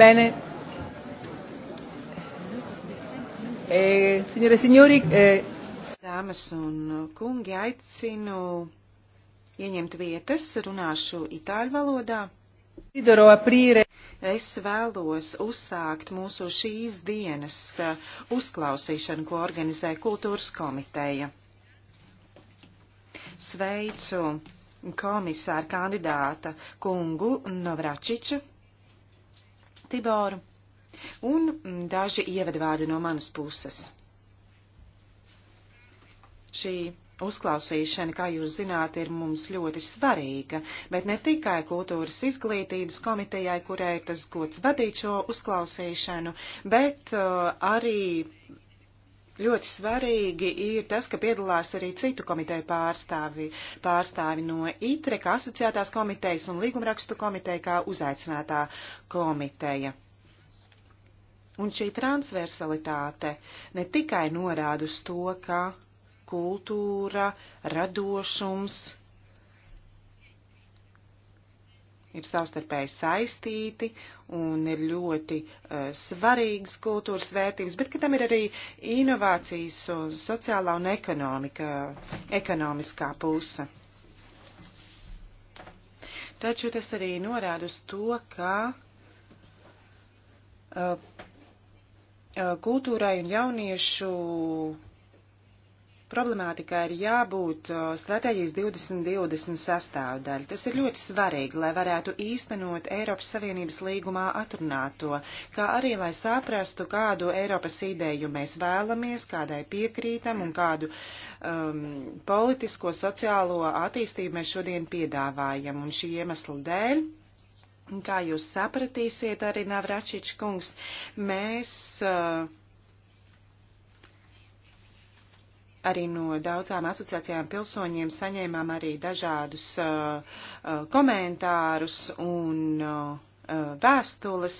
Bene. Eh, signore e signori, eh... dāmas un kungi, aicinu ieņemt vietas, runāšu itāļu valodā. Es vēlos uzsākt mūsu šīs dienas eh, uzklausīšanu, ko organizē kultūras komiteja. Sveicu komisāru kandidāta kungu Novračiču Tiboru un mm, daži ievadvārdi no manas puses. Šī uzklausīšana, kā jūs zināt, ir mums ļoti svarīga, bet ne tikai kultūras izglītības komitejai, kurai tas gods vadīt šo uzklausīšanu, bet uh, arī Ļoti svarīgi ir tas, ka piedalās arī citu komiteju pārstāvi, pārstāvi no ITRE, kā asociētās komitejas un līgumrakstu komiteja, kā uzaicinātā komiteja. Un šī transversalitāte ne tikai norāda uz to, ka kultūra, radošums, ir savstarpēji saistīti un ir ļoti uh, svarīgas kultūras vērtības, bet ka tam ir arī inovācijas un sociālā un ekonomiskā puse. Taču tas arī norāda uz to, ka uh, kultūrai un jauniešu Problemātikai ir jābūt uh, stratēģijas 2020 sastāvdaļa. Tas ir ļoti svarīgi, lai varētu īstenot Eiropas Savienības līgumā atrunāto, kā arī lai saprastu, kādu Eiropas ideju mēs vēlamies, kādai piekrītam un kādu um, politisko, sociālo attīstību mēs šodien piedāvājam. Un šī iemesla dēļ Kā jūs sapratīsiet, arī Navračiņš kungs, mēs uh, arī no daudzām asociācijām pilsoņiem saņēmām arī dažādus uh, uh, komentārus un uh, uh vēstules.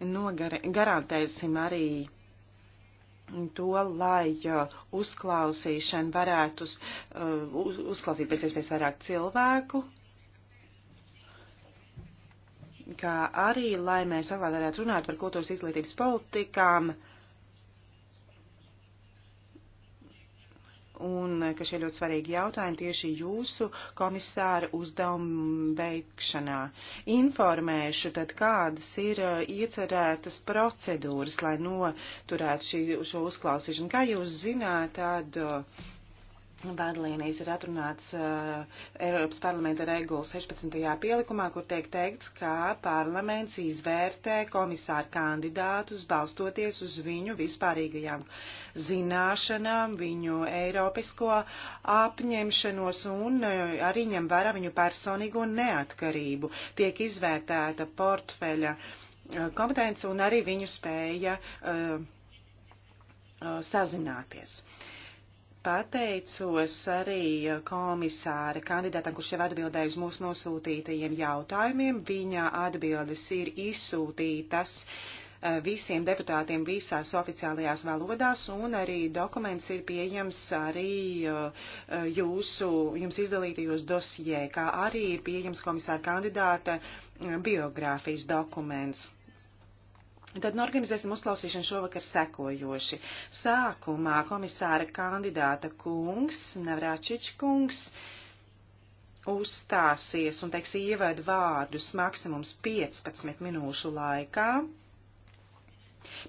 Nogar garantēsim arī to, lai uh, uzklausīšana varētu uh, uz, uh, uzklausīt pēc iespējas vairāk cilvēku, kā arī, lai mēs vēlāk varētu runāt par kultūras izglītības politikām, uh, un ka šie ļoti svarīgi jautājumi tieši jūsu komisāra uzdevumu veikšanā. Informēšu tad, kādas ir uh, iecerētas procedūras, lai noturētu šī, šo uzklausīšanu. Kā jūs zināt, tad. Uh, Vadlīnijas ir atrunāts uh, Eiropas parlamenta regula 16. pielikumā, kur tiek teikts, ka parlaments izvērtē komisāru kandidātus balstoties uz viņu vispārīgajām zināšanām, viņu eiropisko apņemšanos un uh, arī ņem vērā viņu personīgo neatkarību. Tiek izvērtēta portfeļa uh, kompetence un arī viņu spēja uh, uh, sazināties. Uh, Pateicos arī eh, komisāra kandidātam, kurš jau atbildēja uz mūsu nosūtītajiem jautājumiem. Viņa atbildes ir izsūtītas eh, visiem deputātiem visās oficiālajās valodās, un arī dokuments ir pieejams arī eh, jūsu, jums izdalītajos dosijē, kā arī ir pieejams komisāra kandidāta biogrāfijas dokuments. Tad norganizēsim nu, uzklausīšanu šovakar sekojoši. Sākumā komisāra kandidāta kungs, Navrāčič kungs, uzstāsies un teiks ievadu vārdus maksimums 15 minūšu laikā.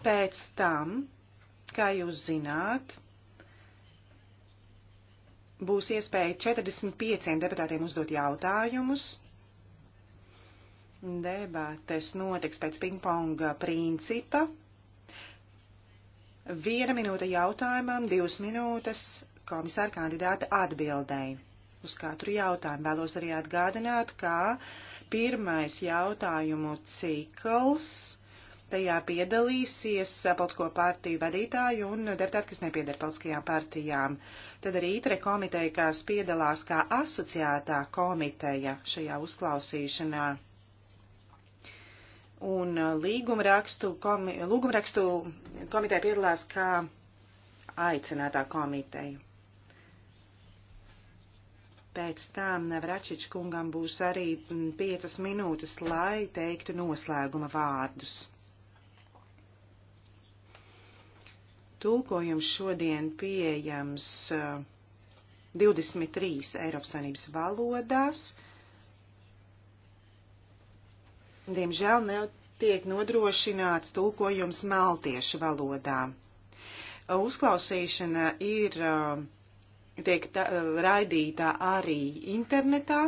Pēc tam, kā jūs zināt, būs iespēja 45 deputātiem uzdot jautājumus Debates notiks pēc pingponga principa. Viena minūte jautājumam, divas minūtes komisāra kandidāta atbildēja. Uz katru jautājumu vēlos arī atgādināt, ka pirmais jautājumu cikls tajā piedalīsies politisko partiju vadītāji un deputāti, kas nepiedara politiskajām partijām. Tad arī ITRE komiteja, kas piedalās kā asociētā komiteja šajā uzklausīšanā. Un uh, līgumrakstu, komi, līgumrakstu komiteja piedalās kā aicinātā komiteja. Pēc tam Navračič kungam būs arī mm, piecas minūtes, lai teiktu noslēguma vārdus. Tulkojums šodien pieejams 23 uh, Eiropas Savienības valodās diemžēl netiek nodrošināts tulkojums maltiešu valodā. Uzklausīšana ir tiek tā, raidītā arī internetā.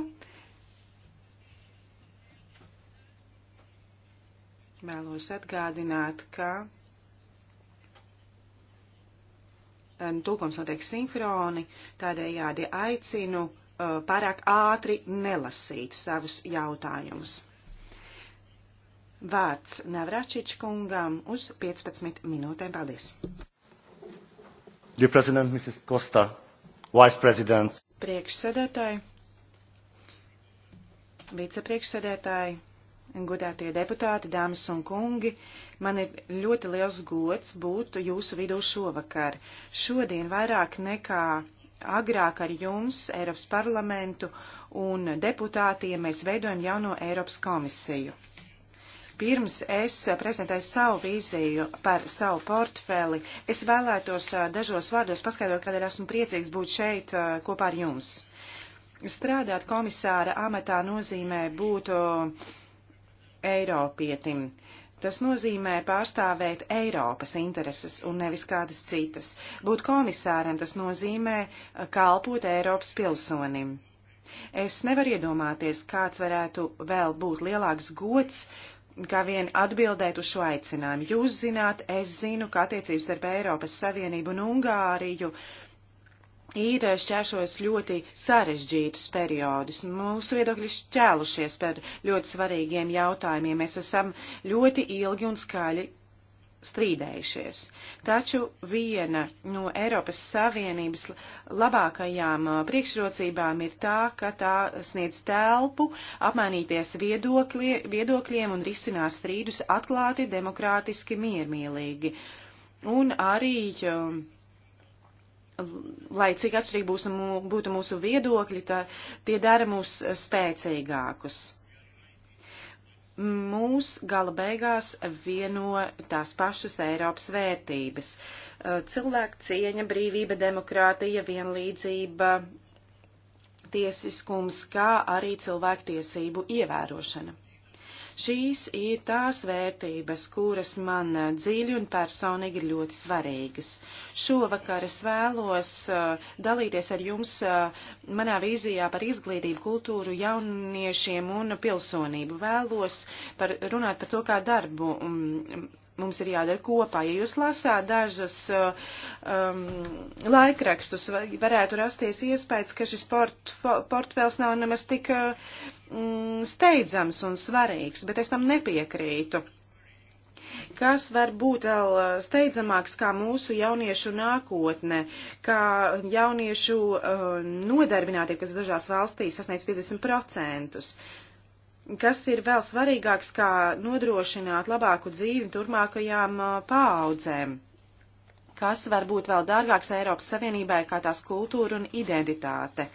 Vēlos atgādināt, ka tulkums notiek sinhroni, tādējādi aicinu pārāk ātri nelasīt savus jautājumus. Vārds Navračič kungam uz 15 minūtēm. Paldies! Priekšsēdētāji, vicepriekšsēdētāji, godātie deputāti, dāmas un kungi, man ir ļoti liels gods būt jūsu vidū šovakar. Šodien vairāk nekā agrāk ar jums, Eiropas parlamentu un deputātiem, mēs veidojam jauno Eiropas komisiju. Pirms es prezentēju savu vīziju par savu portfeli, es vēlētos dažos vārdos paskaidrot, kādēļ esmu priecīgs būt šeit kopā ar jums. Strādāt komisāra amatā nozīmē būt Eiropietim. Tas nozīmē pārstāvēt Eiropas intereses un nevis kādas citas. Būt komisāram tas nozīmē kalpot Eiropas pilsonim. Es nevaru iedomāties, kāds varētu vēl būt lielāks gods kā vien atbildēt uz šo aicinājumu. Jūs zināt, es zinu, ka attiecības starp Eiropas Savienību un Ungāriju ir šķēršos ļoti sarežģītus periodus. Mūsu viedokļi šķēlušies par ļoti svarīgiem jautājumiem. Mēs esam ļoti ilgi un skaļi strīdējušies. Taču viena no Eiropas Savienības labākajām uh, priekšrocībām ir tā, ka tā sniedz telpu apmainīties viedokļie, viedokļiem un risināt strīdus atklāti, demokrātiski, miermīlīgi. Un arī um, lai cik atšķirīgi būs, būtu mūsu viedokļi, tā, tie dara mūs spēcīgākus mūs gala beigās vieno tās pašas Eiropas vērtības. Uh, cilvēku cieņa, brīvība, demokrātija, vienlīdzība, tiesiskums, kā arī cilvēktiesību ievērošana. Šīs ir tās vērtības, kuras man dziļi un personīgi ir ļoti svarīgas. Šovakar es vēlos uh, dalīties ar jums uh, manā vīzijā par izglītību, kultūru, jauniešiem un pilsonību. Vēlos par, runāt par to, kā darbu um, mums ir jādara kopā. Ja jūs lasāt dažus uh, um, laikrakstus, varētu rasties iespējas, ka šis port, portfels nav nemaz tik uh, mm, steidzams un svarīgs, bet es tam nepiekrītu. Kas var būt vēl uh, steidzamāks kā mūsu jauniešu nākotne, kā jauniešu uh, nodarbinātība, kas dažās valstīs sasniedz 50%? kas ir vēl svarīgāks, kā nodrošināt labāku dzīvi turpmākajām paaudzēm, kas var būt vēl dārgāks Eiropas Savienībai kā tās kultūra un identitāte,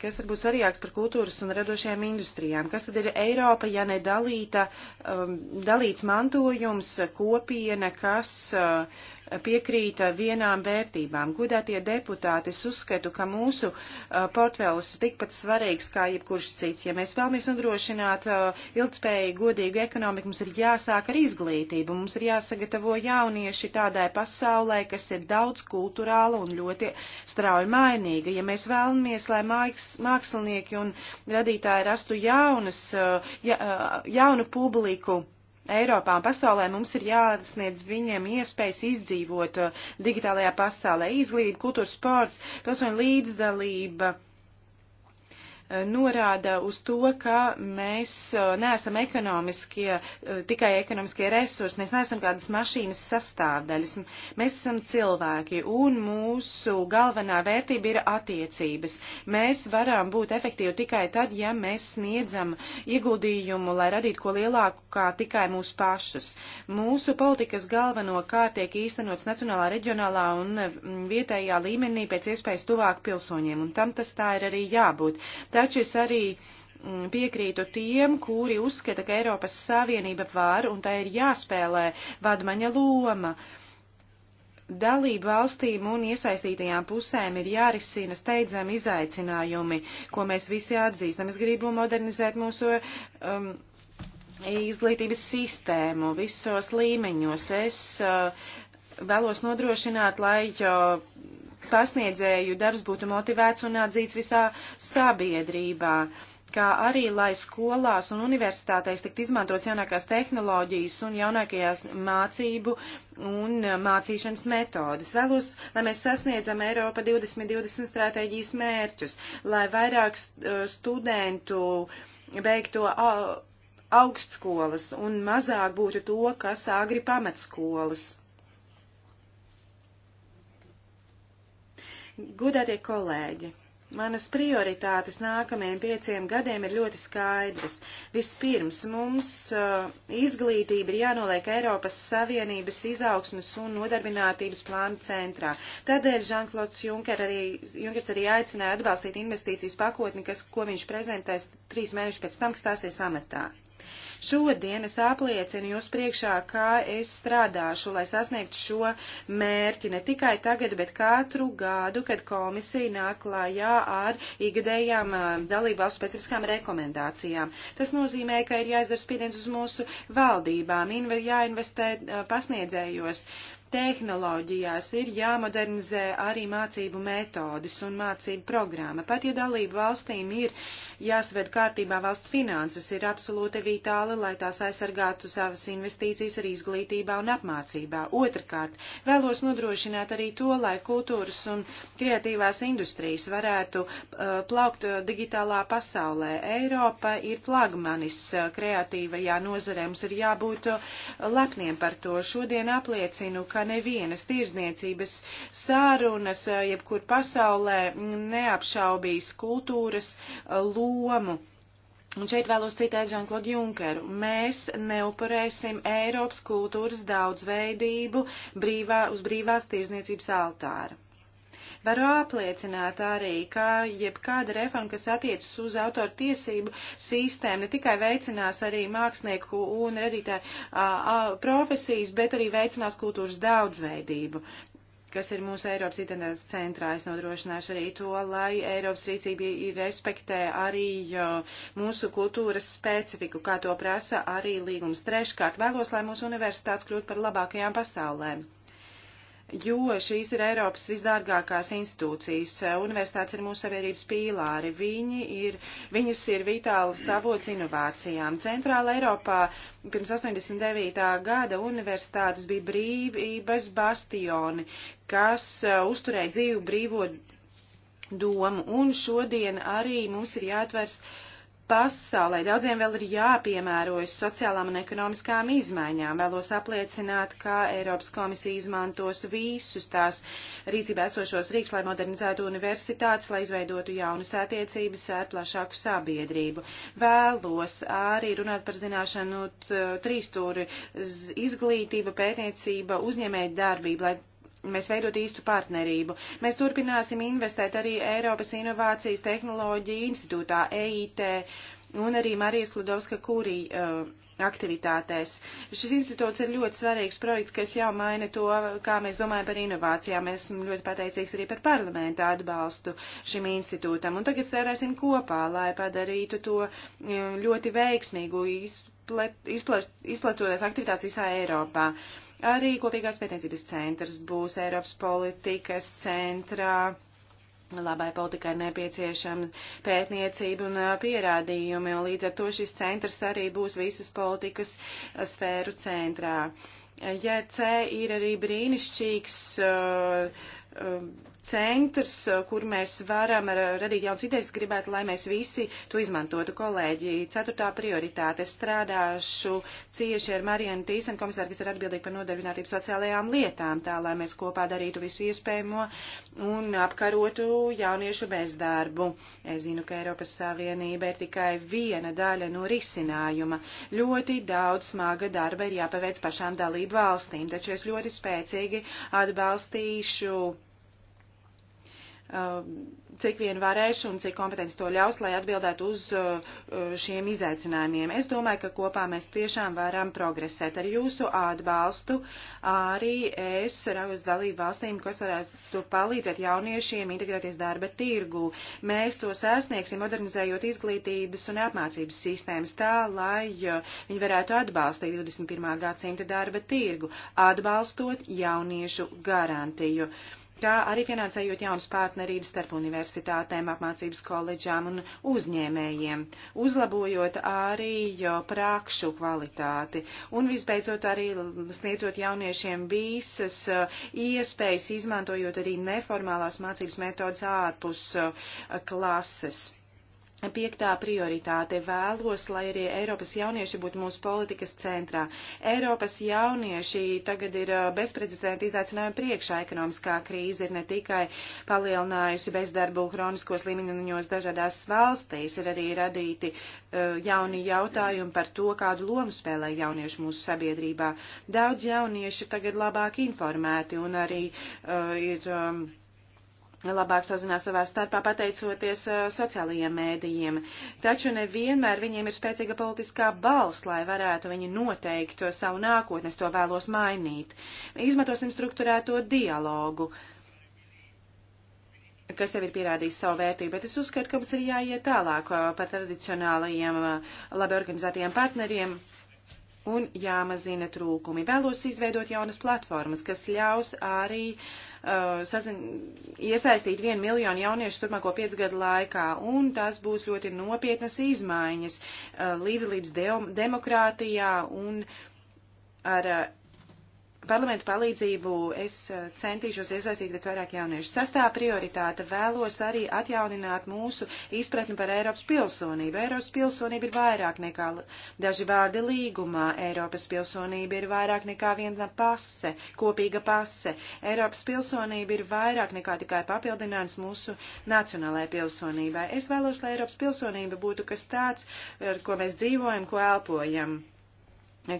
kas var būt svarīgāks par kultūras un radošajām industrijām, kas tad ir Eiropa, ja ne dalīta, um, dalīts mantojums, kopiena, kas uh, piekrīt vienām vērtībām. Gudētie deputāti, es uzskatu, ka mūsu uh, portfēlis ir tikpat svarīgs kā jebkurš cits. Ja mēs vēlamies nodrošināt uh, ilgspējīgu, godīgu ekonomiku, mums ir jāsāk ar izglītību, mums ir jāsagatavo jaunieši tādai pasaulē, kas ir daudz kulturāla un ļoti strauji mainīga. Ja mēs vēlamies, lai mākslinieki un radītāji rastu jaunas, uh, ja, jaunu publiku, Eiropā un pasaulē mums ir jāsniedz viņiem iespējas izdzīvot uh, digitālajā pasaulē. Izglītība, kultūras sports, pilsoņu līdzdalība norāda uz to, ka mēs uh, neesam ekonomiskie, uh, tikai ekonomiskie resursi, mēs neesam kādas mašīnas sastāvdaļas, mēs esam cilvēki un mūsu galvenā vērtība ir attiecības. Mēs varam būt efektīvi tikai tad, ja mēs sniedzam ieguldījumu, lai radītu ko lielāku kā tikai mūsu pašas. Mūsu politikas galveno kārt tiek īstenots nacionālā, reģionālā un mm, vietējā līmenī pēc iespējas tuvāk pilsoņiem, un tam tas tā ir arī jābūt. Tā Taču es arī mm, piekrītu tiem, kuri uzskata, ka Eiropas Savienība var un tā ir jāspēlē vadmaņa loma. Dalību valstīm un iesaistītajām pusēm ir jārisina steidzami izaicinājumi, ko mēs visi atzīstam. Es gribu modernizēt mūsu um, izglītības sistēmu visos līmeņos. Es uh, vēlos nodrošināt, lai uh, pasniedzēju darbs būtu motivēts un atzīts visā sabiedrībā kā arī, lai skolās un universitātēs tiktu izmantots jaunākās tehnoloģijas un jaunākajās mācību un mācīšanas metodas. Vēlos, lai mēs sasniedzam Eiropa 2020 stratēģijas mērķus, lai vairāk e, studentu beigto augstskolas un mazāk būtu to, kas agri pamatskolas Gudētie kolēģi, manas prioritātes nākamajiem pieciem gadiem ir ļoti skaidras. Vispirms mums uh, izglītība ir jānoliek Eiropas Savienības izaugsmas un nodarbinātības plāna centrā. Tādēļ Žanklots Junker arī, Junkers arī aicināja atbalstīt investīcijas pakotni, kas, ko viņš prezentēs trīs mēnešus pēc tam, kas stāsies amatā. Šodien es apliecinu jūs priekšā, kā es strādāšu, lai sasniegtu šo mērķi ne tikai tagad, bet katru gadu, kad komisija nāk klājā ar ikgadējām eh, dalībvalstu specifiskām rekomendācijām. Tas nozīmē, ka ir jāizdara spiediens uz mūsu valdībām, jāinvestē eh, pasniedzējos tehnoloģijās ir jāmodernizē arī mācību metodas un mācību programma. Pat ja dalību valstīm ir uh, jāsved kārtībā valsts finanses, ir absolūti vitāli, lai tās aizsargātu savas investīcijas arī izglītībā un apmācībā. Otrakārt, vēlos nodrošināt arī to, lai kultūras un kreatīvās industrijas varētu uh, plaukt uh, digitālā pasaulē. Eiropa ir flagmanis uh, kreatīvajā nozarē, mums ir jābūt uh, lepniem par to. Šodien apliecinu, ka nevienas tirzniecības sārunas, jebkur pasaulē, mm, neapšaubīs kultūras lūdzu lomu. Un šeit vēlos citēt Žanklodu Junkeru. Mēs neupurēsim Eiropas kultūras daudzveidību brīvā, uz brīvās tirzniecības altāra. Varu apliecināt arī, ka jebkāda reforma, kas attiecas uz autoru tiesību sistēmu, ne tikai veicinās arī mākslinieku un redītāju profesijas, bet arī veicinās kultūras daudzveidību kas ir mūsu Eiropas identitātes centrā. Es nodrošināšu arī to, lai Eiropas rīcība respektē arī mūsu kultūras specifiku, kā to prasa arī līgums. Treškārt, vēlos, lai mūsu universitātes kļūtu par labākajām pasaulēm jo šīs ir Eiropas visdārgākās institūcijas. Universitātes ir mūsu sabiedrības pīlāri. Viņi ir, viņas ir vitāli savots inovācijām. Centrāla Eiropā pirms 89. gada universitātes bija brīvības bastioni, kas uh, uzturēja dzīvu brīvo domu. Un šodien arī mums ir jāatvers uh, pasaulē. Daudziem vēl ir jāpiemērojas sociālām un ekonomiskām izmaiņām. Vēlos apliecināt, ka Eiropas komisija izmantos visus tās rīcībā esošos rīks, lai modernizētu universitātes, lai izveidotu jaunas attiecības ar plašāku sabiedrību. Vēlos arī runāt par zināšanu trīstūri izglītība, pētniecība, uzņēmēja darbība, lai mēs veidot īstu partnerību. Mēs turpināsim investēt arī Eiropas Inovācijas tehnoloģija institūtā EIT un arī Marijas Ludovska kurī uh, aktivitātēs. Šis institūts ir ļoti svarīgs projekts, kas jau maina to, kā mēs domājam par inovācijām. Mēs esam ļoti pateicīgs arī par parlamentu atbalstu šim institūtam. Un tagad strādāsim kopā, lai padarītu to um, ļoti veiksmīgu, izplat, izplat, izplatoties aktivitātes visā Eiropā. Uh, Arī kopīgās pētniecības centrs būs Eiropas politikas centrā. Labai politikai ir nepieciešama pētniecība un uh, pierādījumi, un līdz ar to šis centrs arī būs visas politikas uh, sfēru centrā. JC ir arī brīnišķīgs uh, uh, centrs, eh, kur mēs varam eh, radīt jaunas idejas, gribētu, lai mēs visi to izmantotu. Kolēģi, ceturtā prioritāte, es strādāšu cieši ar Marianu Tīsen, komisāru, kas ir atbildīgi par nodarbinātību sociālajām lietām, tā lai mēs kopā darītu visu iespējamo un apkarotu jauniešu bezdarbu. Es zinu, ka Eiropas Savienība ir tikai viena daļa no risinājuma. Ļoti daudz smaga darba ir jāpaveic pašām dalību valstīm, taču es ļoti spēcīgi atbalstīšu Um, cik vien varēšu un cik kompetenci to ļaus, lai atbildētu uz uh, uh, šiem izaicinājumiem. Es domāju, ka kopā mēs tiešām varam progresēt ar jūsu atbalstu. Arī es raugos dalību valstīm, kas varētu palīdzēt jauniešiem integrēties darba tirgu. Mēs to sasniegsim, modernizējot izglītības un apmācības sistēmas tā, lai uh, viņi varētu atbalstīt 21. gadsimta darba tirgu, atbalstot jauniešu garantiju kā arī finansējot jaunas partnerības starp universitātēm, apmācības koledžām un uzņēmējiem, uzlabojot arī prākšu kvalitāti un visbeidzot arī sniedzot jauniešiem visas uh, iespējas, izmantojot arī neformālās mācības metodas ārpus uh, klases. Piektā prioritāte vēlos, lai arī Eiropas jaunieši būtu mūsu politikas centrā. Eiropas jaunieši tagad ir bezprecedenta izaicinājuma priekšā. Ekonomiskā krīze ir ne tikai palielinājusi bezdarbu hroniskos līmeņos dažādās valstīs, ir arī radīti uh, jauni jautājumi par to, kādu lomu spēlē jaunieši mūsu sabiedrībā. Daudz jaunieši tagad labāk informēti un arī uh, ir. Um, labāk sazinās savā starpā pateicoties uh, sociālajiem mēdījiem. Taču nevienmēr viņiem ir spēcīga politiskā balss, lai varētu viņi noteikt savu nākotnes, to vēlos mainīt. Izmantosim struktūrēto dialogu kas jau ir pierādījis savu vērtību, bet es uzskatu, ka mums ir jāiet tālāk uh, par tradicionālajiem uh, labi organizētajiem partneriem un jāmazina trūkumi. Vēlos izveidot jaunas platformas, kas ļaus arī uh, sazin, iesaistīt vienu miljonu jauniešu turpmāko piecu gadu laikā, un tas būs ļoti nopietnas izmaiņas uh, līdzdalības de demokrātijā un ar uh, parlamentu palīdzību es eh, centīšos iesaistīt pēc vairāk jauniešu. Sastā prioritāte vēlos arī atjaunināt mūsu izpratni par Eiropas pilsonību. Eiropas pilsonība ir vairāk nekā daži vārdi līgumā. Eiropas pilsonība ir vairāk nekā viena pase, kopīga pase. Eiropas pilsonība ir vairāk nekā tikai papildinājums mūsu nacionālajai pilsonībai. Es vēlos, lai Eiropas pilsonība būtu kas tāds, ar ko mēs dzīvojam, ko elpojam.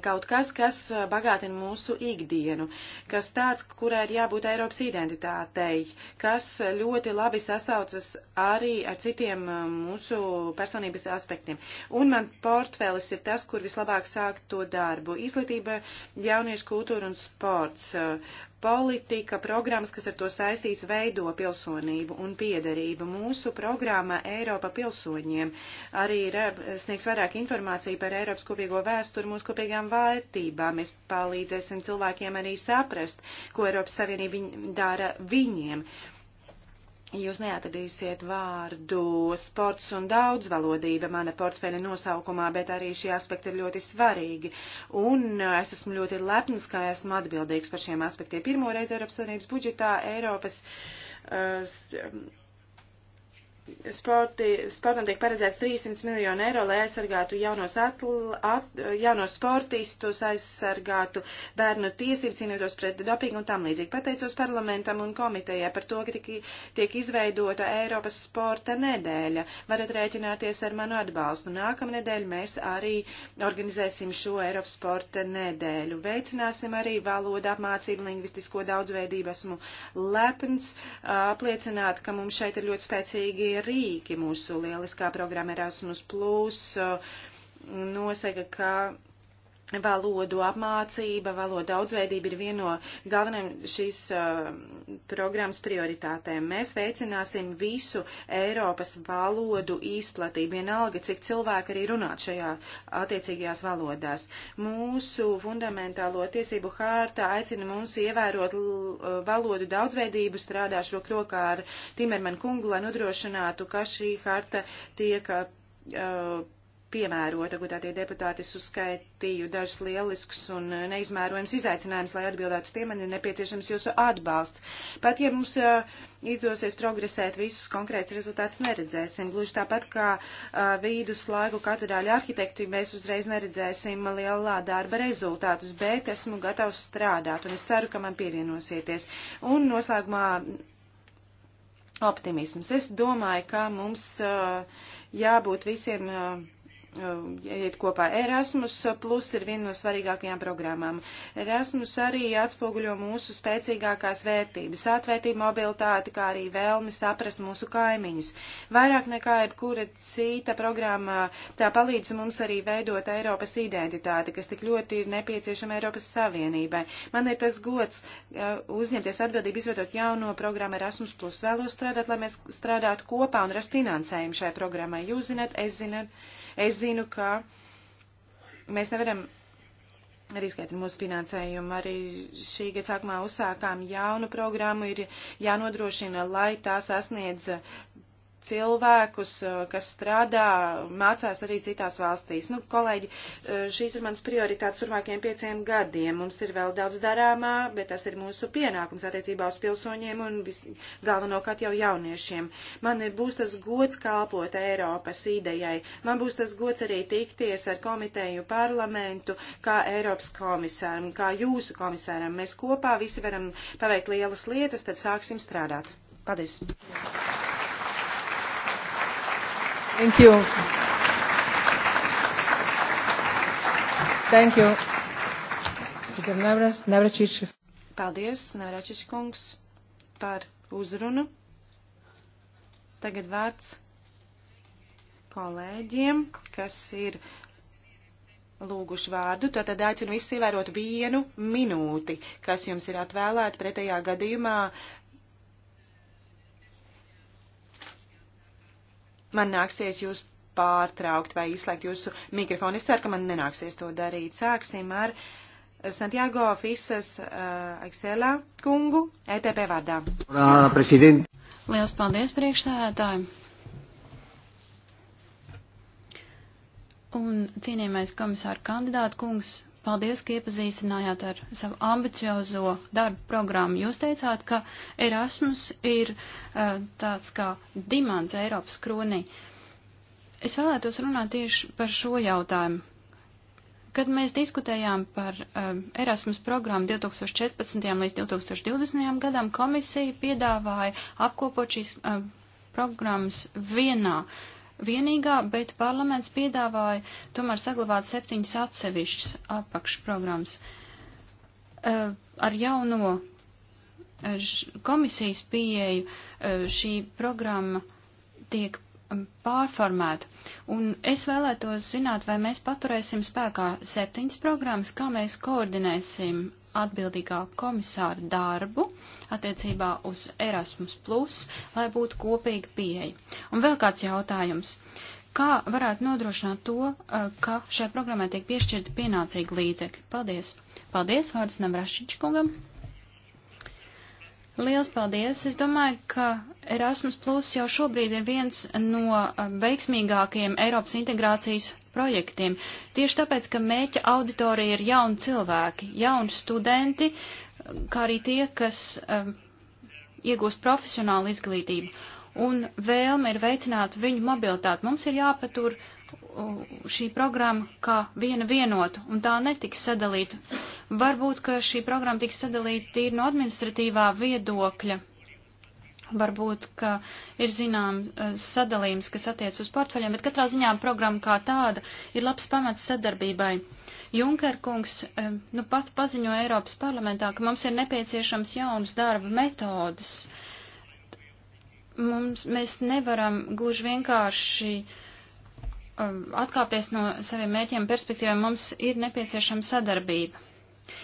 Kaut kas, kas bagātina mūsu ikdienu, kas tāds, kurai ir jābūt Eiropas identitātei, kas ļoti labi sasaucas arī ar citiem mūsu personības aspektiem. Un man portfēlis ir tas, kur vislabāk sākt to darbu. Izglītība, jauniešu kultūra un sports politika, programmas, kas ar to saistīts, veido pilsonību un piederību. Mūsu programma Eiropa pilsoņiem arī sniegs vairāk informāciju par Eiropas kopīgo vēsturi, mūsu kopīgām vērtībām. Mēs palīdzēsim cilvēkiem arī saprast, ko Eiropas Savienība viņ dara viņiem. Uh, Jūs neatradīsiet vārdu sports un daudzvalodība mana portfeļa nosaukumā, bet arī šie aspekti ir ļoti svarīgi. Un es esmu ļoti lepns, ka esmu atbildīgs par šiem aspektiem. Pirmoreiz Eiropas Savienības budžetā Eiropas uh, sporti, sportam tiek paredzēts 300 miljonu eiro, lai aizsargātu jaunos, atl, at, jaunos sportistus, aizsargātu bērnu tiesības, cīnītos pret dopingu un tam līdzīgi. Pateicos parlamentam un komitejai par to, ka tik, tiek izveidota Eiropas sporta nedēļa. Varat rēķināties ar manu atbalstu. Nākamnedēļ mēs arī organizēsim šo Eiropas sporta nedēļu. Veicināsim arī valodu apmācību, lingvistisko daudzveidību. Esmu lepns apliecināt, ka mums šeit ir ļoti spēcīgi rīki. Mūsu lieliskā programma Erasmus Plus uh, nosaka, ka Valodu apmācība, valoda daudzveidība ir viena no galvenajām šīs uh, programmas prioritātēm. Mēs veicināsim visu Eiropas valodu izplatību, vienalga, cik cilvēki arī runā šajā attiecīgajās valodās. Mūsu fundamentālo tiesību hārta aicina mums ievērot uh, valodu daudzveidību, strādāšu rok rokā ar Timerman kungu, lai nodrošinātu, ka šī hārta tiek. Uh, piemērota, gudātie deputāti, uzskaitīju dažus lielisks un neizmērojams izaicinājums, lai atbildētu uz tiem, man ir nepieciešams jūsu atbalsts. Pat ja mums izdosies progresēt, visus konkrēts rezultāts neredzēsim. Gluži tāpat kā vīduslaiku katedrāļu arhitekti, mēs uzreiz neredzēsim lielā darba rezultātus, bet esmu gatavs strādāt un es ceru, ka man pievienosieties. Un noslēgumā optimisms. Es domāju, ka mums jābūt visiem Um, iet kopā. Erasmus Plus ir viena no svarīgākajām programmām. Erasmus arī atspoguļo mūsu spēcīgākās vērtības, atvērtību, mobilitāti, kā arī vēlmi saprast mūsu kaimiņus. Vairāk nekā jebkura cita programma tā palīdz mums arī veidot Eiropas identitāti, kas tik ļoti ir nepieciešama Eiropas Savienībai. Man ir tas gods uh, uzņemties atbildību izvedot jauno programmu Erasmus Plus. Vēlos strādāt, lai mēs strādātu kopā un rast finansējumu šai programmai. Jūs zināt, es zinu. Es zinu, ka mēs nevaram riskēt ar mūsu finansējumu. Arī šī gada sākumā uzsākām jaunu programmu, ir jānodrošina, lai tā sasniedz cilvēkus, eh, kas strādā, mācās arī citās valstīs. Nu, kolēģi, eh, šīs ir manas prioritātes turmākajiem pieciem gadiem. Mums ir vēl daudz darāmā, bet tas ir mūsu pienākums attiecībā uz pilsoņiem un vis, galvenokārt jau jauniešiem. Man ir, būs tas gods kalpot Eiropas idejai. Man būs tas gods arī tikties ar komiteju parlamentu, kā Eiropas komisāram, kā jūsu komisāram. Mēs kopā visi varam paveikt lielas lietas, tad sāksim strādāt. Paldies! Thank you. Thank you. Thank you. Navračič. Paldies, Navračič kungs, par uzrunu. Tagad vārds kolēģiem, kas ir lūguši vārdu, tātad aicinu visus ievērot vienu minūti, kas jums ir atvēlēta. Pretējā gadījumā man nāksies jūs pārtraukt vai izslēgt jūsu mikrofonu. Es ceru, ka man nenāksies to darīt. Sāksim ar Santiago Fisas uh, Excela kungu ETP vārdā. Liels paldies priekšsēdētājiem! Un cienījamais komisāra kandidāta kungs, Paldies, ka iepazīstinājāt ar savu ambiciozo darbu programmu. Jūs teicāt, ka Erasmus ir uh, tāds kā dimants Eiropas kronī. Es vēlētos runāt tieši par šo jautājumu. Kad mēs diskutējām par um, Erasmus programmu 2014. līdz 2020. gadam, komisija piedāvāja apkopot šīs um, programmas vienā uh, vienīgā, bet parlaments piedāvāja tomēr saglabāt septiņas atsevišķas apakšprogrammas. Eh, ar jauno eh, komisijas pieeju eh, šī programma tiek mm, pārformēta. Un es vēlētos zināt, vai mēs paturēsim spēkā septiņas programmas, kā mēs koordinēsim atbildīgā komisāra darbu. Uh, attiecībā uz Erasmus, plus, lai būtu kopīga pieeja. Un vēl kāds jautājums. Kā varētu nodrošināt to, ka šai programmai tiek piešķirta pienācīga līdzekļa? Paldies! Paldies, vārds Navrašiņš kungam! Liels paldies! Es domāju, ka Erasmus Plus jau šobrīd ir viens no veiksmīgākajiem Eiropas integrācijas projektiem. Tieši tāpēc, ka mēķa auditorija ir jauni cilvēki, jauni studenti, uh, kā arī tie, kas um, iegūst profesionālu izglītību. Un vēlme ir veicināt viņu mobilitāti. Mums ir jāpatur šī programma kā viena vienota, un tā netiks sadalīta. Varbūt, ka šī programma tiks sadalīta tīri no administratīvā viedokļa. Varbūt, ka ir zinām e, sadalījums, kas attiec uz portfeļiem, bet katrā ziņā programma kā tāda ir labs pamats sadarbībai. Junker kungs nu pat paziņoja Eiropas parlamentā, ka mums ir nepieciešams jaunas darba metodas. Mums, mēs nevaram gluži vienkārši atkāpties no saviem mērķiem perspektīviem, mums ir nepieciešama sadarbība.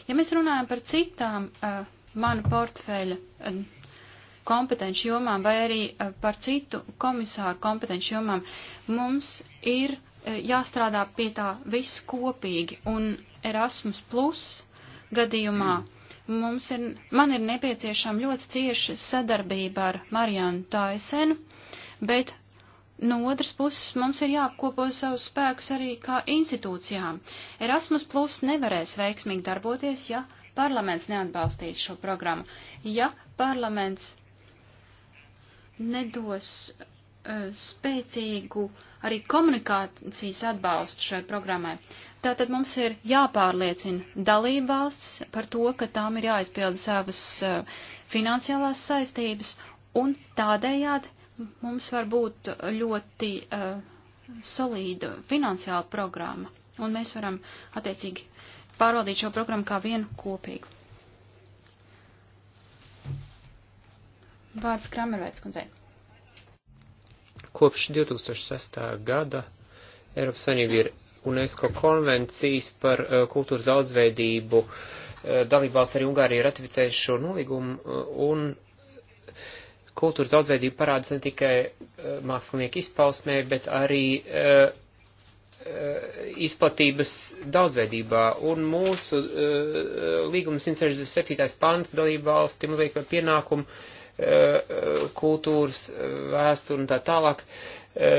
Ja mēs runājam par citām e, manu portfeļa kompetenci jomām vai arī e, par citu komisāru kompetenci jomām, mums ir jāstrādā pie tā viss kopīgi, un Erasmus Plus gadījumā mums ir, man ir nepieciešama ļoti cieša sadarbība ar Marianu Taisenu, bet no otras puses mums ir jāapkopo savus spēkus arī kā institūcijām. Erasmus Plus nevarēs veiksmīgi darboties, ja parlaments neatbalstīs šo programmu. Ja parlaments nedos Eh, spēcīgu arī komunikācijas atbalstu šai programmai. Tātad mums ir jāpārliecina dalībvalsts par to, ka tām ir jāizpilda savas eh, finansiālās saistības, un tādējādi mums var būt ļoti uh, solīda finansiāla programma, un mēs varam attiecīgi pārvaldīt šo programmu kā vienu kopīgu. Vārds Kramerveits kundzei. Kopš 2006. gada Eiropas Savienība ir UNESCO konvencijas par uh, kultūras daudzveidību. Uh, Dalībvalsts arī Ungārija ratificējuši šo nolīgumu uh, un kultūras daudzveidība parādās ne tikai mākslinieku izpausmē, bet arī izplatības daudzveidībā. Un mūsu līgums 167. pants dalībvalstim liek pienākumu kultūras, vēsturi un tā tālāk e,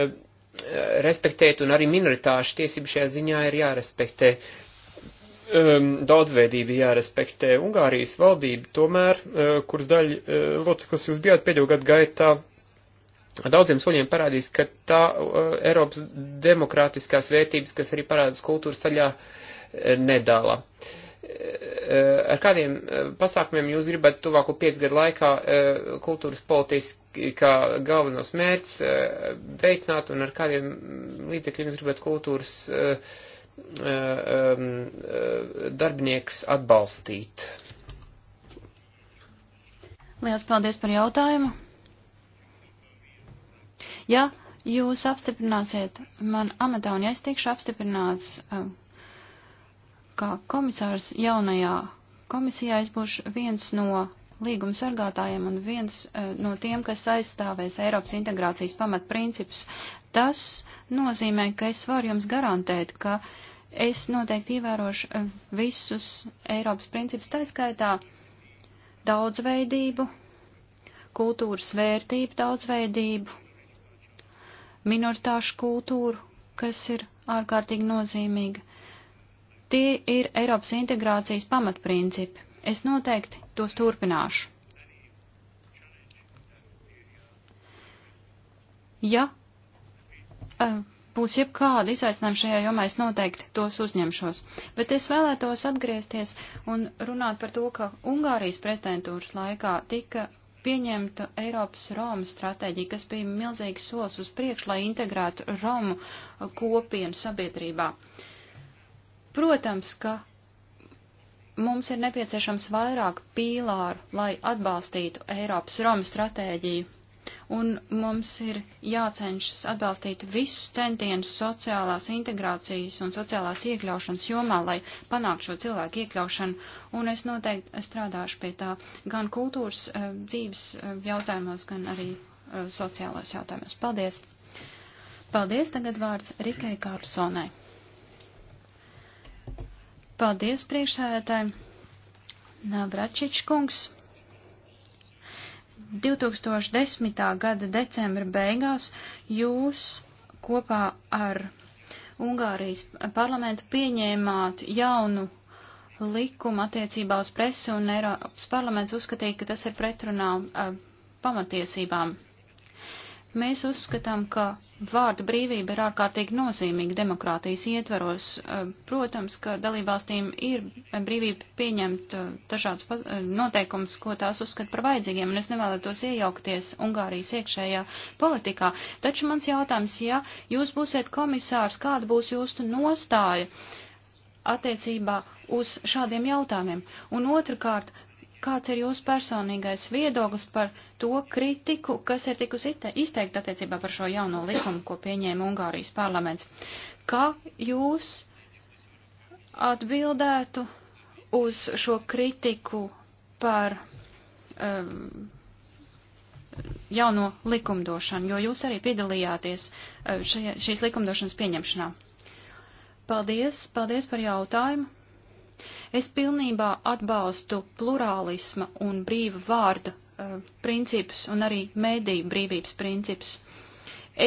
respektēt, un arī minoritāšu tiesību šajā ziņā ir jārespektē. E, daudzveidība jārespektē. Ungārijas valdība tomēr, e, kuras daļa loceklis jūs bijāt pēdējo gadu gaitā, daudziem soļiem parādīs, ka tā Eiropas demokrātiskās vērtības, kas arī parādas kultūras ceļā, nedala. Uh, ar kādiem eh, pasākumiem jūs gribat tuvāko piecu gadu laikā eh, kultūras politiskā galvenos mērķis eh, veicināt un ar kādiem līdzekļiem jūs gribat kultūras darbinieks atbalstīt? Lielas paldies par jautājumu. Ja jūs apstiprināsiet man amatā un ja es tikšu apstiprināts kā komisārs jaunajā komisijā es būšu viens no līguma sargātājiem un viens uh, no tiem, kas aizstāvēs Eiropas integrācijas pamatprincipus. Tas nozīmē, ka es varu jums garantēt, ka es noteikti ievērošu eh, visus Eiropas principus, taiskaitā daudzveidību, kultūras vērtību daudzveidību, minoritāšu kultūru, kas ir ārkārtīgi nozīmīga Tie ir Eiropas integrācijas pamatprincipi. Es noteikti tos turpināšu. Ja eh, būs jebkāda izaicinājuma šajā jomā, es noteikti tos uzņemšos. Bet es vēlētos atgriezties un runāt par to, ka Ungārijas prezidentūras laikā tika pieņemta Eiropas Romu stratēģija, kas bija milzīgs solis uz priekšu, lai integrētu Romu eh, kopienu sabiedrībā. Uh, Protams, ka mums ir nepieciešams vairāk pīlāru, lai atbalstītu Eiropas Romu stratēģiju, un mums ir jācenšas atbalstīt visus centienus sociālās integrācijas un sociālās iekļaušanas jomā, lai panāktu šo cilvēku iekļaušanu, un es noteikti strādāšu pie tā gan kultūras eh, dzīves eh, jautājumos, gan arī eh, sociālās jautājumos. Paldies! Paldies, tagad vārds Rikai Kārsonai. Paldies, priekšsēdētāji. Navračič kungs. 2010. gada decembra beigās jūs kopā ar Ungārijas parlamentu pieņēmāt jaunu likumu attiecībā uz presi, un Eiropas parlaments uzskatīja, ka tas ir pretrunā uh, pamatiesībām. Mēs uzskatām, ka Vārda brīvība ir ārkārtīgi nozīmīga demokrātijas ietveros. Eh, protams, ka dalībvalstīm ir brīvība pieņemt eh, dažādus eh, noteikumus, ko tās uzskata par vajadzīgiem, un es nevēlētos iejaukties Ungārijas iekšējā politikā. Taču mans jautājums, ja jūs būsiet komisārs, kāda būs jūsu nostāja attiecībā uz šādiem jautājumiem? Un otrkārt, kāds ir jūsu personīgais viedoklis par to kritiku, kas ir tikusi izteikta attiecībā par šo jauno likumu, ko pieņēma Ungārijas parlaments? Kā jūs atbildētu uz šo kritiku par um, jauno likumdošanu, jo jūs arī piedalījāties uh, šajā, šīs likumdošanas pieņemšanā? Paldies, paldies par jautājumu. Es pilnībā atbalstu plurālisma un brīva vārda uh, principus un arī mēdīju brīvības principus.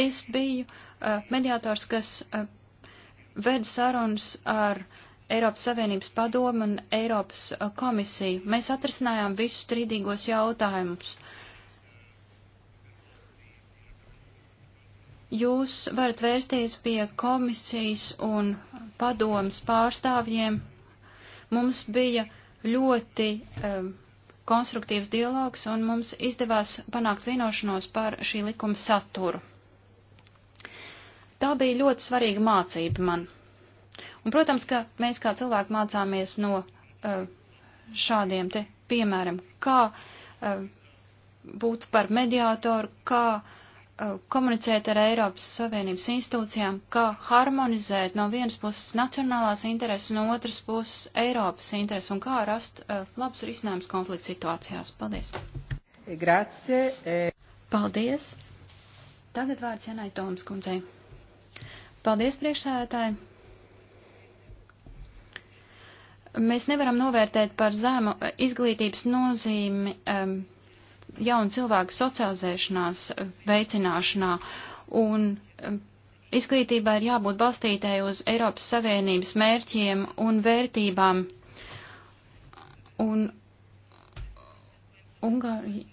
Es biju uh, eh, mediātors, kas uh, eh, veda sarunas ar Eiropas Savienības padomu un Eiropas uh, komisiju. Mēs atrisinājām visus strīdīgos jautājumus. Jūs varat vērsties pie komisijas un padomas pārstāvjiem Mums bija ļoti um, konstruktīvs dialogs, un mums izdevās panākt vienošanos par šī likuma saturu. Tā bija ļoti svarīga mācība man. Un, protams, ka mēs kā cilvēki mācāmies no uh, šādiem te piemēram, kā uh, būt par mediātoru, kā uh, Uh, komunicēt ar Eiropas Savienības institūcijām, kā harmonizēt no vienas puses nacionālās intereses, no otras puses Eiropas intereses un kā rast uh, labus risinājumus konflikta situācijās. Paldies! Grazie! E- Paldies! Tagad vārds Janai Tomas kundzei. Paldies, priekšsēdētāji! Mēs nevaram novērtēt par zēmu uh, izglītības nozīmi. Um, jaunu cilvēku socializēšanās eh, veicināšanā un eh, izglītībai ir jābūt balstītai uz Eiropas Savienības mērķiem un vērtībām. Un Ungārija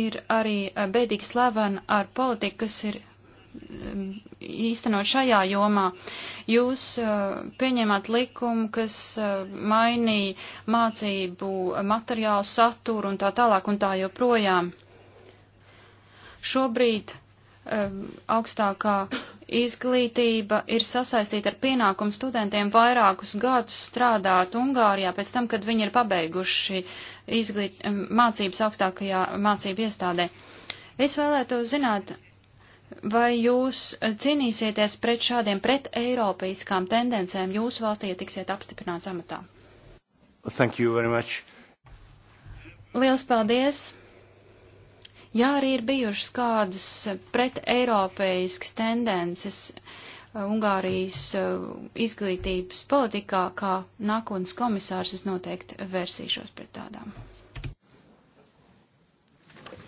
ir arī eh, bēdīgi slavena ar politiku, kas ir Um, īstenot šajā jomā. Jūs uh, pieņēmāt likumu, kas uh, mainīja mācību materiālu saturu un tā tālāk un tā joprojām. Šobrīd um, augstākā izglītība ir sasaistīta ar pienākumu studentiem vairākus gadus strādāt Ungārijā pēc tam, kad viņi ir pabeiguši izglīt, um, mācības augstākajā mācību iestādē. Es vēlētos zināt, Vai jūs cīnīsieties pret šādiem pret eiropeiskām tendencēm jūsu valstī, ja tiksiet apstiprināts amatā? Thank you very much. Liels paldies! Jā, arī ir bijušas kādas pret eiropeiskas tendences uh, Ungārijas uh, izglītības politikā, kā nākotnes komisārs es noteikti versīšos pret tādām.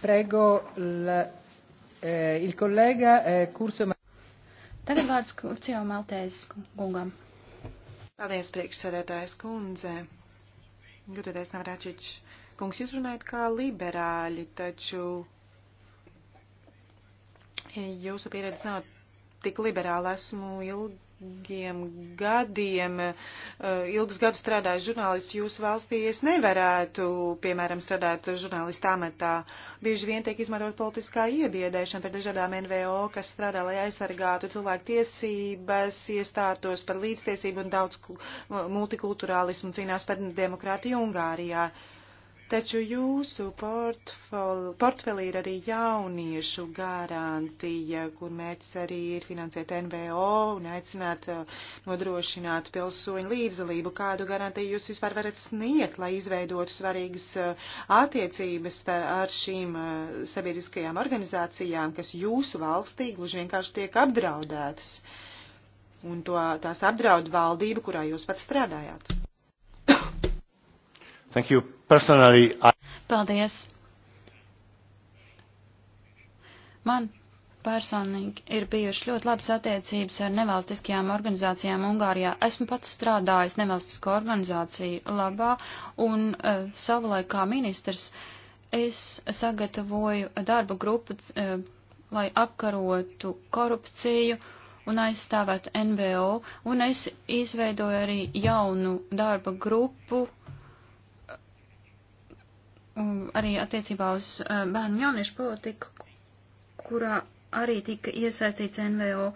Prego, le... Eh, il kolēģa eh, Kurso. Tagad vārds Kurcio Maltēzes kungam. Paldies, priekšsēdētājs kundze. Gudētais Navrāčič, kungs, jūs runājat kā liberāļi, taču jūsu pieredze nav tik liberāla. Esmu ilgi ilgiem gadiem, eh, ilgus gadus strādājis žurnālists jūsu valstī, es nevarētu, piemēram, strādāt žurnālista amatā. Bieži vien tiek izmantot politiskā iebiedēšana par dažādām NVO, kas strādā, lai aizsargātu cilvēku tiesības, iestātos par līdztiesību un daudz multikulturālismu cīnās par demokrātiju Ungārijā. Uh, Taču jūsu portfelī ir arī jauniešu garantija, kur mērķis arī ir finansēt NVO un aicināt eh, nodrošināt pilsoņu līdzdalību. Kādu garantiju jūs vispār varat sniegt, lai izveidotu svarīgas eh, attiecības ar šīm eh, sabiedriskajām organizācijām, kas jūsu valstī gluži vienkārši tiek apdraudētas? Un to, tās apdraud valdību, kurā jūs pat strādājāt. Thank you. Personally, I... Paldies. Man personīgi ir bijušas ļoti labas attiecības ar nevalstiskajām organizācijām Ungārijā. Esmu pats strādājis nevalstisko organizāciju labā un uh, savulaik kā ministrs es sagatavoju darba grupu, uh, lai apkarotu korupciju un aizstāvētu NVO, un es izveidoju arī jaunu darba grupu Um, arī attiecībā uz uh, bērnu jauniešu politiku, kurā arī tika iesaistīts NVO.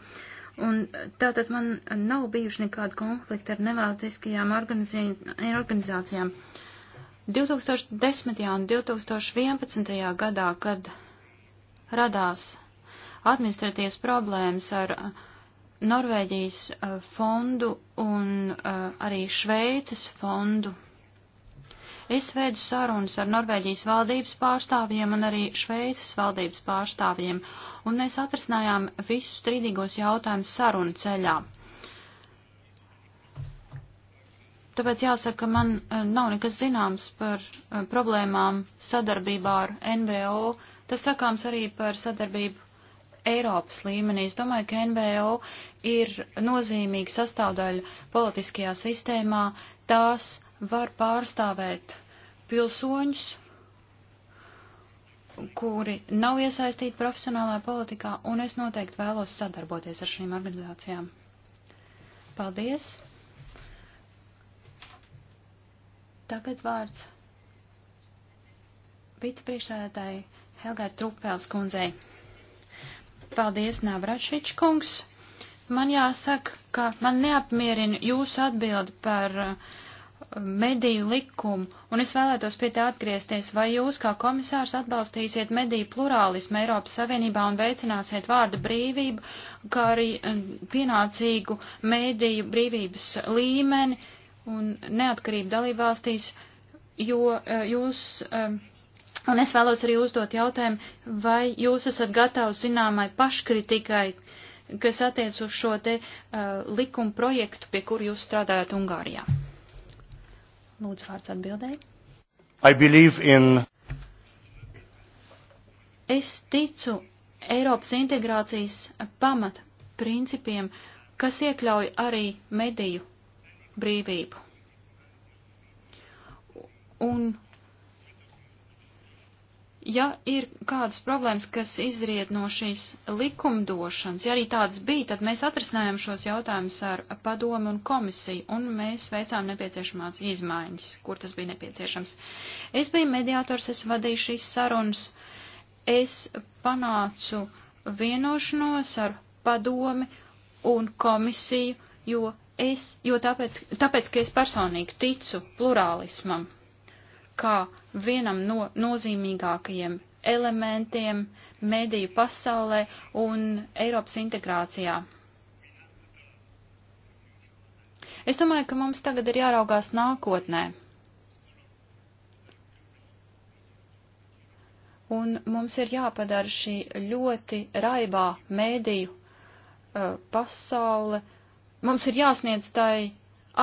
Un uh, tātad man nav bijuši nekāda konflikta ar nevalstiskajām organizācijām. 2010. un 2011. gadā, kad radās administratīvas problēmas ar uh, Norvēģijas fondu un arī Šveices fondu Es veidu sarunas ar Norvēģijas valdības pārstāvjiem un arī Šveices valdības pārstāvjiem, un mēs atrisinājām visus strīdīgos jautājumus sarunu ceļā. Tāpēc jāsaka, ka man eh, nav nekas zināms par eh, problēmām sadarbībā ar NVO. Tas sakāms arī par sadarbību Eiropas līmenī. Es domāju, ka NVO ir nozīmīga sastāvdaļa politiskajā sistēmā. Tās var pārstāvēt pilsoņus, kuri nav iesaistīti profesionālā politikā, un es noteikti vēlos sadarboties ar šīm organizācijām. Paldies! Tagad vārds vicepriekšsēdētāji Helgai Trupēls kundzei. Paldies, Navračič kungs! Man jāsaka, ka man neapmierina jūsu atbildi par uh, mediju likumu, un es vēlētos pie tā atgriezties, vai jūs kā komisārs atbalstīsiet mediju plurālismu Eiropas Savienībā un veicināsiet vārda brīvību, kā arī eh, pienācīgu mediju brīvības līmeni un neatkarību dalībvalstīs, jo eh, jūs. Eh, un es vēlos arī uzdot jautājumu, vai jūs esat gatavs zināmai paškritikai, kas attiec uz šo te uh, likuma projektu, pie kur jūs strādājat Ungārijā? Lūdzu, vārds atbildēji. I believe in. Es ticu Eiropas integrācijas pamat principiem, kas iekļauj arī mediju brīvību. Un Ja ir kādas problēmas, kas izriet no šīs likumdošanas, ja arī tādas bija, tad mēs atrisinājām šos jautājumus ar padomu un komisiju, un mēs veicām nepieciešamās izmaiņas, kur tas bija nepieciešams. Es biju mediātors, es vadīju šīs sarunas, es panācu vienošanos ar padomi un komisiju, jo es, jo tāpēc, tāpēc ka es personīgi ticu plurālismam kā vienam no nozīmīgākajiem elementiem mediju pasaulē un Eiropas integrācijā. Es domāju, ka mums tagad ir jāraugās nākotnē. Un mums ir jāpadara šī ļoti raibā mēdīju uh, pasaule. Mums ir jāsniedz tai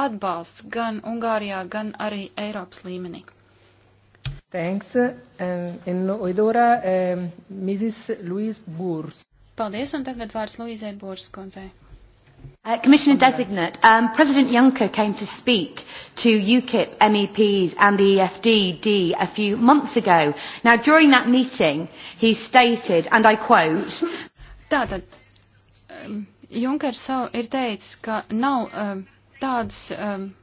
atbalsts gan Ungārijā, gan arī Eiropas līmenī. Thanks. Um, in Oidora, um, Mrs. Louise Burs. Paldies, un tagad vārds Louisei Burs kundzei. Uh, Commissioner Designate, um, President Juncker came to speak to UKIP MEPs and the EFDD a few months ago. Now, during that meeting, he stated, and I quote, Tātad, um, Junkers ir teicis, ka nav um, tādas um,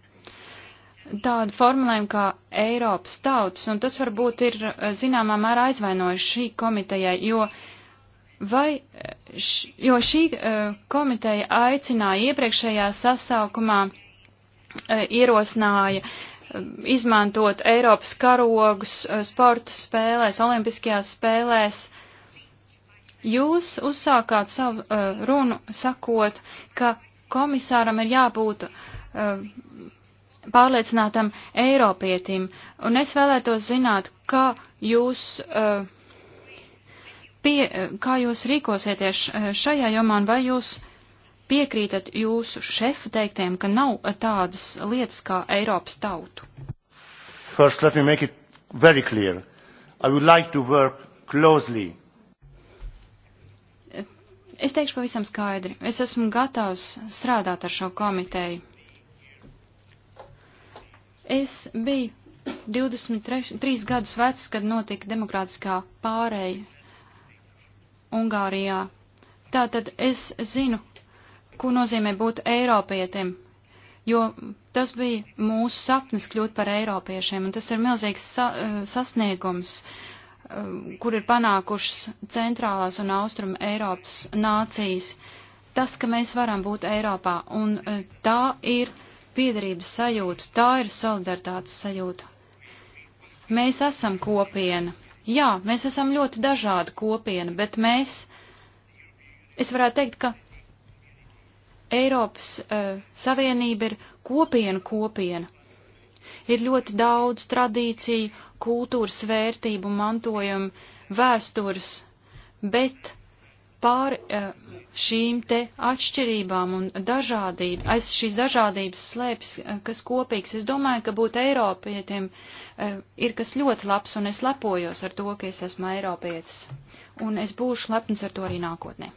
tādu formulējumu kā Eiropas tautas, un tas varbūt ir eh, zināmā mērā aizvainojuši šī komitejai, jo, vai, eh, š, jo šī uh, komiteja aicināja iepriekšējā sasaukumā, uh, ierosināja uh, izmantot Eiropas karogus sporta spēlēs, olimpiskajās spēlēs. Jūs uzsākāt savu runu sakot, ka komisāram ir jābūt pārliecinātam Eiropietim. Un es vēlētos zināt, kā jūs, eh, pie, kā jūs rīkosieties eh, šajā jomā un vai jūs piekrītat jūsu šefa teiktiem, ka nav tādas lietas kā Eiropas tautu. First, let me make it very clear. I would like to work closely. Es teikšu pavisam skaidri. Es esmu gatavs strādāt ar šo komiteju Es biju 23 gadus vecs, kad notika demokrātiskā pārēja Ungārijā. Tātad es zinu, ko nozīmē būt Eiropietim, jo tas bija mūsu sapnis kļūt par Eiropiešiem, un tas ir milzīgs sa eh, sasniegums, eh, kur ir panākušas centrālās un austruma Eiropas nācijas. Tas, ka mēs varam būt Eiropā, un eh, tā ir piederības sajūtu, tā ir solidaritātes sajūta. Mēs esam kopiena. Jā, mēs esam ļoti dažāda kopiena, bet mēs, es varētu teikt, ka Eiropas uh, Savienība ir kopiena kopiena. Ir ļoti daudz tradīciju, kultūras vērtību, mantojumu, vēstures, bet pāri eh, šīm te atšķirībām un dažādību, aiz šīs dažādības slēpjas, eh, kas kopīgs. Es domāju, ka būt Eiropietiem eh, ir kas ļoti labs, un es lepojos ar to, ka es esmu Eiropietis. Un es būšu lepns ar to arī nākotnē.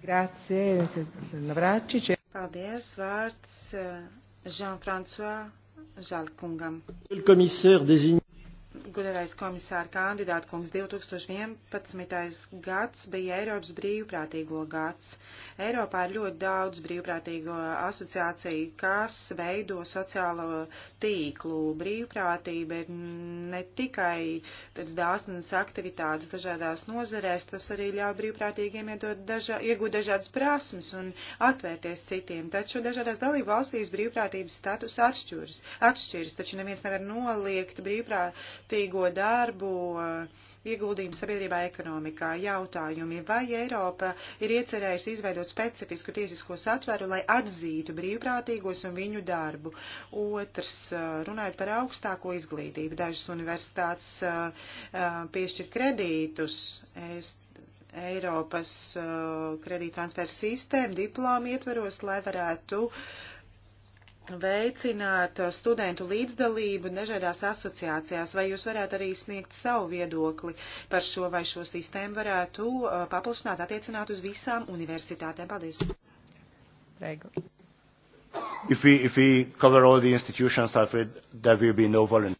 Grazie, Navračiče. Paldies, vārds. Uh... Jean-François Jalkungam. Gudētais komisāra kandidāta kungs 2011. gads bija Eiropas brīvprātīgo gads. Eiropā ir ļoti daudz brīvprātīgo asociāciju, kas veido sociālo tīklu. Brīvprātība ir ne tikai dāsnas aktivitātes dažādās nozerēs, tas arī ļauj brīvprātīgiem dažā, iegūt dažādas prasmes un atvērties citiem. Taču dažādās dalību valstīs brīvprātības status atšķiras, atšķiras taču neviens nevar noliegt brīvprātību vērtīgo darbu eh, ieguldījumu sabiedrībā ekonomikā. Jautājumi, vai Eiropa ir iecerējusi izveidot specifisku tiesisko satveru, lai atzītu brīvprātīgos un viņu darbu? Otrs, eh, runājot par augstāko izglītību, dažas universitātes eh, piešķir kredītus. Es Eiropas kredīttransfers sistēma diplomu ietveros, lai varētu uh, veicināt uh, studentu līdzdalību dažādās asociācijās, vai jūs varētu arī sniegt savu viedokli par šo, vai šo sistēmu varētu uh, paplašināt, attiecināt uz visām universitātēm? Paldies! Reigu. If we, if we cover all the institutions, Alfred, there will be no volunteer.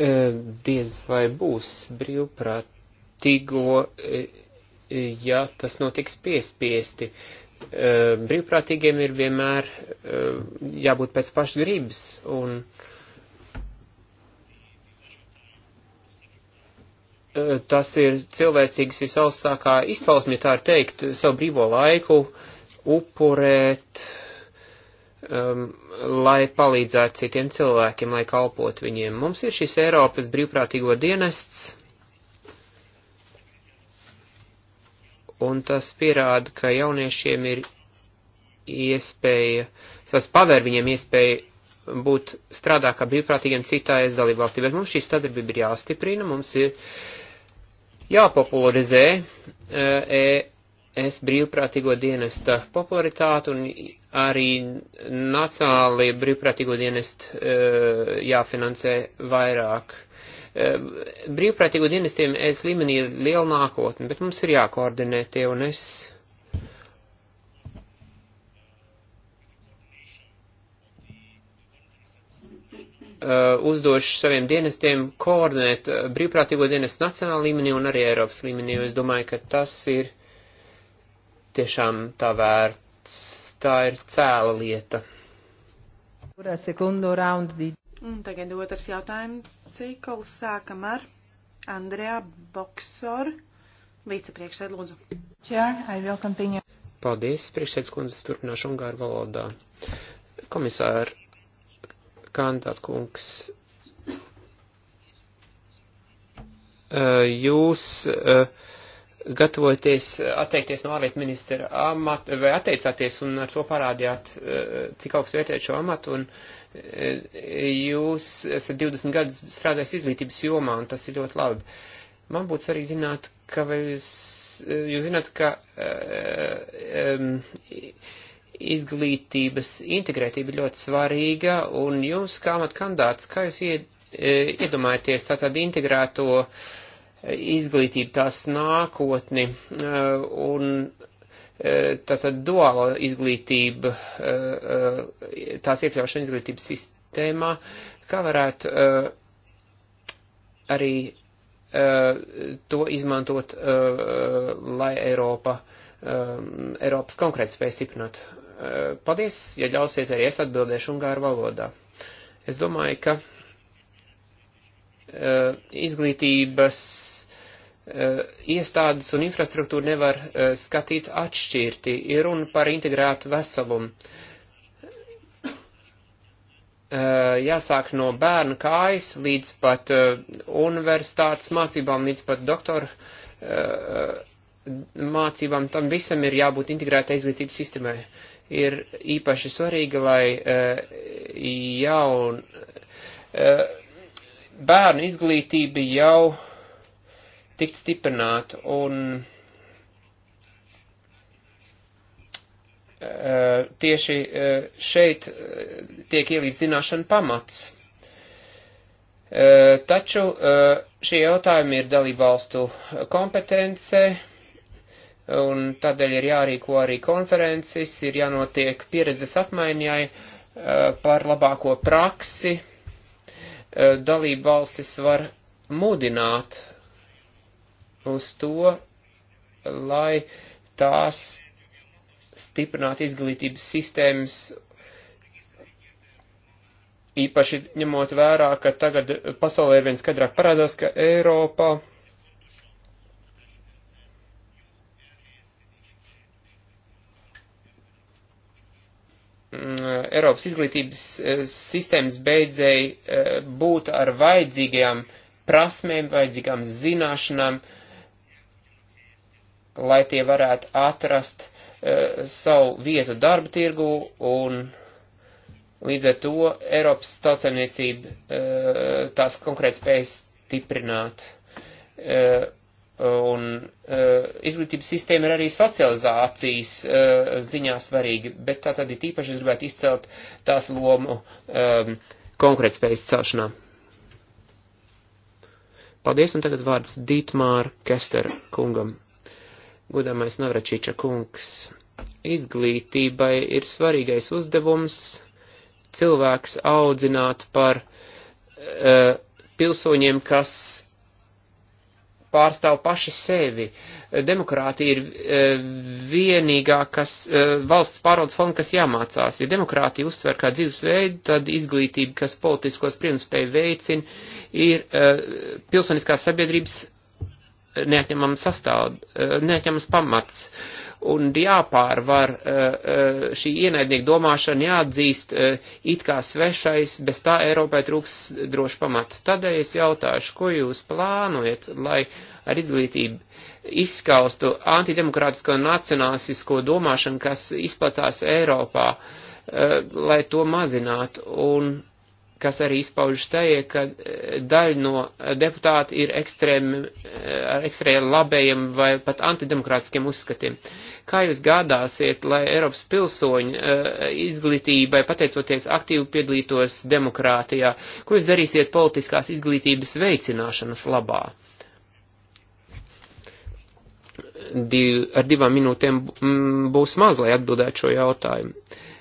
Uh, diez vai būs brīvprātīgo, uh, ja tas notiks piespiesti. Uh, Ehm, brīvprātīgiem ir vienmēr ehm, jābūt pēc pašas gribas. Un ehm, tas ir cilvēcīgs visaugstākā izpausme, ja tā ir teikt, savu brīvo laiku upurēt, um, lai palīdzētu citiem cilvēkiem, lai kalpot viņiem. Mums ir šis Eiropas brīvprātīgo dienests un tas pierāda, ka jauniešiem ir iespēja, tas paver viņiem iespēju būt strādā kā brīvprātīgiem citā es dalībvalstī, bet mums šī sadarbība ir jāstiprina, mums ir jāpopularizē es eh, e brīvprātīgo dienesta popularitāti un arī nacionālie brīvprātīgo dienesti eh, jāfinansē vairāk Ehm, brīvprātīgo dienestiem es līmenī ir liela nākotne, bet mums ir jākoordinē tie un es. Ehm, uzdošu saviem dienestiem koordinēt eh, brīvprātīgo dienestu nacionāla līmenī un arī Eiropas līmenī, jo es domāju, ka tas ir tiešām tā vērts, tā ir cēla lieta. Un tagad otrs jautājums cikls. Sākam ar Andrejā Boksoru, vicepriekšsēd lūdzu. Chair, Paldies, priekšsēdus kundzes, turpināšu Ungāru valodā. Komisāri, kandidāt kungs, eh, jūs uh, gatavoties atteikties no ārlietu ministra amata, vai atteicāties un ar to parādījāt, e, cik augstu vērtējat šo amatu, un e, jūs esat 20 gadus strādājis izglītības jomā, un tas ir ļoti labi. Man būtu svarīgi zināt, ka jūs, e, jūs zināt, ka um, izglītības integrētība ir ļoti svarīga, un jums kā amatkandāts, kā jūs iedomājaties tātad integrēto uh, izglītību, tās nākotni eh, un eh, tātad duālo izglītību, eh, tās iekļaušana izglītības sistēmā, kā varētu arī to izmantot, lai Eiropa, Eiropas konkrētspēju stiprinātu. Paldies, ja ļausiet arī es atbildēšu ungāru valodā. Es domāju, ka Eh, izglītības eh, iestādes un infrastruktūru nevar eh, skatīt atšķirti. Ir runa par integrētu veselumu. Jāsāk no bērnu kājas līdz pat universitātes mācībām, līdz pat doktoru mācībām, tam visam ir jābūt integrētai izglītības sistēmai. Ir īpaši svarīgi, lai uh, jaun, uh, bērnu izglītība jau tikt stiprināta un eh, tieši eh, šeit eh, tiek ielīdz zināšana pamats. Taču šie jautājumi ir dalībvalstu kompetence, un tādēļ ir jārīko arī konferences, ir jānotiek pieredzes apmaiņai par labāko praksi dalību valstis var mudināt uz to, lai tās stiprinātu izglītības sistēmas, īpaši ņemot vērā, ka tagad pasaulē ir viens skaidrāk parādās, ka Eiropa Mm, Eiropas izglītības eh, sistēmas beidzēji eh, būt ar vajadzīgajām prasmēm, vajadzīgām zināšanām, lai tie varētu atrast eh, savu vietu darba tirgu un līdz ar to Eiropas tautsēmniecība tās konkrētspējas stiprināt. Uh, Un uh, izglītības sistēma ir arī socializācijas uh, ziņā svarīga, bet tā tad ir tīpaši, es gribētu izcelt tās lomu um, e, konkrētspējas celšanā. Paldies, un tagad vārds Dītmār Kester kungam. Gudamais Navračīča kungs. Izglītībai ir svarīgais uzdevums cilvēks audzināt par uh, pilsoņiem, kas pārstāv paši sevi. Demokrātija ir e, vienīgā, kas e, valsts pārvaldes forma, kas jāmācās. Ja demokrātija uztver kā dzīvesveidu, tad izglītība, kas politiskos priemspēju veicina, ir e, pilsoniskās sabiedrības neatņemams sastāv, neatņemams pamats. Uh, un jāpārvar eh, eh, šī ienaidnieka domāšana, jāatzīst eh, it kā svešais, bez tā Eiropai trūks droši pamatu. Tādēļ es jautāšu, ko jūs plānojat, lai ar izglītību izskaustu antidemokrātisko un nacionālistisko domāšanu, kas izplatās Eiropā, lai to mazinātu un kas arī izpaužas tajā, ka eh, daļa no eh, deputāti ir ekstrēmi, eh, ar ekstrēmi labējiem vai pat antidemokrātiskiem uzskatiem. Kā jūs gādāsiet, lai Eiropas pilsoņi izglītībai pateicoties aktīvi piedalītos demokrātijā? Ko jūs darīsiet politiskās izglītības veicināšanas labā? Div, ar divām minūtēm būs maz, lai atbildētu šo jautājumu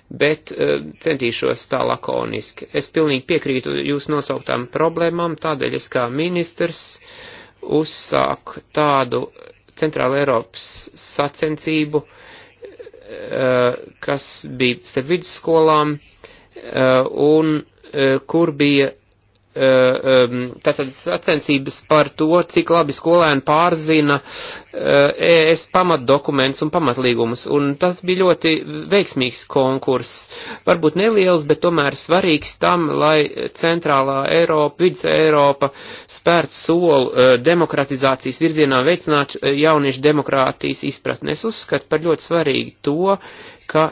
bet eh, centīšos tā lakoniski. Es pilnīgi piekrītu jūs nosauktām problēmām, tādēļ es kā ministrs uzsāku tādu Centrāla Eiropas sacensību, eh, kas bija starp vidusskolām eh, un kur bija Eh, tātad sacensības par to, cik labi skolēni pārzina ES eh, e pamatdokuments un pamatlīgumus. Un tas bija ļoti veiksmīgs konkurss. Varbūt neliels, bet tomēr svarīgs tam, lai centrālā Eiropa, vidus Eiropa spērt soli eh, demokratizācijas virzienā veicināt jauniešu demokrātijas izpratni. Es uzskatu par ļoti svarīgi to, ka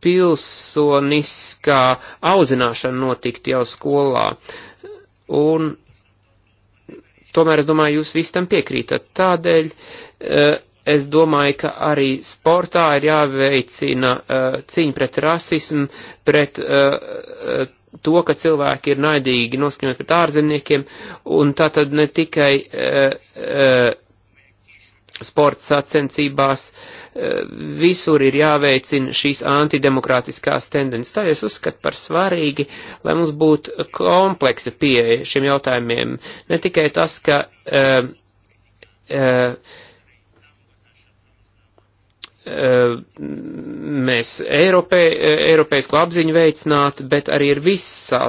pilsoniskā audzināšana notikt jau skolā. Uh, Un tomēr es domāju, jūs visi tam piekrītat. Tādēļ eh, es domāju, ka arī sportā ir jāveicina eh, cīņa pret rasismu, pret eh, to, ka cilvēki ir naidīgi noskaņot pret ārzemniekiem, un tā tad ne tikai sporta sacensībās, uh, Eh, visur ir jāveicina šīs antidemokrātiskās tendences. Tā es uzskatu par svarīgi, lai mums būtu kompleksa pieeja šiem jautājumiem. Ne tikai tas, ka uh, uh, uh, mēs Eiropē, Eiropēsku apziņu veicinātu, bet arī ir visā,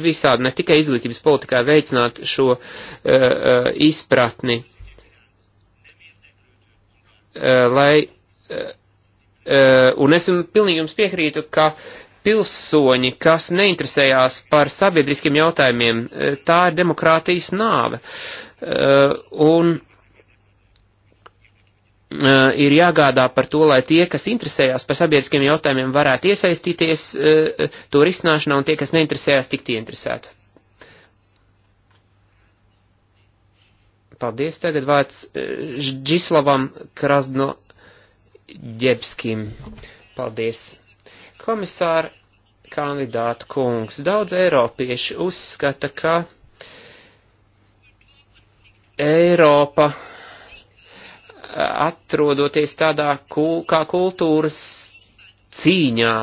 visādi, ne tikai izglītības politikā veicināt šo izpratni, lai Eh, eh, un es pilnīgi jums piekrītu, ka pilsoņi, kas neinteresējās par sabiedriskiem jautājumiem, eh, tā ir demokrātijas nāve. Un ir jāgādā par to, lai tie, kas interesējās par sabiedriskiem jautājumiem, varētu iesaistīties to risināšanā, un tie, kas neinteresējās, tikt ieinteresēti. Paldies. Tagad vārds Džislavam Krasno Ģebskim. Paldies! Komisāra kandidāta kungs, daudz eiropieši uzskata, ka Eiropa atrodoties tādā kul, kā kultūras cīņā.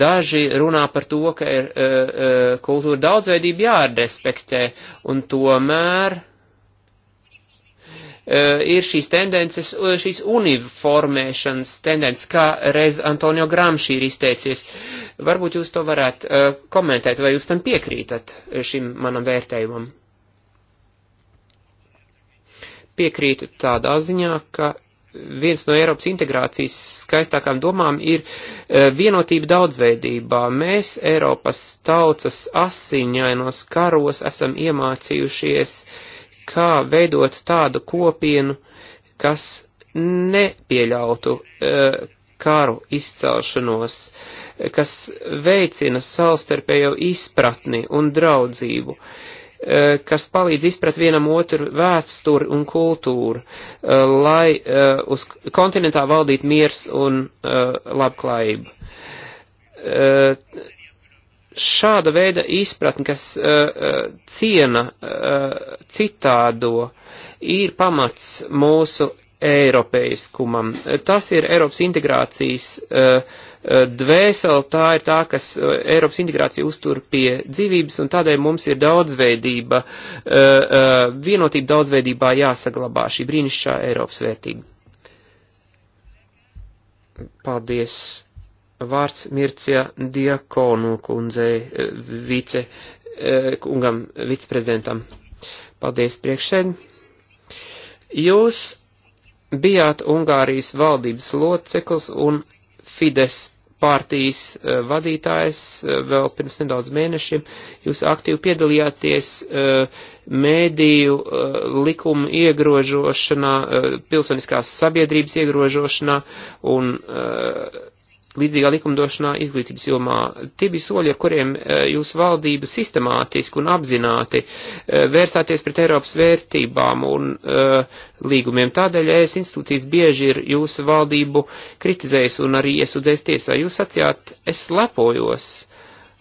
Daži runā par to, ka ir kultūra daudzveidība jārespektē, un tomēr uh, Eh, ir šīs tendences, eh, šīs uniformēšanas tendences, kā reiz Antonio Gramsci ir izteicies. Varbūt jūs to varētu uh, eh, komentēt, vai jūs tam piekrītat šim manam vērtējumam? Piekrītu tādā ziņā, ka viens no Eiropas integrācijas skaistākām domām ir uh, vienotība daudzveidībā. Mēs Eiropas tautas asiņainos karos esam iemācījušies uh, kā veidot tādu kopienu, kas nepieļautu eh, karu izcelšanos, kas veicina savstarpējo izpratni un draudzību, eh, kas palīdz izprat vienam otru vēsturi un kultūru, eh, lai uz kontinentā valdītu miers un labklājība šāda veida izpratni, kas uh, ciena uh, citādo, ir pamats mūsu eiropeiskumam. Tas ir Eiropas integrācijas uh, dvēsele, tā ir tā, kas Eiropas integrācija uztur pie dzīvības, un tādēļ mums ir daudzveidība, uh, uh, vienotība daudzveidībā jāsaglabā šī brīnišķā Eiropas vērtība. Paldies! vārds Mircija Diakonu kundzei, eh, vice, eh, kungam, viceprezidentam. Paldies priekšsēd. Jūs bijāt Ungārijas valdības loceklis un Fides partijas eh, vadītājs vēl pirms nedaudz mēnešiem. Jūs aktīvi piedalījāties mēdīju likumu iegrožošanā, pilsoniskās sabiedrības iegrožošanā un uh, līdzīgā likumdošanā izglītības jomā. Tie bija soļi, ar kuriem eh, jūs valdība sistemātiski un apzināti eh, vērsāties pret Eiropas vērtībām un uh, līgumiem. Tādēļ ES institūcijas bieži ir jūsu valdību kritizējis un arī iesūdzējis tiesā. Jūs sacījāt, es lepojos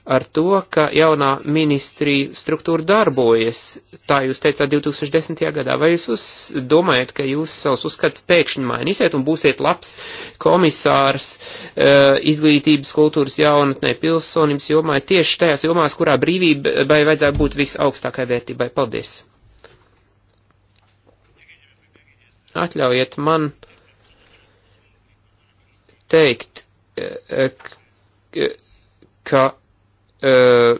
ar to, ka jaunā ministrija struktūra darbojas, tā jūs teicāt 2010. gadā, vai jūs uz, domājat, ka jūs savus uzskatus pēkšņi mainīsiet un būsiet labs komisārs uh, izglītības, kultūras jaunatnē, pilsonības jomā, tieši tajās jomās, kurā brīvībai vajadzētu būt visaugstākai vērtībai? Paldies! Atļaujiet man teikt, e, e, ka Eh,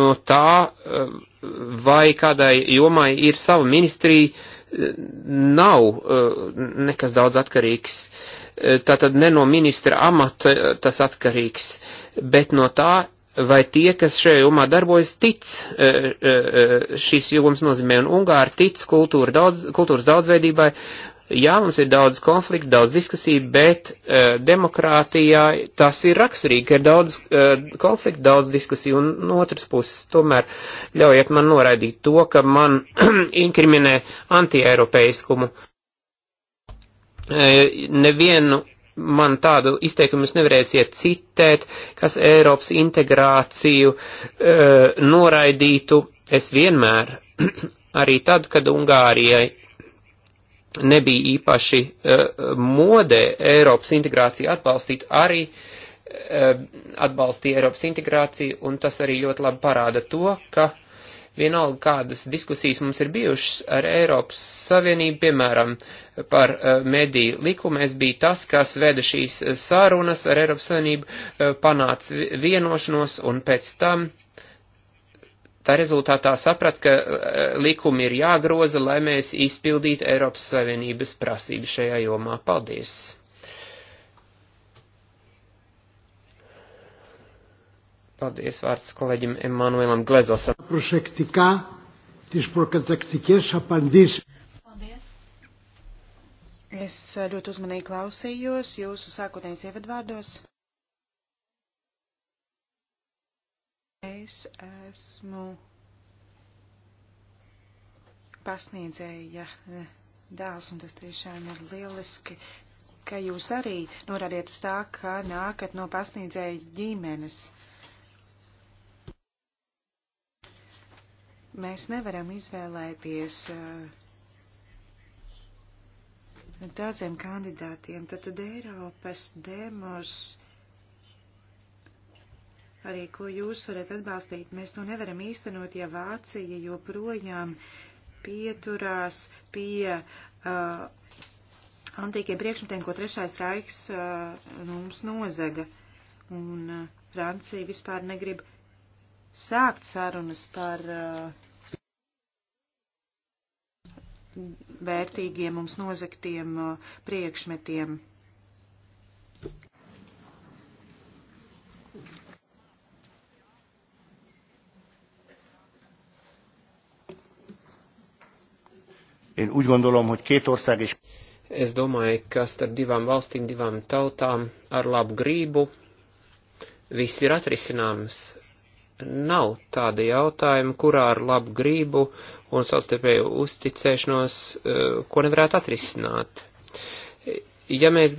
no tā, eh, vai kādai jomai ir sava ministrija, eh, nav nekas daudz atkarīgs. Tātad ne no ministra amata tas atkarīgs, bet no tā, vai tie, kas šajā jomā darbojas, tic šīs jomas nozīmē, un Ungāri tic kultūra daudz, kultūras daudzveidībai, Jā, mums ir daudz konfliktu, daudz diskusiju, bet uh, demokrātijā tas ir raksturīgi, ka ir daudz uh, konfliktu, daudz diskusiju, un no otras puses tomēr ļaujiet man noraidīt to, ka man inkriminē antieiropeiskumu. Uh, nevienu man tādu izteikumu jūs nevarēsiet citēt, kas Eiropas integrāciju uh, noraidītu. Es vienmēr, arī tad, kad Ungārijai nebija īpaši uh, modē Eiropas integrāciju atbalstīt, arī uh, atbalstīja Eiropas integrāciju, un tas arī ļoti labi parāda to, ka vienalga kādas diskusijas mums ir bijušas ar Eiropas Savienību, piemēram, par uh, mediju likumēs bija tas, kas veda šīs sarunas ar Eiropas Savienību, panāca vienošanos, un pēc tam Tā rezultātā saprat, ka eh, likumi ir jāgroza, lai mēs izpildītu Eiropas Savienības prasības šajā jomā. Paldies! Paldies vārds kolēģim Emanuēlam Glezosam. Paldies! Es ļoti uzmanīgi klausījos jūsu sākotnējos ievadvārdos. Es esmu pasniedzēja eh, dēls, un tas tiešām ir lieliski, ka jūs arī norādiet uz tā, ka nākat no pasniedzēja ģimenes. Mēs nevaram izvēlēties eh, daudziem kandidātiem, tad, tad Eiropas demos arī ko jūs varat atbalstīt. Mēs to nevaram īstenot, ja Vācija joprojām pieturās pie uh, antīkiem priekšmetiem, ko Trešais Raiks uh, nu, mums nozaga. Un uh, Francija vispār negrib sākt sarunas par uh, vērtīgiem mums nozaktiem uh, priekšmetiem. Én úgy gondolom, hogy két ország is. Es domāju, ka starp divām valstīm, divām tautām ar labu grību viss ir atrisināms. Nav tāda jautājuma, kurā ar labu grību un savstarpēju uzticēšanos, eh, ko nevarētu atrisināt. Ja mēs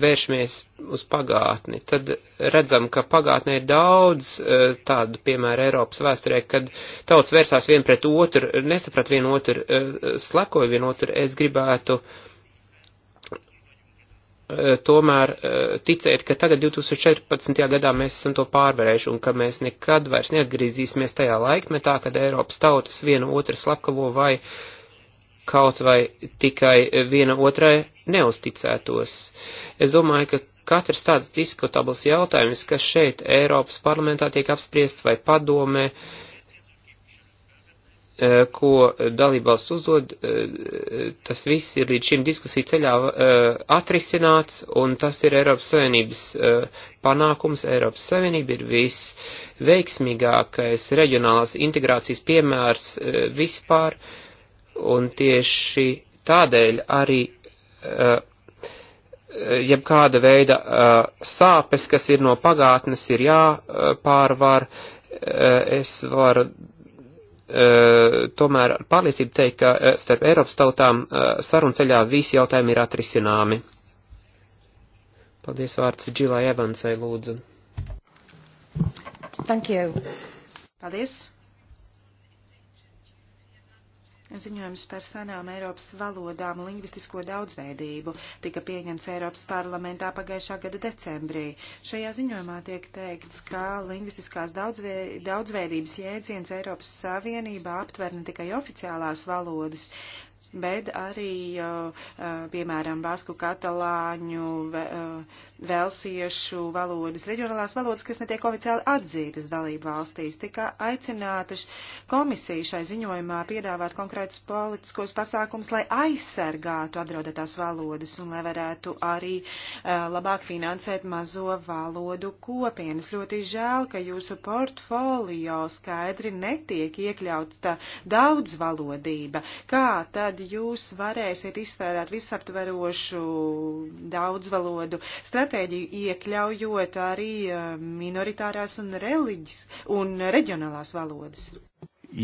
vēršamies uz pagātni, tad redzam, ka pagātnē ir daudz eh, tādu, piemēram, Eiropas vēsturē, kad tauts vērsās vien pret otru, nesaprat vien otru, eh, slekoja vien otru. Es gribētu eh, tomēr ticēt, ka tagad 2014. gadā mēs esam to pārvarējuši un ka mēs nekad vairs neatgriezīsimies tajā laikmetā, kad Eiropas tautas vienu otru slapkavo vai uh, kaut vai tikai viena otrai neusticētos. Es domāju, ka katrs tāds diskutabls jautājums, kas šeit Eiropas parlamentā tiek apspriests vai padomē, e, ko dalībvalsts uzdod, e, tas viss ir līdz šim diskusiju ceļā e, atrisināts, un tas ir Eiropas Savienības panākums. Eiropas Savienība ir visveiksmīgākais reģionālās integrācijas piemērs vispār. Uh, Un tieši tādēļ arī uh, jebkāda veida uh, sāpes, kas ir no pagātnes, ir jāpārvar. Uh, es varu tomēr ar pārliecību teikt, ka starp Eiropas tautām sarunceļā visi jautājumi ir atrisināmi. Paldies vārds Džilai Evansai, lūdzu. Thank you. Paldies. Ziņojums par senām Eiropas valodām un lingvistisko daudzveidību tika pieņemts Eiropas parlamentā pagājušā gada decembrī. Šajā ziņojumā tiek teikts, ka lingvistiskās daudzveidības jēdziens Eiropas Savienībā aptver ne tikai oficiālās valodas, bet arī, piemēram, basku katalāņu, velsiešu valodas, reģionālās valodas, kas netiek oficiāli atzītas dalību valstīs. Tika aicināta komisija šai ziņojumā piedāvāt konkrētus politiskos pasākums, lai aizsargātu apdraudētās valodas un lai varētu arī labāk finansēt mazo valodu kopienas. Ļoti žēl, ka jūsu portfolio skaidri netiek iekļauta daudz valodība. Kā tad jūs varēsiet izstrādāt visaptverošu daudzvalodu stratēģiju, iekļaujot arī eh, minoritārās un reliģis un reģionālās valodas?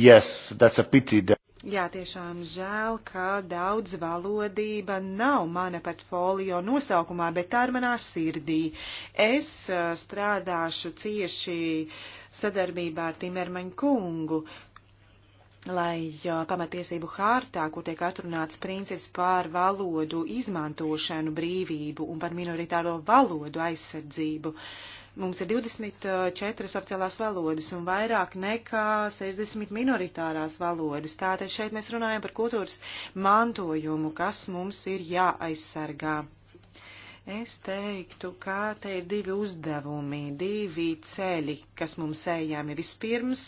Yes, that's a pity. That... Jā, tiešām žēl, ka daudz valodība nav mana portfolio nosaukumā, bet tā ir manā sirdī. Es eh, strādāšu cieši sadarbībā ar Timermaņu kungu, lai pamatiesību hārtā, kur tiek atrunāts princips par valodu izmantošanu brīvību un par minoritāro valodu aizsardzību, mums ir 24 oficiālās valodas un vairāk nekā 60 minoritārās valodas. Tātad šeit mēs runājam par kultūras mantojumu, kas mums ir jāaizsargā. Es teiktu, ka te ir divi uzdevumi, divi ceļi, kas mums ejami. Vispirms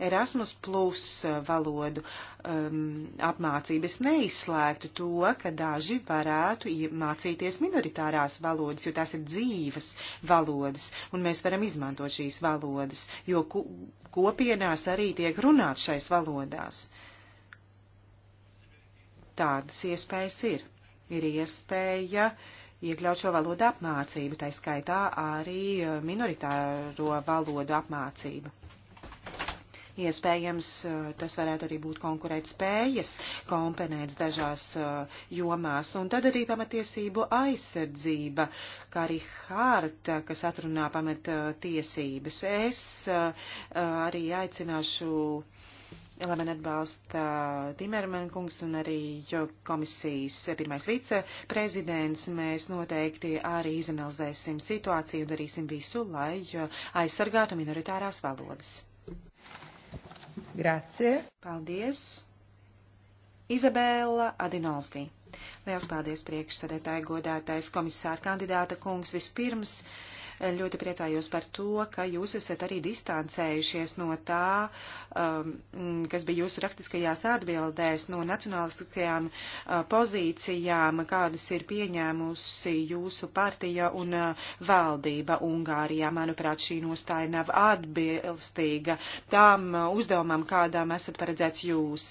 Erasmus plus eh, valodu um, ehm, apmācības neizslēgtu to, ka daži varētu mācīties minoritārās valodas, jo tās ir dzīves valodas, un mēs varam izmantot šīs valodas, jo kopienās arī tiek runāt šais valodās. Tādas iespējas ir. Ir iespēja uh, iekļaut šo valodu apmācību, tā skaitā arī eh, minoritāro valodu apmācību. Iespējams, tas varētu arī būt konkurēt spējas komponēts dažās jomās. Un tad arī pamatiesību aizsardzība, kā arī harta, kas atrunā pamatiesības. Es arī aicināšu. Lai man atbalsta Timerman kungs un arī komisijas pirmais viceprezidents, mēs noteikti arī izanalizēsim situāciju un darīsim visu, lai aizsargātu minoritārās valodas. Grazie. Paldies. Izabela Adinolfi. Liels paldies priekšsēdētāji godātais komisāra kandidāta kungs. Vispirms Ļoti priecājos par to, ka jūs esat arī distancējušies no tā, um, kas bija jūsu rakstiskajās atbildēs, no nacionālistiskajām uh, pozīcijām, kādas ir pieņēmusi jūsu partija un uh, valdība Ungārijā. Manuprāt, šī nostāja nav atbilstīga tām uh, uzdevumam, kādām esat paredzēts jūs.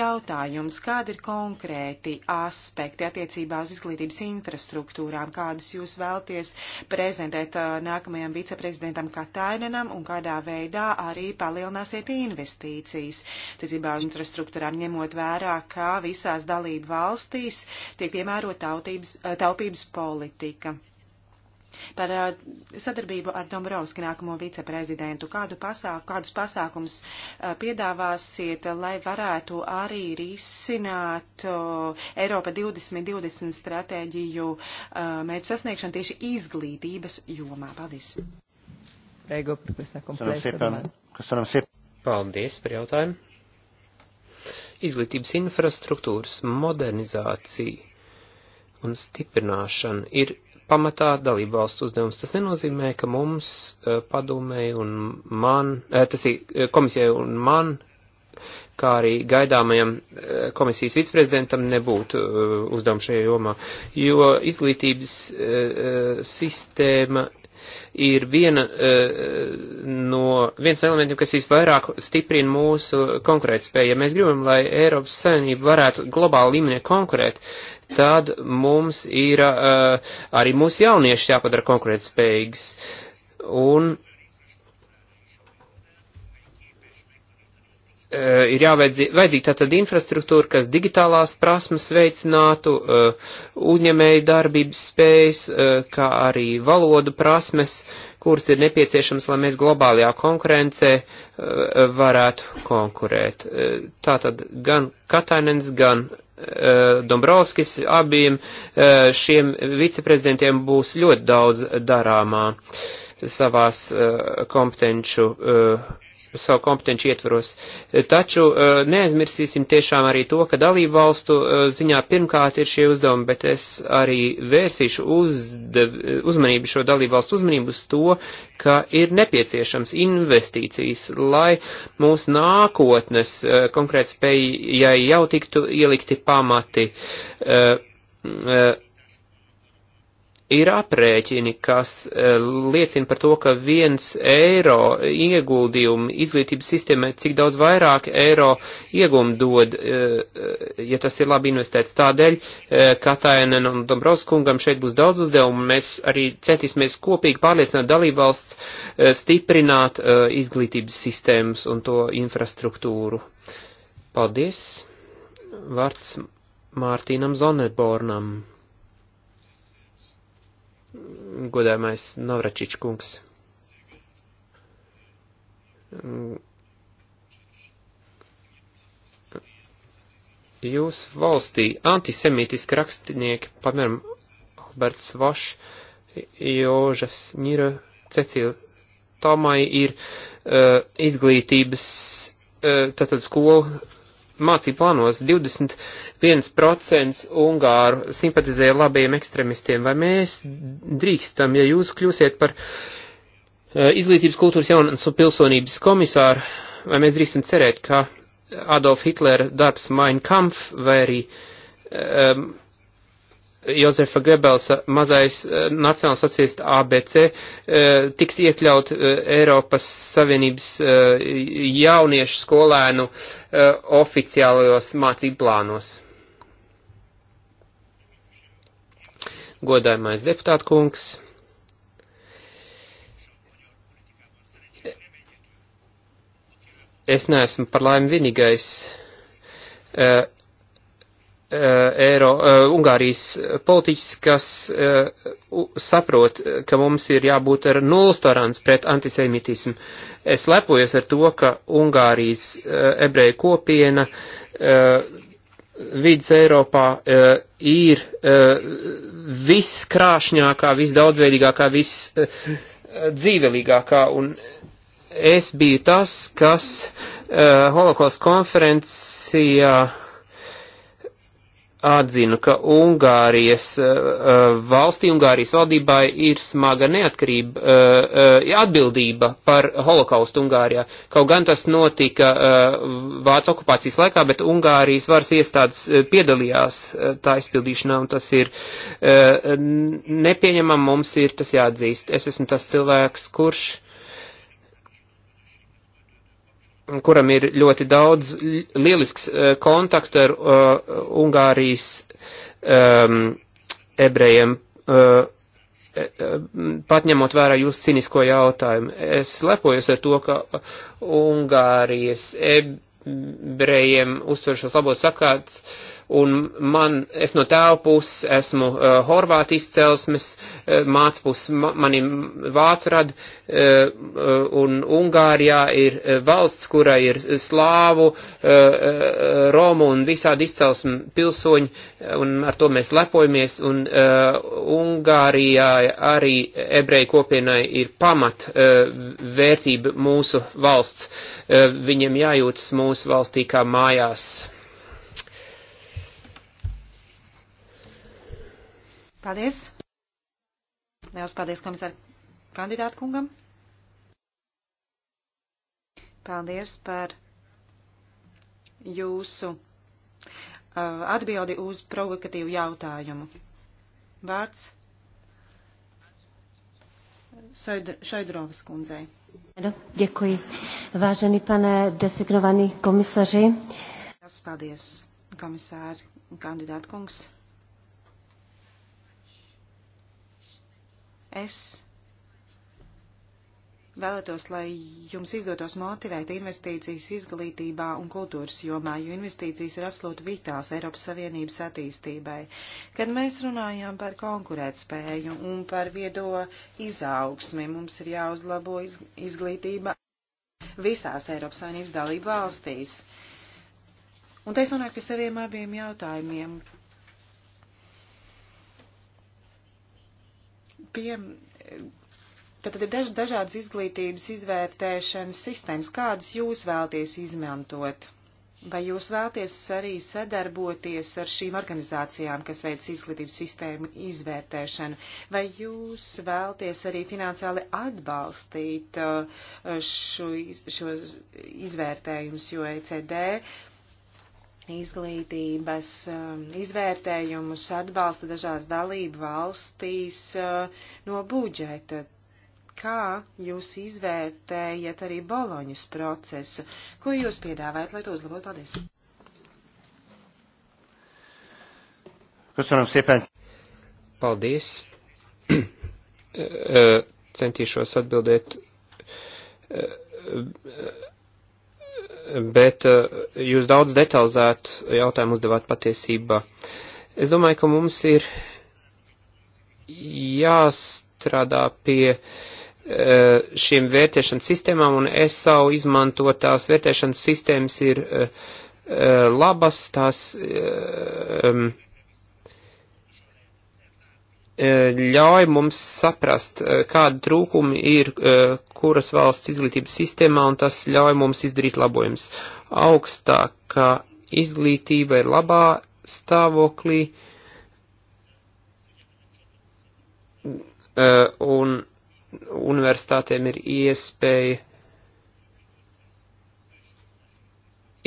Jautājums, kādi ir konkrēti aspekti attiecībā uz izglītības infrastruktūrām, kādas jūs vēlties prezentēt? Uh, nākamajam viceprezidentam Katainenam un kādā veidā arī palielināsiet investīcijas. Ticībā uz infrastruktūrām ņemot vērā, kā visās dalību valstīs tiek piemērot tautības, taupības politika par sadarbību ar Dombrovski nākamo viceprezidentu. Kādu pasāku, kādus pasākums piedāvāsiet, lai varētu arī risināt Eiropa 2020 stratēģiju mērķu sasniegšanu tieši izglītības jomā? Paldies! Prego, Paldies par jautājumu! Izglītības infrastruktūras modernizācija un stiprināšana ir pamatā dalību valstu uzdevums. Tas nenozīmē, ka mums eh, padomēji un man, eh, tas ir eh, komisijai un man, kā arī gaidāmajam komisijas viceprezidentam nebūtu uzdevums šajā jomā, jo izglītības sistēma ir viena e, no, viens elementiem, kas visvairāk stiprina mūsu konkurētspēju. Ja mēs gribam, lai Eiropas Savienība varētu globāli līmenī konkurēt, tad mums ir e, arī mūsu jaunieši jāpadara konkurētspējīgas. Un Eh, ir jāvajadzīga tātad infrastruktūra, kas digitālās prasmes veicinātu, eh, uzņēmēju darbības spējas, eh, kā arī valodu prasmes, kuras ir nepieciešams, lai mēs globālajā konkurencē varētu konkurēt. Tātad gan Katainens, gan Dombrovskis abiem šiem viceprezidentiem būs ļoti daudz darāmā savās kompetenču savu kompetenci ietvaros. Taču e, neaizmirsīsim tiešām arī to, ka dalību valstu e, ziņā pirmkārt ir šie uzdevumi, bet es arī vērsīšu uzdev, uzmanību šo dalību valstu uzmanību uz to, ka ir nepieciešams investīcijas, lai mūsu nākotnes e, konkrēt spējai jau tiktu ielikti pamati. Uh, uh, ir aprēķini, kas e, liecina par to, ka viens eiro ieguldījumu izglītības sistēmē, cik daudz vairāk eiro iegumu dod, e, e, ja tas ir labi investēts. Tādēļ Katainen un Dombrovskungam šeit būs daudz uzdevumu, mēs arī centīsimies kopīgi pārliecināt dalībvalsts, stiprināt izglītības sistēmas un to infrastruktūru. Paldies! Vārds Mārtīnam Zonebornam godājumais Navračič kungs. Jūsu valstī antisemītiski rakstnieki, piemēram, Alberts Vašs, Jožas Ņira, Cecīla Tomai ir uh, izglītības, uh, tātad skola mācību plānos 20 1% Ungāru simpatizē labiem ekstremistiem. Vai mēs drīkstam, ja jūs kļūsiet par eh, izglītības kultūras jaunas un pilsonības komisāru, vai mēs drīkstam cerēt, ka Adolf Hitlera darbs Mein Kampf vai arī um, ehm, Jozefa Gebelsa mazais uh, eh, nacionāls sociālists ABC uh, eh, tiks iekļaut uh, Eiropas Savienības uh, jauniešu skolēnu uh, oficiālajos mācību plānos. godājumais deputāt kungs. Es neesmu par laimi vienīgais uh, Eiro, uh, Ungārijas politiķis, kas uh, saprot, ka mums ir jābūt ar nulles tolerants pret antisemitismu. Es lepojos ar to, ka Ungārijas uh, ebreju kopiena uh, vidas Eiropā uh, ir uh, viskrāšņākā, visdaudzveidīgākā, visdzīvelīgākā, e, uh, un es biju tas, kas uh, holokosta konferencijā uh, atzinu, ka Ungārijas eh, eh, valstī, Ungārijas valdībai ir smaga neatkarība, eh, atbildība par holokaustu Ungārijā. Kaut gan tas notika Vācu okupācijas laikā, bet Ungārijas varas iestādes piedalījās tā izpildīšanā, un tas ir nepieņemam, mums ir tas jāatzīst. Es esmu tas cilvēks, kurš kuram ir ļoti daudz lielisks e, kontaktu ar uh, Ungārijas um, ebrejiem, uh, pat ņemot vērā jūsu cinisko jautājumu. Es lepojos ar to, ka Ungārijas ebrejiem uztver šos labos sakāts. Uh, un man, es no tēva puses esmu uh, eh, horvāti izcelsmes, uh, eh, māc puses ma, manim vācu rad, uh, eh, un Ungārijā ir valsts, kura ir slāvu, uh, romu un visādi izcelsmi pilsoņi, un ar to mēs lepojamies, un uh, Ungārijā arī ebreju kopienai ir pamat uh, vērtība mūsu valsts, uh, viņiem jājūtas mūsu valstī kā mājās. Paldies! Liels paldies komisāru kandidātu kungam! Paldies par jūsu uh, atbildi uz provokatīvu jautājumu. Vārds Šaidrovas kundzei. Děkuji. Vážený pane designovaný komisaři. Paldies, komisāri, kandidātkungs. Es Vēlētos, lai jums izdotos motivēt investīcijas izglītībā un kultūras jomā, jo investīcijas ir absolūti vitāls Eiropas Savienības attīstībai. Kad mēs runājām par konkurētspēju un par viedo izaugsmi, mums ir jāuzlabo izglītība visās Eiropas Savienības dalību valstīs. Un te es nonāku pie saviem abiem jautājumiem. pie, tad ir daž, dažādas izglītības izvērtēšanas sistēmas. Kādus jūs vēlties izmantot? Vai jūs vēlties arī sadarboties ar šīm organizācijām, kas veic izglītības sistēmu izvērtēšanu? Vai jūs vēlties arī finansiāli atbalstīt uh, šo, šo izvērtējumus, jo ECD izglītības um, izvērtējumus atbalsta dažās dalību valstīs uh, no budžeta. Kā jūs izvērtējat arī Boloņas procesu? Ko jūs piedāvājat, lai to uzlabotu? Paldies! Köszönöm szépen! Paldies! Centīšos atbildēt bet eh, jūs daudz detalizētu jautājumu uzdevāt patiesībā. Es domāju, ka mums ir jāstrādā pie eh, šiem vērtēšanas sistēmām, un SAU izmantotās vērtēšanas sistēmas ir eh, labas, tās um, Eh, ļauj mums saprast, eh, kādi trūkumi ir eh, kuras valsts izglītības sistēmā, un tas ļauj mums izdarīt labojums. Augstākā izglītība ir labā stāvoklī, un universitātēm ir iespēja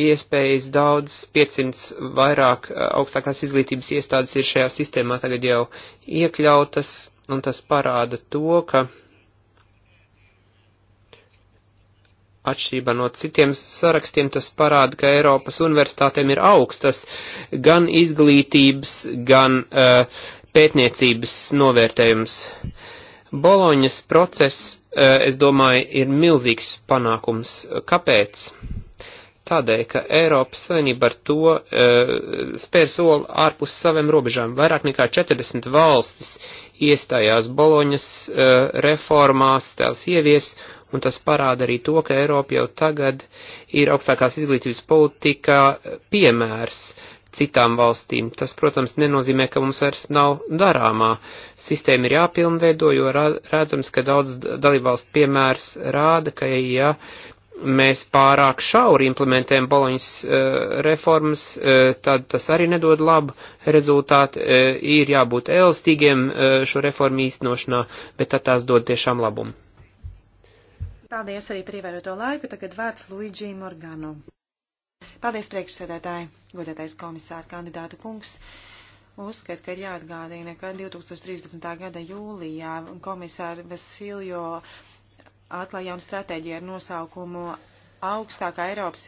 iespējas daudz, 500 vairāk eh, augstākās izglītības iestādes ir šajā sistēmā tagad jau iekļautas, un tas parāda to, ka atšķirībā no citiem sarakstiem, tas parāda, ka Eiropas universitātēm ir augstas gan izglītības, gan uh, pētniecības novērtējums. Boloņas process, uh, es domāju, ir milzīgs panākums. Kāpēc? Uh, tādēļ, ka Eiropas Savienība ar to e, spēr soli ārpus saviem robežām. Vairāk nekā 40 valstis iestājās Boloņas e, reformās, tās ievies, un tas parāda arī to, ka Eiropa jau tagad ir augstākās izglītības politikā piemērs citām valstīm. Tas, protams, nenozīmē, ka mums vairs nav darāmā. Sistēma ir jāpilnveido, jo redzams, ka daudz dalībvalstu piemērs rāda, ka, ja mēs pārāk šauri implementējam Boloņas uh, reformas, uh, tad tas arī nedod labu rezultātu. Uh, ir jābūt elastīgiem uh, šo reformu īstenošanā, bet tad tās dod tiešām labumu. Paldies arī par ievēroto laiku. Tagad vārds Luigi Morgano. Paldies priekšsēdētāji, godētais komisāra kandidāta kungs. Uzskat, ka ir jāatgādina, ka 2013. gada jūlijā komisāra Vasiljo atklāja jaunu stratēģiju ar nosaukumu augstākā Eiropas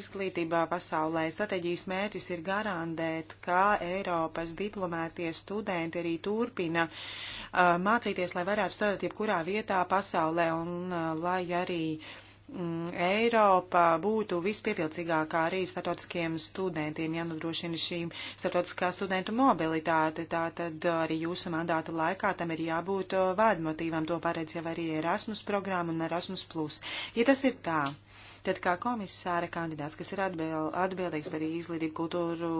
izglītībā pasaulē. Stratēģijas mērķis ir garantēt, ka Eiropas diplomētie studenti arī turpina uh, mācīties, lai varētu strādāt jebkurā vietā pasaulē un uh, lai arī uh, Mm, Eiropā būtu vispiepilcīgākā arī startautiskiem studentiem, ja nodrošina šī startautiskā studentu mobilitāte. Tātad arī jūsu mandāta laikā tam ir jābūt uh, vēdmotīvam. To paredz jau arī Erasmus programma un Erasmus. Ja tas ir tā, Tad kā komisāra kandidāts, kas ir atbild, atbildīgs par izglītību, kultūru,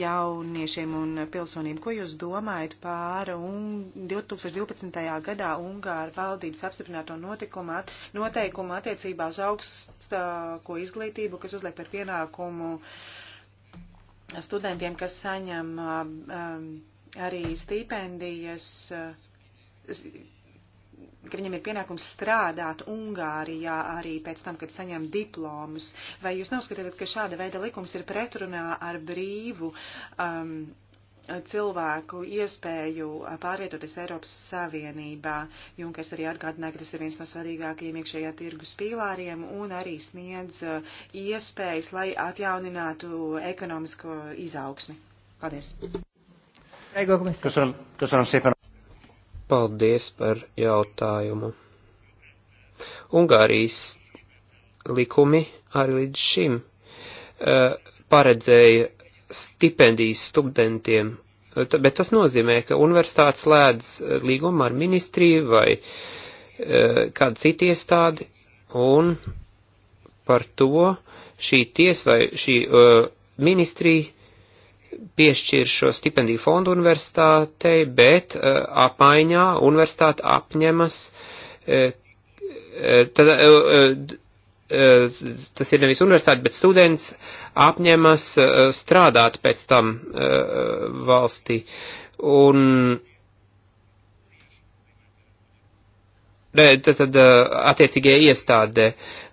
jauniešiem un pilsonību, ko jūs domājat pār un 2012. gadā Ungāra valdības apstiprināto notikumu at, noteikumu attiecībā uz augstāko izglītību, kas uzliek par pienākumu studentiem, kas saņem um, arī stipendijas. Uh, ka viņam ir pienākums strādāt Ungārijā arī pēc tam, kad saņem diplomus. Vai jūs neuzskatāt, ka šāda veida likums ir pretrunā ar brīvu um, cilvēku iespēju pārvietoties Eiropas Savienībā? Junkers arī atgādināja, ka tas ir viens no svarīgākajiem iekšējā tirgus pīlāriem un arī sniedz uh, iespējas, lai atjauninātu ekonomisko izaugsmi. Paldies! Köszönöm, köszönöm szépen! Paldies par jautājumu. Ungārijas likumi arī līdz šim uh, paredzēja stipendijas studentiem, bet tas nozīmē, ka universitātes lēdz līgumu ar ministriju vai uh, kādu citu iestādi, un par to šī tiesa vai šī uh, ministrija piešķir šo stipendiju fondu universitātei, bet uh, apmaiņā universitāte apņemas, uh, tad, uh, tas ir nevis universitāte, bet students apņemas strādāt pēc tam valstī. Un tad, tad uh, attiecīgajai iestādē.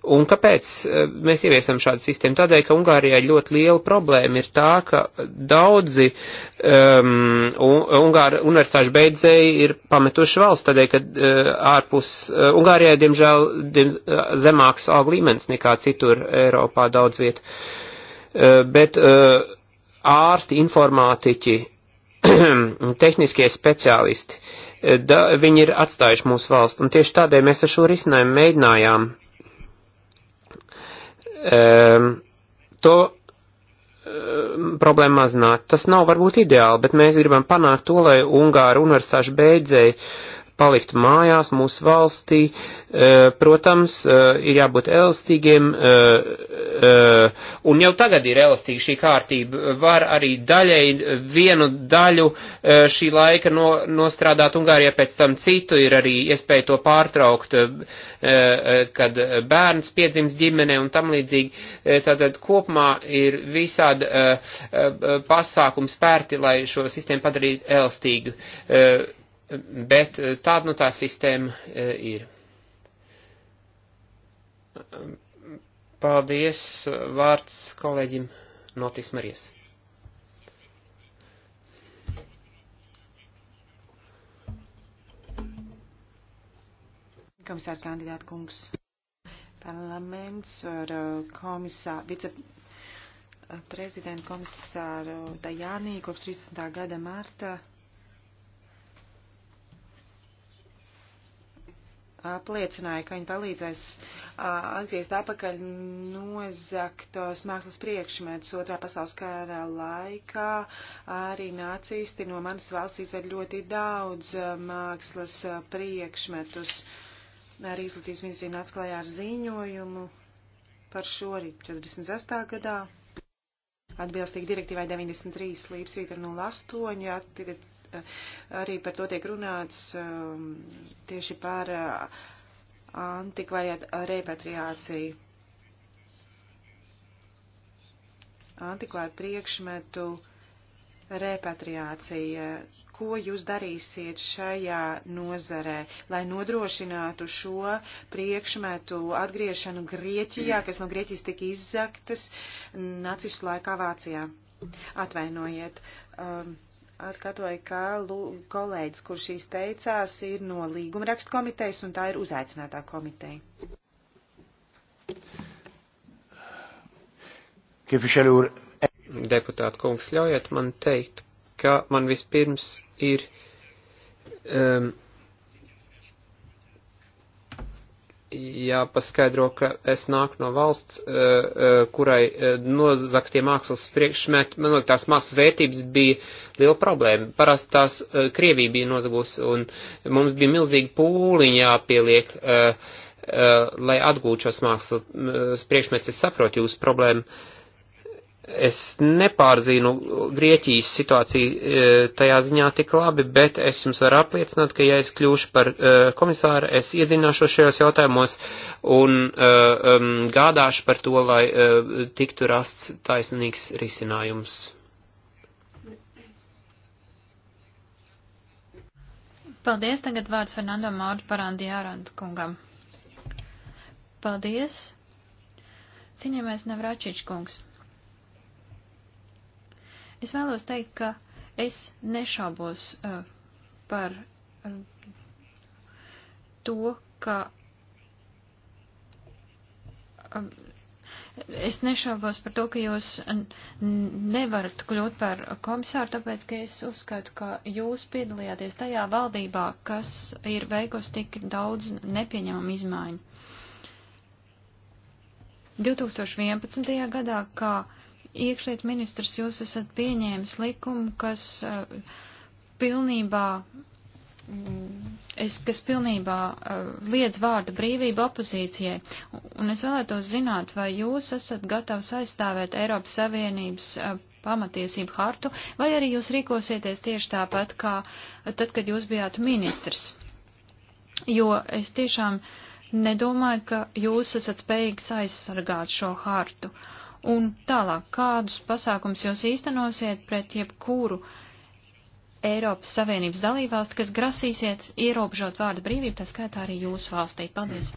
Un kāpēc uh, mēs ieviesam šādu sistēmu? Tādēļ, ka Ungārijā ļoti liela problēma ir tā, ka daudzi um, Ungāra universitāšu beidzēji ir pametuši valsts, tādēļ, ka uh, ārpus uh, Ungārijā, diemžēl, diem, uh, zemāks alga līmenis nekā citur Eiropā daudz viet. Uh, bet uh, ārsti, informātiķi, tehniskie speciālisti. Uh, da, viņi ir atstājuši mūsu valstu. Un tieši tādēļ mēs ar šo risinājumu mēģinājām um, to um, problēmu mazināt. Tas nav varbūt ideāli, bet mēs gribam panākt to, lai Ungāra universitāšu beidzēji uh, palikt mājās mūsu valstī. E, protams, e, ir jābūt elastīgiem, e, un jau tagad ir elastīga šī kārtība. Var arī daļai vienu daļu šī laika no, nostrādāt Ungārijā, pēc tam citu ir arī iespēja to pārtraukt, kad bērns piedzims ģimene un tam līdzīgi. Tātad kopumā ir visādi pasākumi spērti, lai šo sistēmu padarītu elastīgu. Uh, Bet eh, tāda nu tā sistēma eh, ir. Paldies, vārds kolēģim Notis Marijas. Komisāra kandidāta kungs. Parlaments ar eh, komisāru, viceprezidentu komisāru Dajānī kopš 30. gada marta apliecināja, ka viņi palīdzēs atgriezt atpakaļ nozaktos mākslas priekšmetus otrā pasaules kara laikā. Arī nācisti no manas valsts izved ļoti daudz mākslas priekšmetus. Arī izglītības ministrija nāca klajā ar ziņojumu par šo arī 48. gadā. Atbilstīgi direktīvai 93 līdz 08 attiecībā arī par to tiek runāts um, tieši par uh, antikvariāt uh, repatriāciju. Antikvāru priekšmetu repatriācija. Ko jūs darīsiet šajā nozarē, lai nodrošinātu šo priekšmetu atgriešanu Grieķijā, kas no Grieķijas tika izzaktas nacistu laikā Vācijā? Atvainojiet. Um, Atkārtoju, ka kolēģis, kurš izteicās, ir no līguma rakstu komitejas un tā ir uzaicinātā komiteja. Deputāta kungs, ļaujiet man teikt, ka man vispirms ir um, jāpaskaidro, ka es nāku no valsts, eh, eh, kurai eh, nozaktie mākslas priekšmeti, man liekas, tās mākslas vērtības bija liela problēma. Parasti tās Krievija bija nozagus, un mums bija milzīgi pūliņi jāpieliek, lai atgūtu šos mākslas priekšmetus. Es saprotu jūsu problēmu Es nepārzinu Grieķijas situāciju e, tajā ziņā tik labi, bet es jums varu apliecināt, ka ja es kļūšu par e, komisāru, es iedzināšos šajos jautājumos un e, gādāšu par to, lai tiktu rasts taisnīgs risinājums. Paldies, tagad vārds Fernando Mauri Parandi Ārand kungam. Paldies. Ciņamies Navračiņš kungs. Es vēlos teikt, ka es nešaubos uh, par uh, to, ka. Uh, es nešaubos par to, ka jūs nevarat kļūt par komisāru, tāpēc, ka es uzskatu, ka jūs piedalījāties tajā valdībā, kas ir veikusi tik daudz nepieņemamu izmaiņu. 2011. gadā, kā iekšliet ministrs, jūs esat pieņēmis likumu, kas uh, pilnībā, mm, es, kas pilnībā uh, liedz vārda brīvību opozīcijai. Un es vēlētos zināt, vai jūs esat gatavs aizstāvēt Eiropas Savienības uh, pamatiesību hartu, vai arī jūs rīkosieties tieši tāpat, kā tad, kad jūs bijāt ministrs. Jo es tiešām nedomāju, ka jūs esat spējīgs aizsargāt šo hartu. Uh, Un tālāk, kādus pasākums jūs īstenosiet pret jebkuru Eiropas Savienības dalībvalsti, kas grasīsiet ierobežot vārdu brīvību, tā skaitā arī jūsu valstī? Paldies!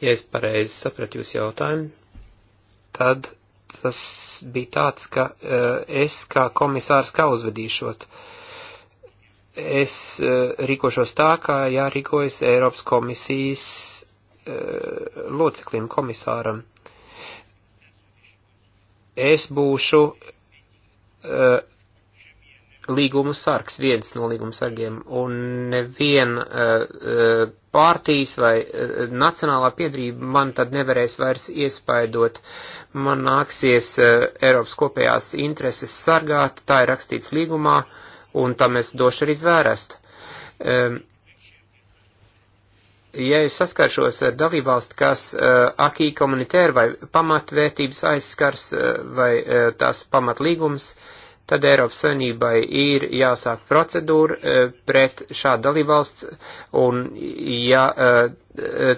Ja es pareizi sapratu jūsu jautājumu, tad tas bija tāds, ka uh, es kā komisārs kā uzvedīšot. Es uh, rīkošos tā, kā jārīkojas Eiropas komisijas loceklim, komisāram. Es būšu e, līgumu sargs, viens no līgumu sargiem, un neviena uh, e, e, pārtīs vai uh, nacionālā piedrība man tad nevarēs vairs iespaidot. Man nāksies uh, Eiropas kopējās intereses sargāt, tā ir rakstīts līgumā, un tam es došu arī zvērest. Um, uh, ja es saskaršos ar dalībvalstu, kas uh, akī komunitēra vai pamatvērtības aizskars uh, vai uh, tās pamatlīgums, tad Eiropas Savienībai ir jāsāk procedūra uh, pret šādu dalībvalsts, un ja uh,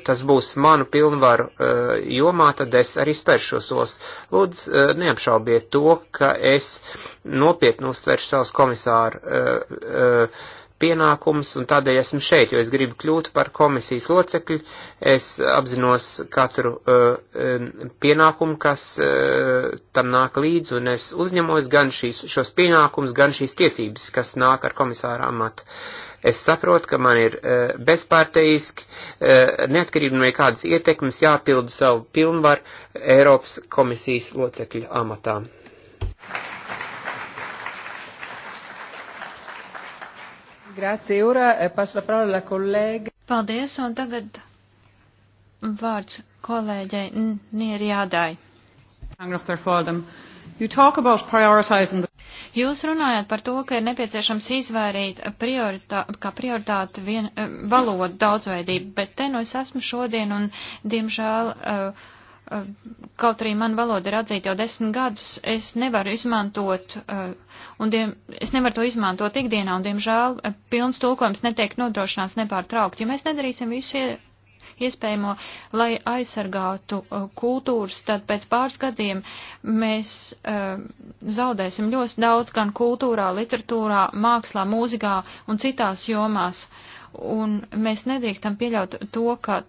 tas būs manu pilnvaru uh, jomā, tad es arī spēršu šos solis. Lūdzu, uh, neapšaubiet to, ka es nopietni uztveršu savus komisāru. Uh, uh, pienākums, un tādēļ esmu šeit, jo es gribu kļūt par komisijas locekļu. Es apzinos katru uh, pienākumu, kas uh, tam nāk līdzi, un es uzņemos gan šīs, šos pienākumus, gan šīs tiesības, kas nāk ar komisāra amatu. Es saprotu, ka man ir uh, eh, bezpārteiski, uh, neatkarīgi no kādas ietekmes jāpilda savu pilnvaru Eiropas komisijas locekļu amatā. Grazie, Ura. Eh, Pasu la parola la kolēga. Paldies, un tagad vārds kolēģei Nierjādai. Jūs runājat par to, ka ir nepieciešams izvairīt prioritā, kā prioritāti vien, eh, valodu daudzveidību, bet te nu es esmu šodien un, diemžēl, uh, kaut arī man valoda ir atzīta jau desmit gadus, es nevaru izmantot, uh, un diem, es nevaru to izmantot ikdienā, un, diemžēl, uh, pilns tulkojums netiek nodrošināts nepārtraukti. Ja mēs nedarīsim visu iespējamo, lai aizsargātu uh, kultūras, tad pēc pāris gadiem mēs zaudēsim ļoti daudz gan kultūrā, literatūrā, mākslā, mūzikā un citās jomās. Un mēs nedrīkstam pieļaut to, ka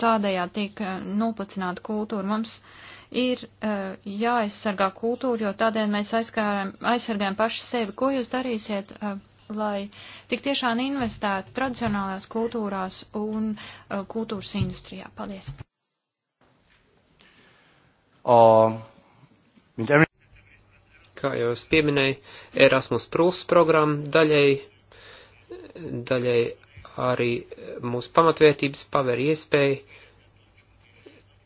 tādējā tiek eh, noplicināta kultūra. Mums ir uh, jāaizsargā kultūra, jo tādēļ mēs aizsargājam paši sevi. Ko jūs darīsiet, uh, lai tik tiešām investētu tradicionālās kultūrās un uh, kultūras industrijā? Paldies! Uh, Kā jau es pieminēju, Erasmus Plus programma daļai, daļai arī eh, mūsu pamatvērtības paver iespēju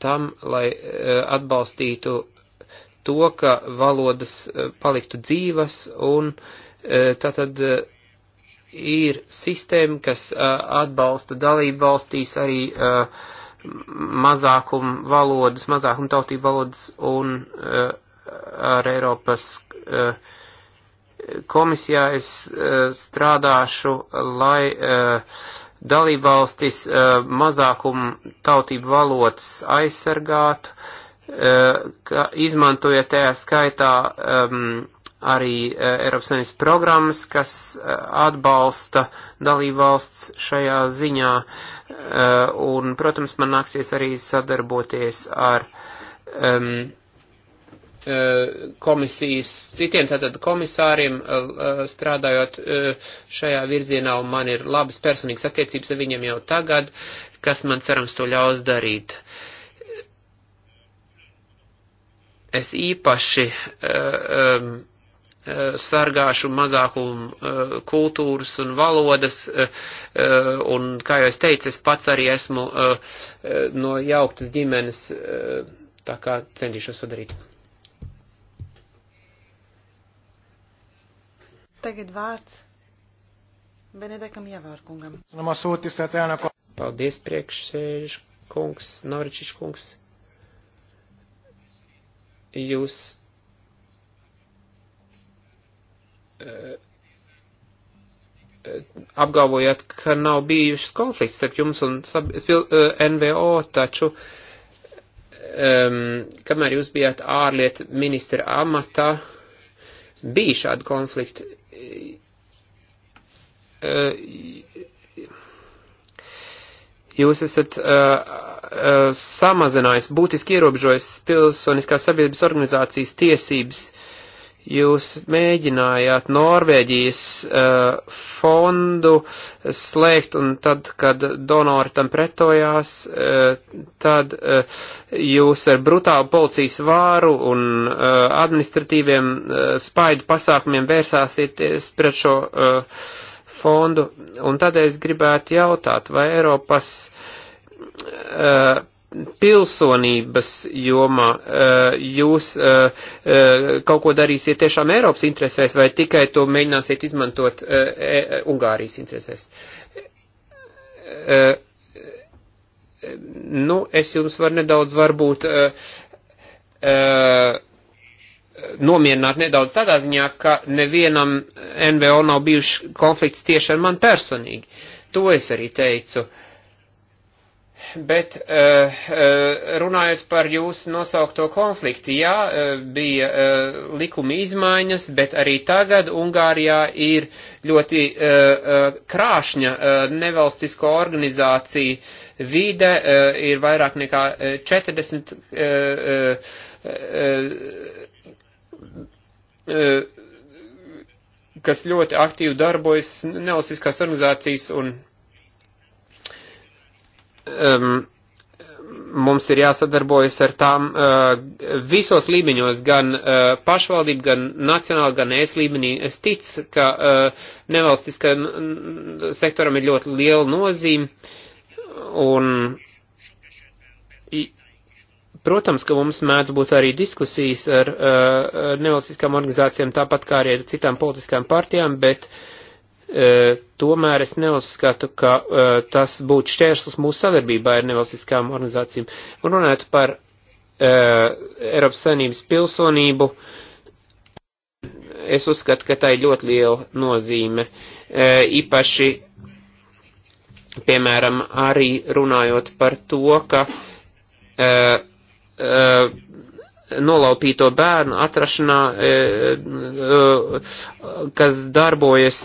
tam, lai eh, atbalstītu to, ka valodas eh, paliktu dzīvas un tātad ir sistēma, kas atbalsta dalību valstīs arī mazākumu valodas, mazākumu tautību valodas un ar Eiropas uh, Komisijā es e, strādāšu, lai e, dalībvalstis e, mazākumu tautību valodas aizsargātu, izmantojot tajā skaitā arī Eiropas Savienības programmas, kas atbalsta dalībvalsts šajā ziņā, un, protams, man nāksies arī sadarboties ar um, Eh, komisijas citiem tātad komisāriem eh, eh, strādājot šajā virzienā, un man ir labas personīgas attiecības ar viņiem jau tagad, kas man cerams to ļaus darīt. Es īpaši um, sargāšu mazākumu kultūras un valodas, un, kā jau es teicu, es pats arī esmu no jauktas ģimenes, tā kā centīšos to darīt. Tagad vārds Benedekam Javārkungam. Paldies, priekšsēž kungs, Noričiš kungs. Jūs eh, eh, apgalvojat, ka nav bijušas konflikts starp jums un eh, NVO, taču, um, kamēr jūs bijāt ārlietu ministra amatā, bija šādi konflikti jūs esat uh, uh, samazinājis, būtiski ierobežojis pilsoniskās sabiedrības organizācijas tiesības jūs mēģinājāt Norvēģijas uh, fondu slēgt, un tad, kad donori tam pretojās, uh, tad uh, jūs ar brutālu policijas vāru un uh, administratīviem uh, spaidu pasākumiem vērsāsieties pret šo uh, fondu. Un tad es gribētu jautāt, vai Eiropas uh, pilsonības jomā eh, jūs eh, eh, kaut ko darīsiet tiešām Eiropas interesēs vai tikai to mēģināsiet izmantot e, Ungārijas interesēs? Nu, es jums varu nedaudz varbūt nomierināt nedaudz tādā ziņā, ka nevienam NVO nav bijuši konflikts tieši ar man personīgi. To es arī teicu. Uh, Bet eh, eh, runājot par jūsu nosaukto konfliktu, jā, eh, bija likuma izmaiņas, bet arī tagad Ungārijā ir ļoti krāšņa nevalstisko organizāciju vide, ir vairāk nekā 40 kas ļoti aktīvi darbojas nevalstiskās organizācijas un um, mums ir jāsadarbojas ar tām uh, visos līmeņos, gan uh, pašvaldību, gan nacionāli, gan es līmenī. Es ticu, ka uh, nevalstiskajam sektoram ir ļoti liela nozīme un, i, protams, ka mums mēdz būt arī diskusijas ar uh, nevalstiskām organizācijām, tāpat kā arī ar citām politiskām partijām, bet uh, E, tomēr es neuzskatu, ka e, tas būtu šķērslis mūsu sadarbībā ar nevalstiskām organizācijām. Un runājot par e, Eiropas Savienības pilsonību, es uzskatu, ka tā ir ļoti liela nozīme. Īpaši, piemēram, arī runājot par to, ka nolaupīto bērnu atrašanā, kas darbojas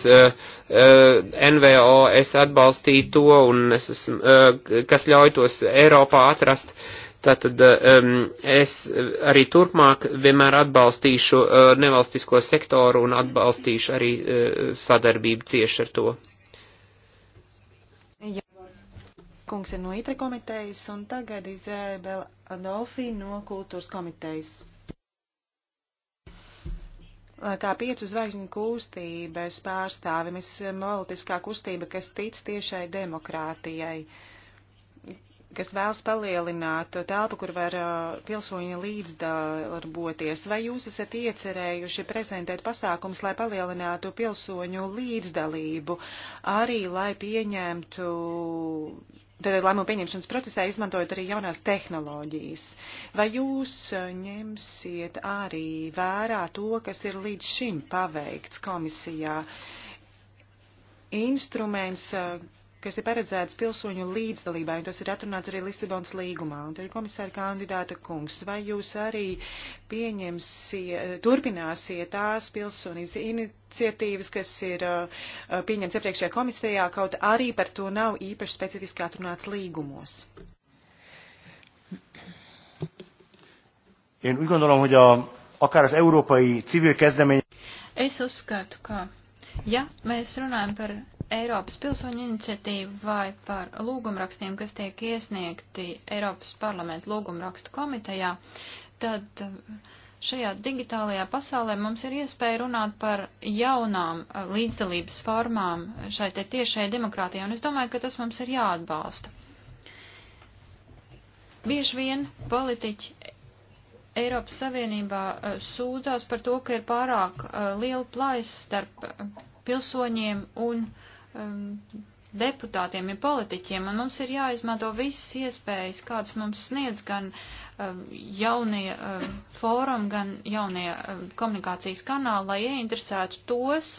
Eh, NVO es atbalstīju to, un es esmu, eh, kas ļauj tos Eiropā atrast. Tātad eh, es arī turpmāk vienmēr atbalstīšu nevalstisko sektoru un atbalstīšu arī sadarbību cieši ar to. Jā, kungs ir no ITRE komitejas un tagad Izēbela Adolfi no kultūras komitejas kā piecu zvaigžņu kustības pārstāvi. Mēs esam politiskā kustība, kas tic tiešai demokrātijai, kas vēlas palielināt telpu, kur var pilsoņi līdzdarboties. Vai jūs esat iecerējuši prezentēt pasākums, lai palielinātu pilsoņu līdzdalību, arī lai pieņemtu Tātad lēmumu pieņemšanas procesā izmantojot arī jaunās tehnoloģijas. Vai jūs e, ņemsiet arī vērā to, kas ir līdz šim paveikts komisijā? Instruments, e, kas ir paredzētas pilsoņu līdzdalībai, un tas ir atrunāts arī Lisabonas līgumā. Un tad, komisāra kandidāta kungs, vai jūs arī pieņemsiet, turpināsiet tās pilsonības iniciatīvas, kas ir uh, pieņemts iepriekšējā komisijā, kaut arī par to nav īpaši specifiski atrunāts līgumos? Én úgy gondolom, hogy a, akár az európai civil kezdemény. Es uzskatu, ka, ja mēs runājam par Eiropas pilsoņu iniciatīvu vai par lūgumrakstiem, kas tiek iesniegti Eiropas parlamenta lūgumrakstu komitejā, tad eh, šajā digitālajā pasaulē mums ir iespēja runāt par jaunām eh, līdzdalības formām šai te tiešai demokrātijai, un es domāju, ka tas mums ir jāatbalsta. Bieži vien politiķi Eiropas Savienībā eh, sūdzās par to, ka ir pārāk liela plaisa starp pilsoņiem un uh, um, deputātiem, ja politiķiem, un mums ir jāizmanto visas iespējas, kādas mums sniedz gan um, jaunie um, fórumi, gan jaunie um, komunikācijas kanāli, lai ieinteresētu tos,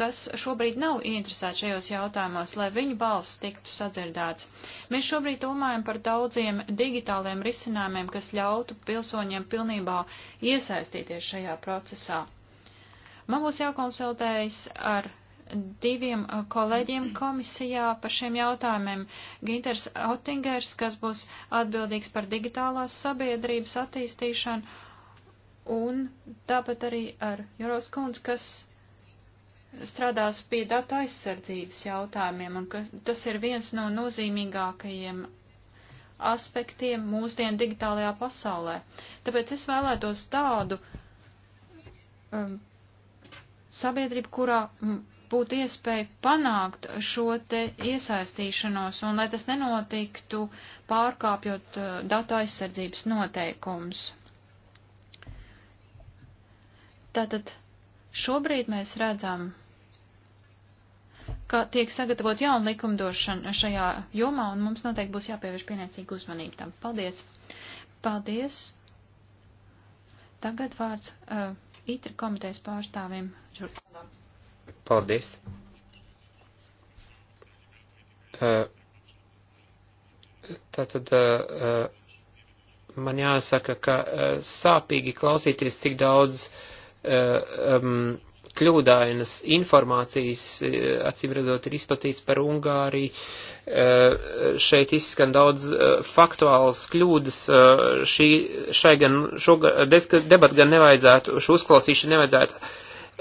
kas šobrīd nav ieinteresēti šajos jautājumos, lai viņu balss tiktu sadzirdēts. Mēs šobrīd domājam par daudziem digitāliem risinājumiem, kas ļautu pilsoņiem pilnībā iesaistīties šajā procesā. Man būs jākonsultējas ar diviem uh, kolēģiem komisijā par šiem jautājumiem. Ginters Otingers, kas būs atbildīgs par digitālās sabiedrības attīstīšanu, un tāpat arī ar Juros Kunds, kas strādās pie datu aizsardzības jautājumiem, un kas, tas ir viens no nozīmīgākajiem aspektiem mūsdienu digitālajā pasaulē. Tāpēc es vēlētos tādu um, sabiedrību, kurā būtu iespēja panākt šo te iesaistīšanos un lai tas nenotiktu pārkāpjot uh, datu aizsardzības noteikumus. Tātad šobrīd mēs redzam, ka tiek sagatavot jauna likumdošana šajā jomā un mums noteikti būs jāpievērš pienācīga uzmanība tam. Paldies! Paldies! Tagad vārds uh, ITRA komitejas pārstāvim. Žurnālam. Paldies. Eh, tātad eh, man jāsaka, ka eh, sāpīgi klausīties, cik daudz um, kļūdainas informācijas, acīm redzot, ir izplatīts par Ungāriju. Šeit izskan daudz faktuālas kļūdas. Šī, šai gan, šo debat gan nevajadzētu, šo uzklausīšanu nevajadzētu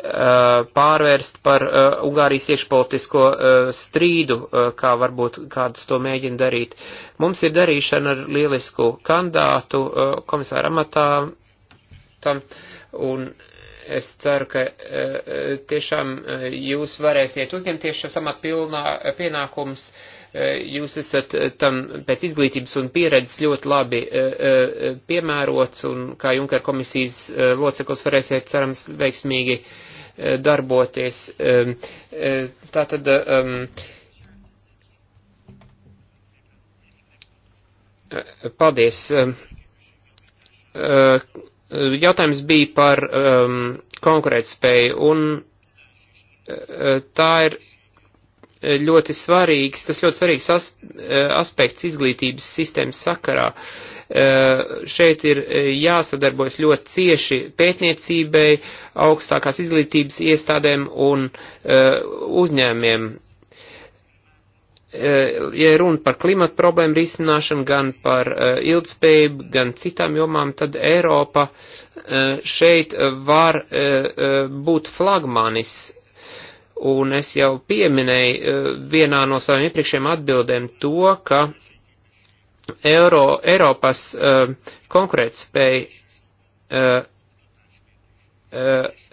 Eh, pārvērst par uh, Ungārijas iekšpolitisko uh, strīdu, uh, kā varbūt kāds to mēģina darīt. Mums ir darīšana ar lielisku kandidātu uh, komisāra amatā tam, un es ceru, ka uh, tiešām uh, jūs varēsiet uzņemties šo samatu pilnā pienākums. Uh, jūs esat uh, tam pēc izglītības un pieredzes ļoti labi uh, piemērots un kā Junker komisijas loceklis varēsiet cerams veiksmīgi uh, Eh, darboties. Eh, Tātad, eh, paldies. Jautājums bija par konkurētspēju, un tā ir ļoti svarīgs, tas ļoti svarīgs as, aspekts izglītības sistēmas sakarā. Uh, Eh, šeit ir eh, jāsadarbojas ļoti cieši pētniecībai, augstākās izglītības iestādēm un eh, uzņēmiem. Ja runa par klimatu problēmu risināšanu, gan par ilgspējību, gan citām jomām, tad Eiropa šeit var būt flagmanis un es jau pieminēju vienā no saviem iepriekšējiem atbildēm to, ka Euro, Eiropas uh, konkurētspēja uh, uh,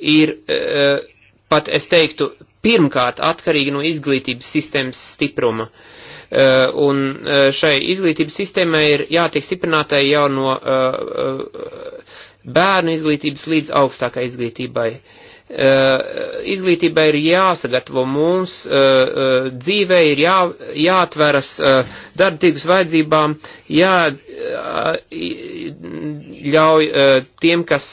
ir, uh, pat es teiktu, pirmkārt atkarīga no izglītības sistēmas stipruma. Uh, un uh, šai izglītības sistēmai ir jātiek stiprinātai jau no uh, uh, bērnu izglītības līdz augstākai izglītībai. Uh, Eh, izglītībai ir jāsagatavo mums, eh, eh, dzīvē ir jā, jāatveras darba tirgus vajadzībām, jāļauj tiem, kas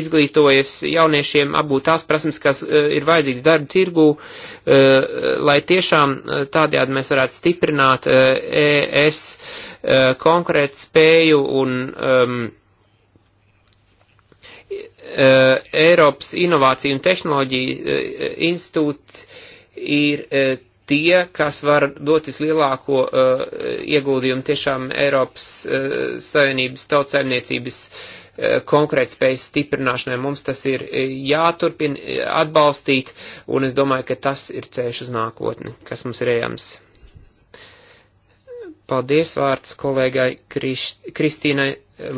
izglītojas jauniešiem, apgūt tās prasmes, kas ir vajadzīgs darba tirgū, lai tiešām tādējādi mēs varētu stiprināt ES e konkrētu spēju un um, Eh, Eiropas Inovāciju un Tehnoloģiju eh, institūti ir eh, tie, kas var dot vislielāko ieguldījumu tiešām Eiropas Savienības tautsēmniecības konkrētspējas stiprināšanai. Mums tas ir jāturpina atbalstīt, un es domāju, ka tas ir ceļš uz nākotni, kas mums ir ejams. Paldies vārds kolēgai Kriš Kristīnai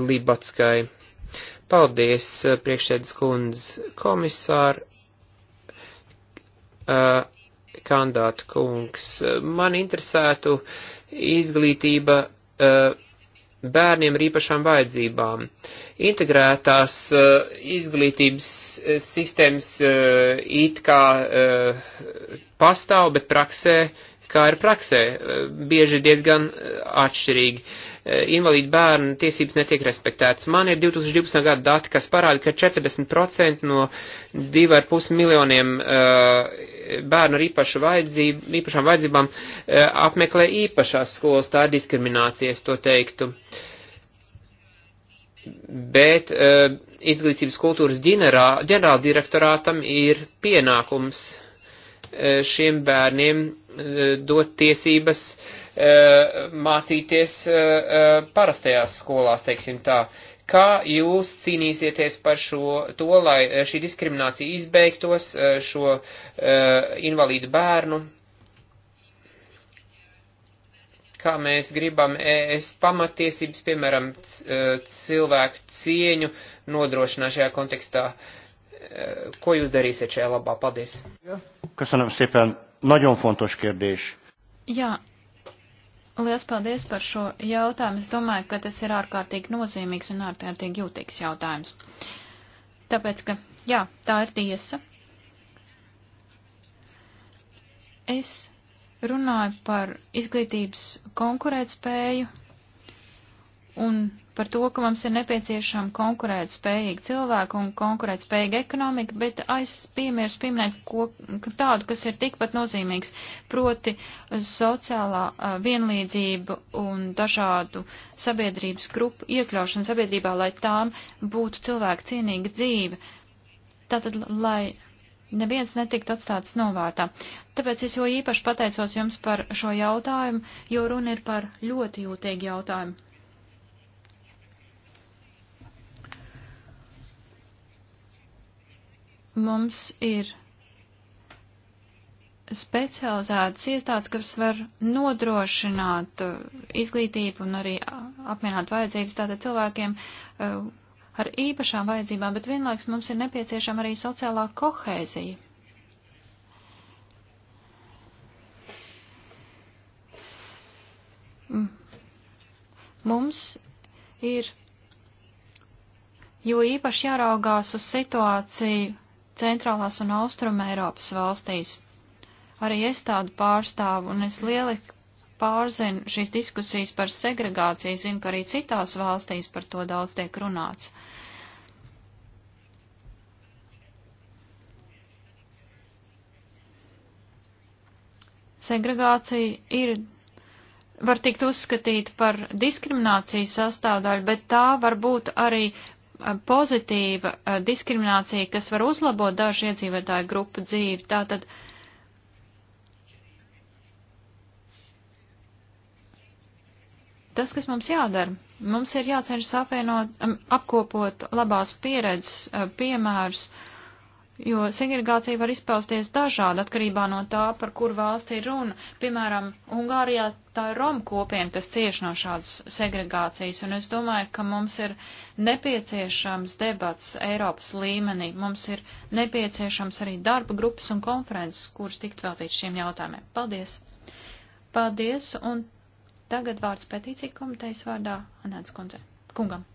Libatskai. Paldies, eh, priekšsēdus kundze, komisāri, uh, eh, kandāta kungs. Man interesētu izglītība uh, bērniem ar īpašām vajadzībām. Integrētās uh, izglītības sistēmas it kā pastāv, bet praksē kā ir praksē, bieži diezgan eh, atšķirīgi. Eh, invalīdu bērnu tiesības netiek respektētas. Man ir 2012. gada dati, kas parāda, ka 40% no 2,5 miljoniem eh, bērnu ar īpašu vajadzību, īpašām vajadzībām apmeklē īpašās skolas. Tā ir diskriminācijas, to teiktu. Bet izglītības kultūras ģenerāldirektorātam ir pienākums Eh, šiem bērniem eh, dot tiesības eh, mācīties parastajās skolās, teiksim tā. Kā jūs cīnīsieties par šo, to, lai šī diskriminācija izbeigtos šo invalīdu bērnu? Kā mēs gribam ES pamatiesības, piemēram, cilvēku cieņu nodrošināt šajā kontekstā? Uh, Eh, ko jūs darīsiet šajā labā? Paldies! Köszönöm szépen! Nagyon fontos kérdés. Jā, liels paldies par šo jautājumu. Es domāju, ka tas ir ārkārtīgi nozīmīgs un ārkārtīgi jūtīgs jautājums. Tāpēc, ka, jā, tā ir tiesa. Es runāju par izglītības konkurētspēju un par to, ka mums ir nepieciešama konkurēt spējīga cilvēka un konkurēt spējīga ekonomika, bet aiz piemērs pieminēt ko, tādu, kas ir tikpat nozīmīgs, proti sociālā uh, vienlīdzība un dažādu sabiedrības grupu iekļaušana sabiedrībā, lai tām būtu cilvēku cienīga dzīve. Tātad, lai neviens netiktu atstāts novārtā. Tāpēc es jau īpaši pateicos jums par šo jautājumu, jo runa ir par ļoti jūtīgu jautājumu. mums ir specializētas iestādes, kas var nodrošināt uh, izglītību un arī uh, apmienāt vajadzības tātad cilvēkiem uh, ar īpašām vajadzībām, bet vienlaiks mums ir nepieciešama arī sociālā kohēzija. Mm. Mums ir jo īpaši jāraugās uz situāciju centrālās un austruma Eiropas valstīs. Arī es tādu pārstāvu, un es lieliski pārzinu šīs diskusijas par segregāciju, zinu, ka arī citās valstīs par to daudz tiek runāts. Segregācija ir, var tikt uzskatīta par diskriminācijas sastāvdaļu, bet tā var būt arī pozitīva diskriminācija, kas var uzlabot dažu iedzīvotāju grupu dzīvi. Tātad tas, kas mums jādara, mums ir jācenšas apvienot, apkopot labās pieredzes piemērus jo segregācija var izpausties dažādi atkarībā no tā, par kur valsti ir runa. Piemēram, Ungārijā tā ir Roma kopiena, kas cieš no šādas segregācijas, un es domāju, ka mums ir nepieciešams debats Eiropas līmenī, mums ir nepieciešams arī darba grupas un konferences, kuras tikt veltīts šiem jautājumiem. Paldies! Paldies, un tagad vārds petīcija komitejas vārdā Anēts kundze. Kungam.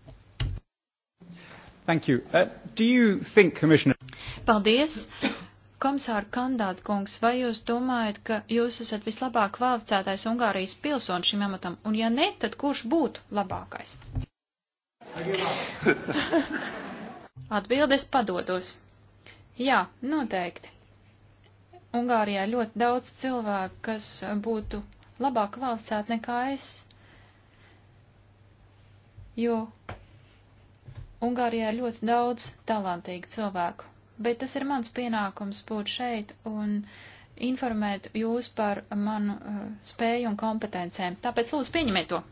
Thank you. Uh, do you think, Commissioner? Paldies! Komisāra kandāta kungs, vai jūs domājat, ka jūs esat vislabāk kvalificētais Ungārijas pilsonis šim amatam, un ja ne, tad kurš būtu labākais? Atbildes padodos. Jā, noteikti. Ungārijā ļoti daudz cilvēku, kas būtu labāk kvalificēti nekā es, jo Ungārijā ir ļoti daudz talantīgu cilvēku bet tas ir mans pienākums būt šeit un informēt jūs par manu uh, spēju un kompetencēm. Tāpēc lūdzu pieņemiet to.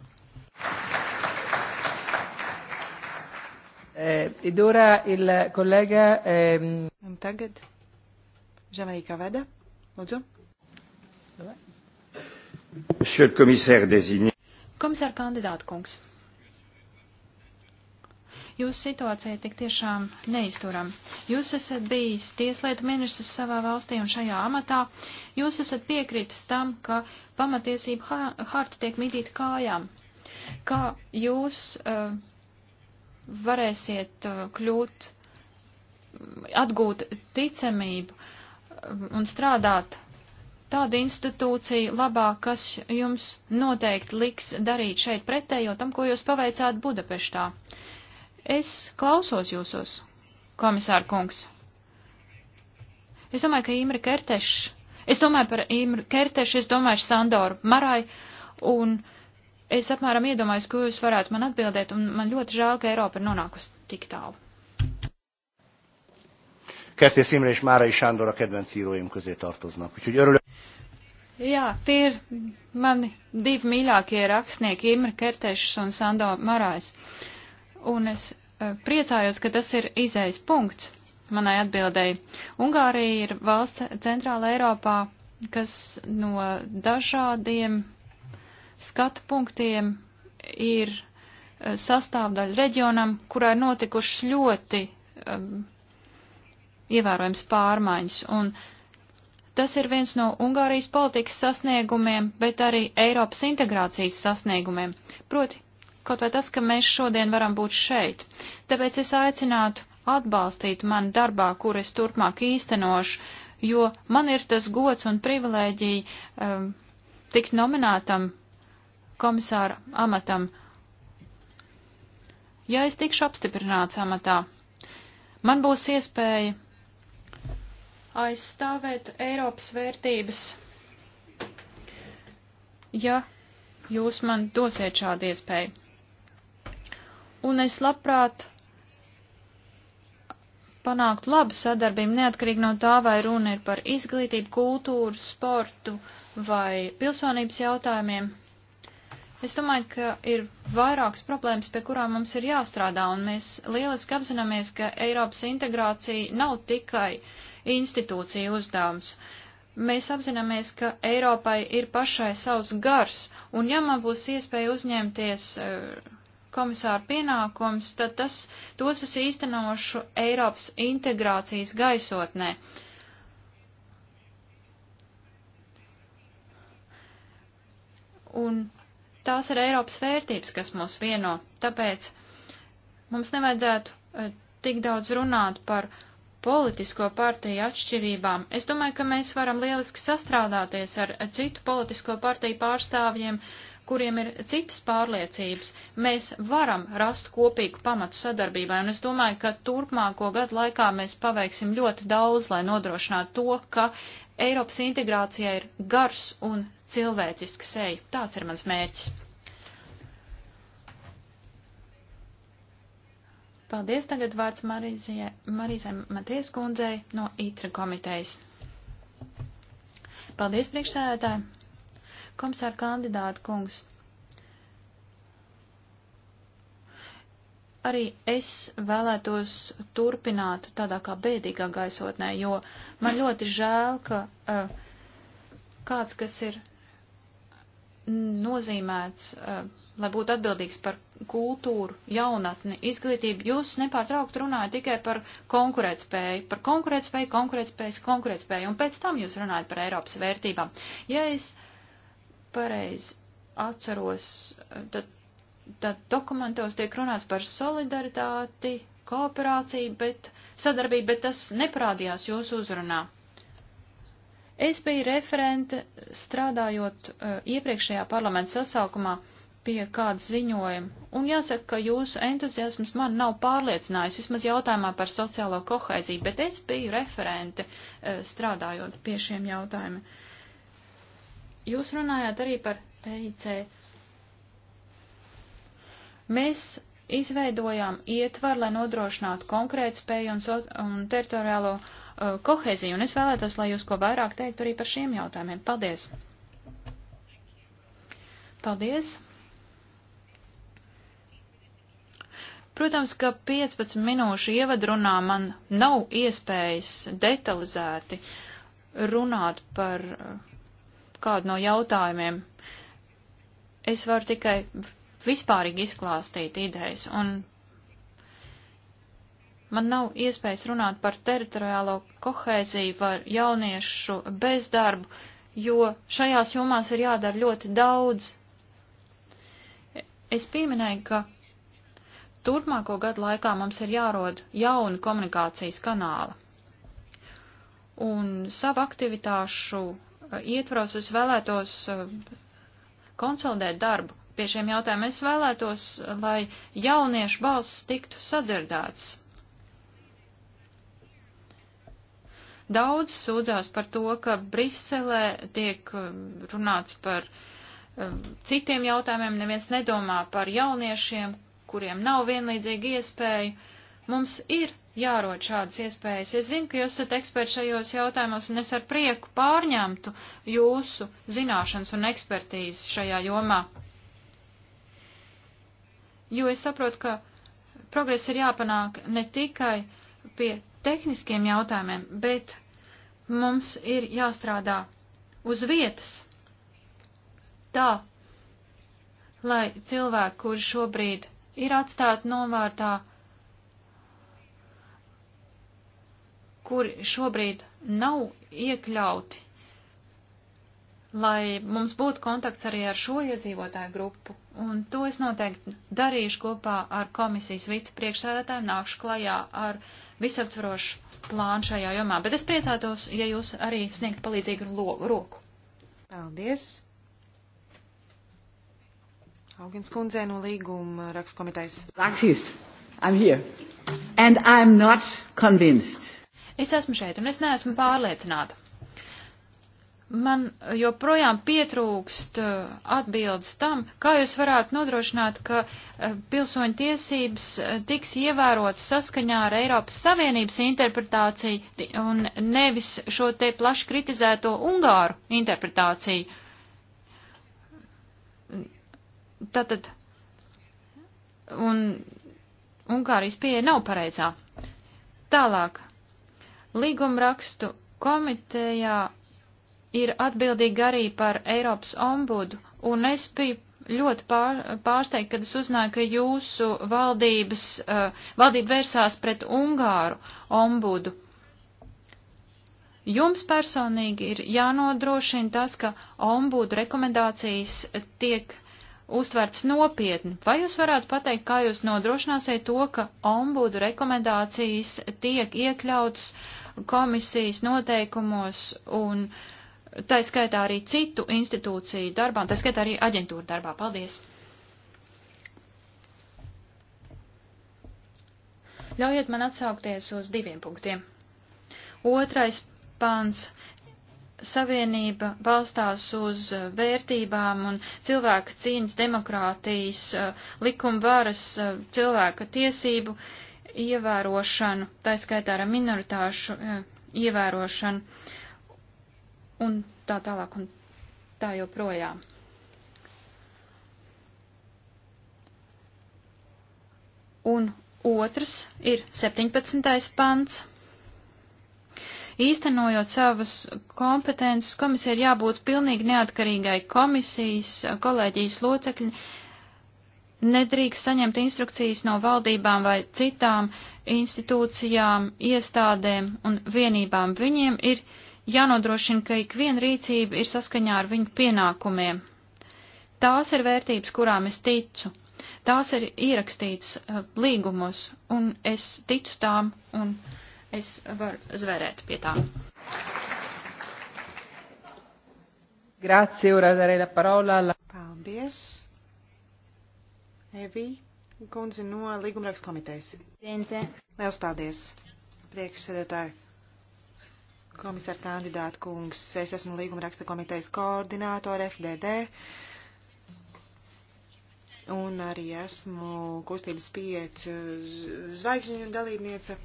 Eh, ed ora il collega. Ehm, un tagad Jamaika Veda. Lūdzu. Monsieur le commissaire désigné. Komisār kandidātkungs. Jūsu situācija tik tiešām neizturam. Jūs esat bijis tieslietu ministrs savā valstī un šajā amatā. Jūs esat piekritis tam, ka pamatiesība harta tiek midīta kājām. Kā jūs uh, varēsiet uh, kļūt, atgūt ticamību uh, un strādāt tādu institūciju labāk, kas jums noteikti liks darīt šeit pretējo tam, ko jūs paveicāt Budapeštā. Es klausos jūsos, komisāra kungs. Es domāju, ka Imre Kertešs, es domāju par Imre Kertešu, es domāju Sandoru Marai, un es apmēram iedomājos, ko jūs varētu man atbildēt, un man ļoti žēl, ka Eiropa ir nonākusi tik tālu. Kertész Imre és Márai Sándor a kedvenc íróim közé tartoznak. Úgyhogy örülök. Jā, tie ir mani divi mīļākie rakstnieki, Imre Kertešs un Sando Marais. Uh, un es eh, priecājos, ka tas ir izējas punkts manai atbildēji. Ungārija ir valsts centrāla Eiropā, kas no dažādiem skatu punktiem ir eh, sastāvdaļa reģionam, kurā ir notikušas ļoti um, ievērojams pārmaiņas. Un tas ir viens no Ungārijas politikas sasniegumiem, bet arī Eiropas integrācijas sasniegumiem. Proti, kaut vai tas, ka mēs šodien varam būt šeit. Tāpēc es aicinātu atbalstīt man darbā, kur es turpmāk īstenošu, jo man ir tas gods un privilēģija um, tikt nominētam komisāra amatam. Ja es tikšu apstiprināts amatā, man būs iespēja aizstāvēt Eiropas vērtības. Ja jūs man dosiet šādu iespēju un es labprāt panākt labu sadarbību, neatkarīgi no tā, vai runa ir par izglītību, kultūru, sportu vai pilsonības jautājumiem. Es domāju, ka ir vairākas problēmas, pie kurām mums ir jāstrādā, un mēs lieliski apzināmies, ka Eiropas integrācija nav tikai institūcija uzdevums. Mēs apzināmies, ka Eiropai ir pašai savs gars, un ja man būs iespēja uzņemties uh, komisāra pienākums, tad tas, tos es īstenošu Eiropas integrācijas gaisotnē. Un tās ir Eiropas vērtības, kas mūs vieno, tāpēc mums nevajadzētu eh, tik daudz runāt par politisko partiju atšķirībām. Es domāju, ka mēs varam lieliski sastrādāties ar citu politisko partiju pārstāvjiem, uh, kuriem ir citas pārliecības, mēs varam rast kopīgu pamatu sadarbībai, un es domāju, ka turpmāko gadu laikā mēs paveiksim ļoti daudz, lai nodrošinātu to, ka Eiropas integrācija ir gars un cilvēcisks seja. Tāds ir mans mērķis. Paldies tagad vārds Marīzai Matijas kundzei no ITRA komitejas. Paldies priekšsēdētāji! Komisāra kandidāta kungs, arī es vēlētos turpināt tādā kā bēdīgā gaisotnē, jo man ļoti žēl, ka uh, kāds, kas ir nozīmēts, uh, lai būtu atbildīgs par kultūru, jaunatni, izglītību, jūs nepārtraukt runājat tikai par konkurētspēju, par konkurētspēju, konkurētspējas, konkurētspēju, un pēc tam jūs runājat par Eiropas vērtībām. Ja es uh, pareizi atceros, tad, tad dokumentos tiek runāts par solidaritāti, kooperāciju, bet sadarbību, bet tas neprādījās jūsu uzrunā. Es biju referente strādājot uh, iepriekšējā parlamenta sasaukumā pie kādas ziņojuma, un jāsaka, ka jūsu entuziasms man nav pārliecinājis, vismaz jautājumā par sociālo koheiziju, bet es biju referente uh, strādājot pie šiem jautājumiem. Uh, Jūs runājāt arī par TIC. Mēs izveidojām ietvaru, lai nodrošinātu konkrētu spēju un, so un teritoriālo uh, koheziju, un es vēlētos, lai jūs ko vairāk teiktu arī par šiem jautājumiem. Paldies! Paldies! Protams, ka 15 minūšu ievadrunā man nav iespējas detalizēti runāt par uh, kādu no jautājumiem. Es varu tikai vispārīgi izklāstīt idejas, un man nav iespējas runāt par teritoriālo kohēziju, par jauniešu bezdarbu, jo šajās jomās ir jādara ļoti daudz. Es pieminēju, ka turpmāko gadu laikā mums ir jārod jauni komunikācijas kanāli. Un savu aktivitāšu ietvaros es vēlētos eh, konsolidēt darbu pie šiem jautājumiem. Es vēlētos, eh, lai jauniešu balss tiktu sadzirdēts. Daudz sūdzās par to, ka Briselē tiek eh, runāts par citiem jautājumiem, neviens nedomā par jauniešiem, kuriem nav vienlīdzīga iespēja. Mums ir jārod šādas iespējas. Es zinu, ka jūs esat eksperts šajos jautājumos, un es ar prieku pārņemtu jūsu zināšanas un ekspertīzi šajā jomā. Jo es saprotu, ka progress ir jāpanāk ne tikai pie tehniskiem jautājumiem, bet mums ir jāstrādā uz vietas. Tā, lai cilvēki, kuri šobrīd ir atstāti novārtā, kuri šobrīd nav iekļauti, lai mums būtu kontakts arī ar šo iedzīvotāju grupu. Un to es noteikti darīšu kopā ar komisijas vicepriekšsēdētājiem, nākšu klajā ar visaptvarošu plānu šajā jomā. Bet es priecātos, ja jūs arī sniegt palīdzīgu roku. Paldies! Augins kundzē no līguma rakstu komitejas. Laksīs, I'm here. And I'm not convinced Es esmu šeit un es neesmu pārliecināta. Man joprojām pietrūkst uh, atbildes tam, kā jūs varētu nodrošināt, ka uh, pilsoņu tiesības uh, tiks ievērotas saskaņā ar Eiropas Savienības interpretāciju un nevis šo te plaši kritizēto Ungāru interpretāciju. Tātad, un Ungārijas pieeja nav pareizā. Tālāk Līgumrakstu komitejā ir atbildīga arī par Eiropas ombudu, un es biju ļoti pār, pārsteigta, kad es uzzināju, ka jūsu valdības, uh, valdība vērsās pret Ungāru ombudu. Jums personīgi ir jānodrošina tas, ka ombudu rekomendācijas tiek uztverts nopietni. Vai jūs varētu pateikt, kā jūs nodrošināsiet to, ka ombudu rekomendācijas tiek iekļautas uh, komisijas noteikumos un tā skaitā arī citu institūciju darbā, un tā skaitā arī aģentūra darbā. Paldies! Ļaujiet man atsaukties uz diviem punktiem. Otrais pants savienība balstās uz eh, vērtībām un cilvēka cīņas demokrātijas, eh, likumvaras, eh, cilvēka tiesību ievērošanu, tā skaitā ar minoritāšu e, ievērošanu un tā tālāk un tā joprojām. Un otrs ir 17. pants. Īstenojot savas kompetences, komisija ir jābūt pilnīgi neatkarīgai komisijas kolēģijas locekļi, nedrīkst saņemt instrukcijas no valdībām vai citām institūcijām, iestādēm un vienībām. Viņiem ir jānodrošina, ka ikviena rīcība ir saskaņā ar viņu pienākumiem. Tās ir vērtības, kurām es ticu. Tās ir ierakstītas uh, līgumos, un es ticu tām, un es varu zvērēt pie tām. Grazie, ora darei la parola alla... Paldies. Evī kundze no Līgumraks komitejas. Dente. Liels paldies, priekšsēdētāji. Komisāra kandidāta kungs, es esmu Līgumraksta komitejas koordinātora FDD. Un arī esmu kustības pieci zvaigžņu dalībniece.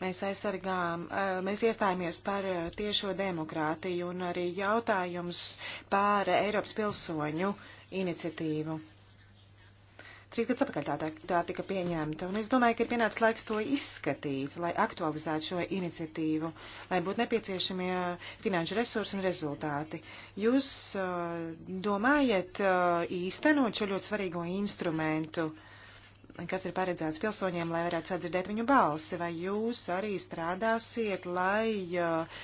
Mēs aizsargām, eh, mēs iestājāmies par eh, tiešo demokrātiju un arī jautājums par Eiropas pilsoņu iniciatīvu. Trīs gadus atpakaļ tā, tā, tā tika pieņemta, un es domāju, ka ir pienācis laiks to izskatīt, lai aktualizētu šo iniciatīvu, lai būtu nepieciešamie finanšu resursi un rezultāti. Jūs uh, domājat uh, īstenot šo ļoti svarīgo instrumentu? kas ir paredzēts pilsoņiem, lai varētu sadzirdēt viņu balsi, vai jūs arī strādāsiet, lai uh,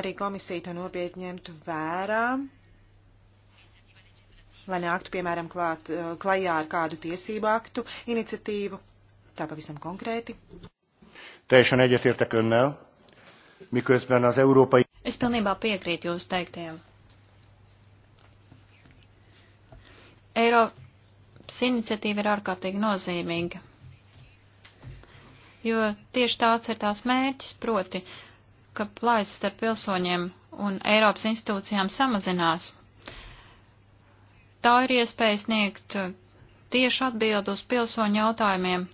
arī komisija to nopietņemtu vērā lai nāktu, piemēram, klāt, eh, klajā ar kādu tiesību aktu iniciatīvu. Tā pavisam konkrēti. Teljesen egyetértek önnel, miközben az európai... Es pilnībā piekrītu jūsu teiktajam. Eiropas iniciatīva ir ārkārtīgi nozīmīga, jo tieši tāds ir tās mērķis, proti, ka plājas starp pilsoņiem un Eiropas institūcijām samazinās Tā ir iespēja sniegt uh, tieši atbildi uz pilsoņu jautājumiem.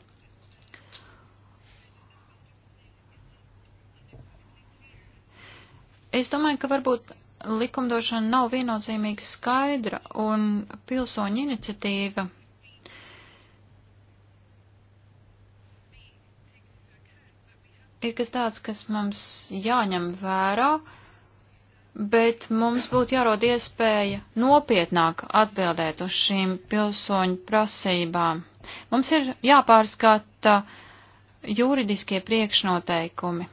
Es domāju, ka varbūt likumdošana nav viennozīmīgi skaidra un pilsoņu iniciatīva ir kas tāds, kas mums jāņem vērā, bet mums būtu jārod iespēja nopietnāk atbildēt uz šīm pilsoņu prasībām. Mums ir jāpārskata juridiskie priekšnoteikumi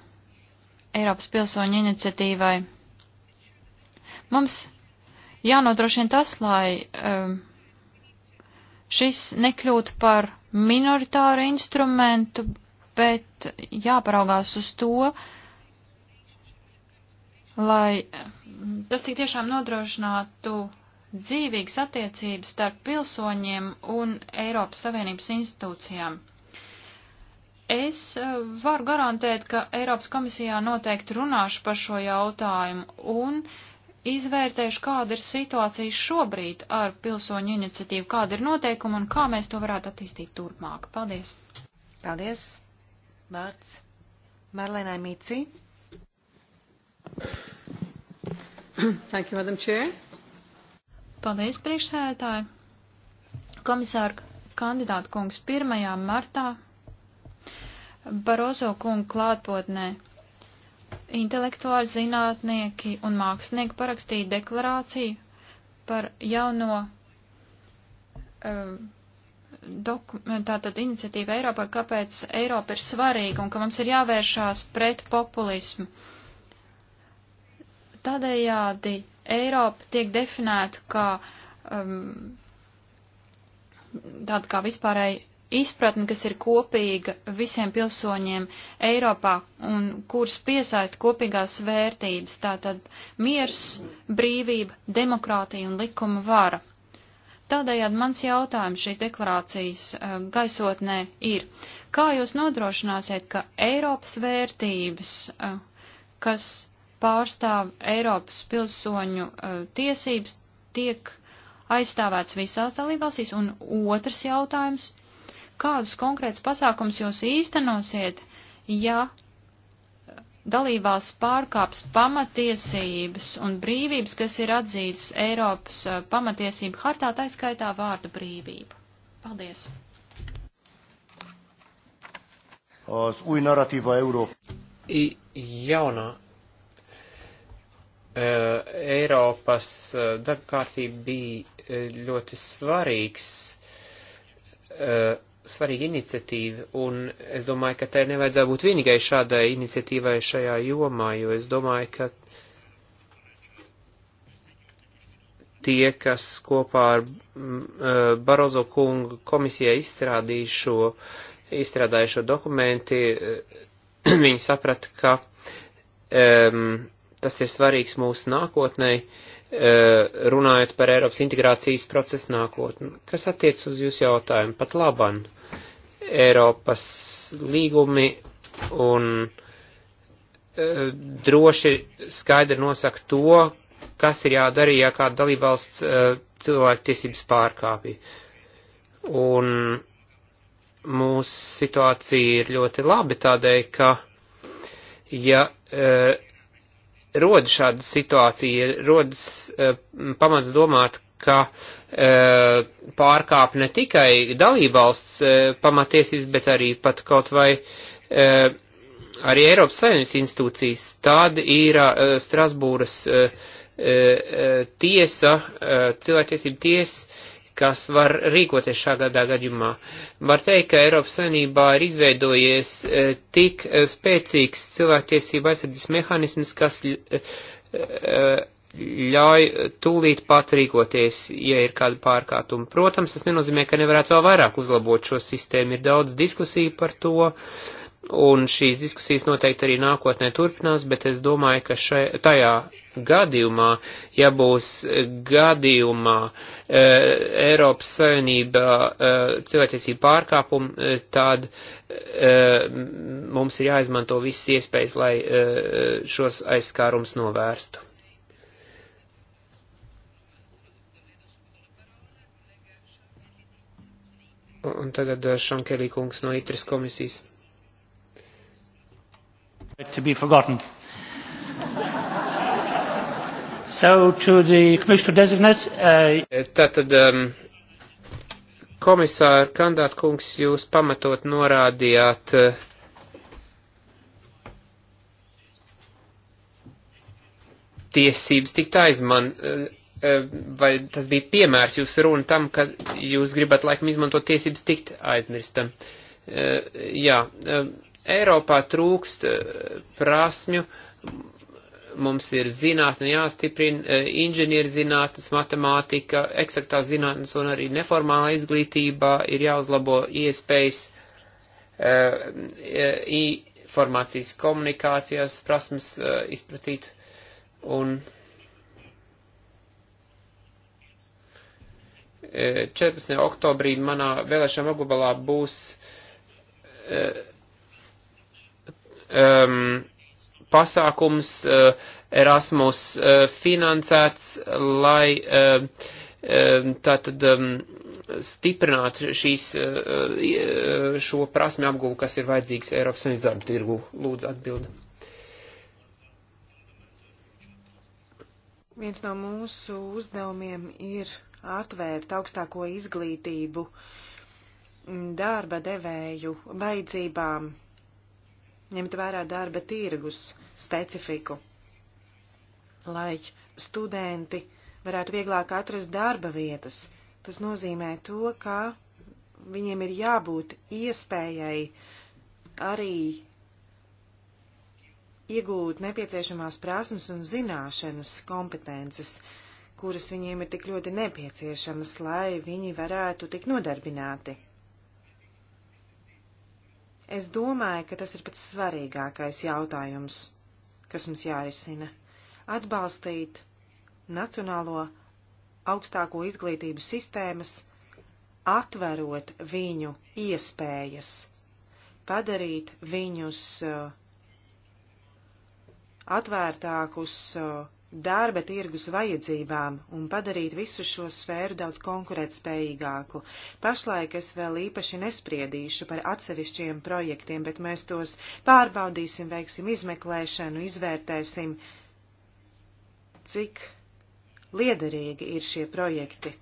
Eiropas pilsoņu iniciatīvai. Mums jānodrošina tas, lai um, šis nekļūtu par minoritāru instrumentu, bet jāparaugās uz to, uh, lai eh, tas tik tiešām nodrošinātu dzīvīgas attiecības starp pilsoņiem un Eiropas Savienības institūcijām. Es eh, varu garantēt, ka Eiropas komisijā noteikti runāšu par šo jautājumu un izvērtēšu, kāda ir situācija šobrīd ar pilsoņu iniciatīvu, kāda ir noteikuma un kā mēs to varētu attīstīt turpmāk. Paldies! Paldies! Vārds Marlēnai Mīcī. Thank you, Madam Chair. Paldies, priekšsēdētāji. Komisāra kandidāta kungs 1. martā Barozo kunga klātbūtnē intelektuāli zinātnieki un mākslinieki parakstīja deklarāciju par jauno um, tātad iniciatīvu Eiropā, kāpēc Eiropa ir svarīga un ka mums ir jāvēršās pret populismu. Uh, Tādējādi Eiropa tiek definēta kā um, tāda kā vispārēji izpratne, kas ir kopīga visiem pilsoņiem Eiropā un kurus piesaist kopīgās vērtības, tātad miers, brīvība, demokrātija un likuma vara. Tādējādi mans jautājums šīs deklarācijas uh, gaisotnē ir, kā jūs nodrošināsiet, ka Eiropas vērtības, uh, kas pārstāv Eiropas pilsoņu uh, tiesības, tiek aizstāvēts visās dalībvalstīs? Un otrs jautājums, kādus konkrēts pasākums jūs īstenosiet, ja dalībās pārkāps pamatiesības un brīvības, kas ir atzītas Eiropas uh, pamatiesību hartā, taiskaitā vārda brīvība? Paldies! Az új narratíva Európa. Jaunā Eh, Eiropas eh, darba kārtība bija eh, ļoti svarīgs, svarīga iniciatīva, un es domāju, ka tai nevajadzētu būt vienīgai šādai iniciatīvai šajā jomā, jo es domāju, ka tie, kas kopā ar mm, Barozo kungu komisijā izstrādīja šo, izstrādāja šo dokumenti, viņi saprata, ka um, Tas ir svarīgs mūsu nākotnei, eh, runājot par Eiropas integrācijas procesu nākotni. Kas attiec uz jūsu jautājumu? Pat laban. Eiropas līgumi un eh, droši skaidri nosaka to, kas ir jādara, ja kāda dalībvalsts eh, cilvēku tiesības pārkāpja. Un mūsu situācija ir ļoti labi tādēļ, ka ja e, rodas šāda situācija, rodas uh, pamats domāt, ka uh, pārkāp ne tikai dalībvalsts uh, pamatiesības, bet arī pat kaut vai uh, arī Eiropas Savienības institūcijas. Tāda ir uh, Strasbūras uh, uh, tiesa, uh, cilvēktiesība tiesa, kas var rīkoties šādā gadījumā. Var teikt, ka Eiropas Savienībā ir izveidojies e, tik e, spēcīgs cilvēktiesība aizsardzības mehānisms, kas e, ļauj tūlīt pat rīkoties, ja ir kāda pārkārtuma. Protams, tas nenozīmē, ka nevarētu vēl vairāk uzlabot šo sistēmu. Ir daudz diskusiju par to. Uh, un šīs diskusijas noteikti arī nākotnē turpinās, bet es domāju, ka šai, tajā gadījumā, ja būs gadījumā e, Eiropas Savienība e, cilvēktiesību pārkāpumu, e, tad e, mums ir jāizmanto visas iespējas, lai e, šos aizskārums novērstu. Un tagad e, Šankelī kungs no Itras komisijas. To be forgotten. So to the commissioner designate. Uh... Tātad, um, komisāra kandidāta kungs, jūs pamatot norādījāt uh, tiesības tikt aizman, uh, uh vai tas bija piemērs jūsu runa tam, ka jūs gribat laikam izmantot tiesības tikt aizmirstam. Uh, jā, um, Eiropā trūkst eh, prasmju, mums ir zinātne jāstiprina, eh, inženierzinātnes, matemātika, eksaktā zinātnes un arī neformālā izglītībā ir jāuzlabo iespējas eh, informācijas komunikācijās prasmes izpratīt un 14. oktobrī manā vēlēšana apgabalā būs um, pasākums uh, Erasmus uh, finansēts, lai uh, uh, tātad um, stiprinātu šīs, uh, uh, šo prasmi apguvu, kas ir vajadzīgs Eiropas Savienības darba tirgu. Lūdzu, atbildi. Viens no mūsu uzdevumiem ir atvērt augstāko izglītību darba devēju vajadzībām ņemt vērā darba tirgus specifiku, lai studenti varētu vieglāk atrast darba vietas. Tas nozīmē to, ka viņiem ir jābūt iespējai arī iegūt nepieciešamās prasmes un zināšanas, kompetences, kuras viņiem ir tik ļoti nepieciešamas, lai viņi varētu tik nodarbināti. Es domāju, ka tas ir pats svarīgākais jautājums, kas mums jārisina - atbalstīt nacionālo augstāko izglītību sistēmas, atverot viņu iespējas, padarīt viņus uh, atvērtākus uh, darba tirgus vajadzībām un padarīt visu šo sfēru daudz konkurētspējīgāku. Pašlaik es vēl īpaši nespriedīšu par atsevišķiem projektiem, bet mēs tos pārbaudīsim, veiksim izmeklēšanu, izvērtēsim, cik liederīgi ir šie projekti.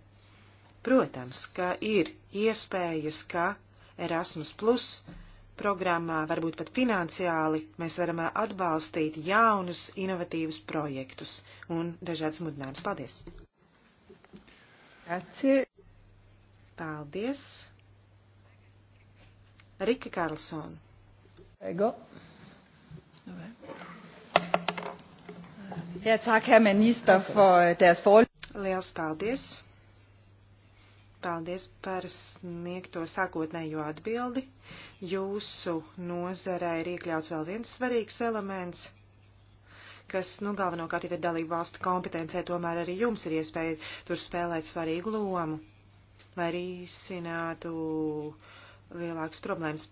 Protams, ka ir iespējas, ka Erasmus Plus programmā, varbūt pat finansiāli, mēs varam atbalstīt jaunus, inovatīvus projektus un dažādas mudinājumus. Paldies! Grazie. Paldies! Rika Karlsona. Ego. Ja, tak, herr minister, for øh, deres forlæg. Liels paldies! Paldies par sniegto sākotnējo atbildi. Jūsu nozarē ir iekļauts vēl viens svarīgs elements, kas, nu, galvenokārt jau ir dalību valstu kompetencē, tomēr arī jums ir iespēja tur spēlēt svarīgu lomu, lai risinātu lielākas problēmas.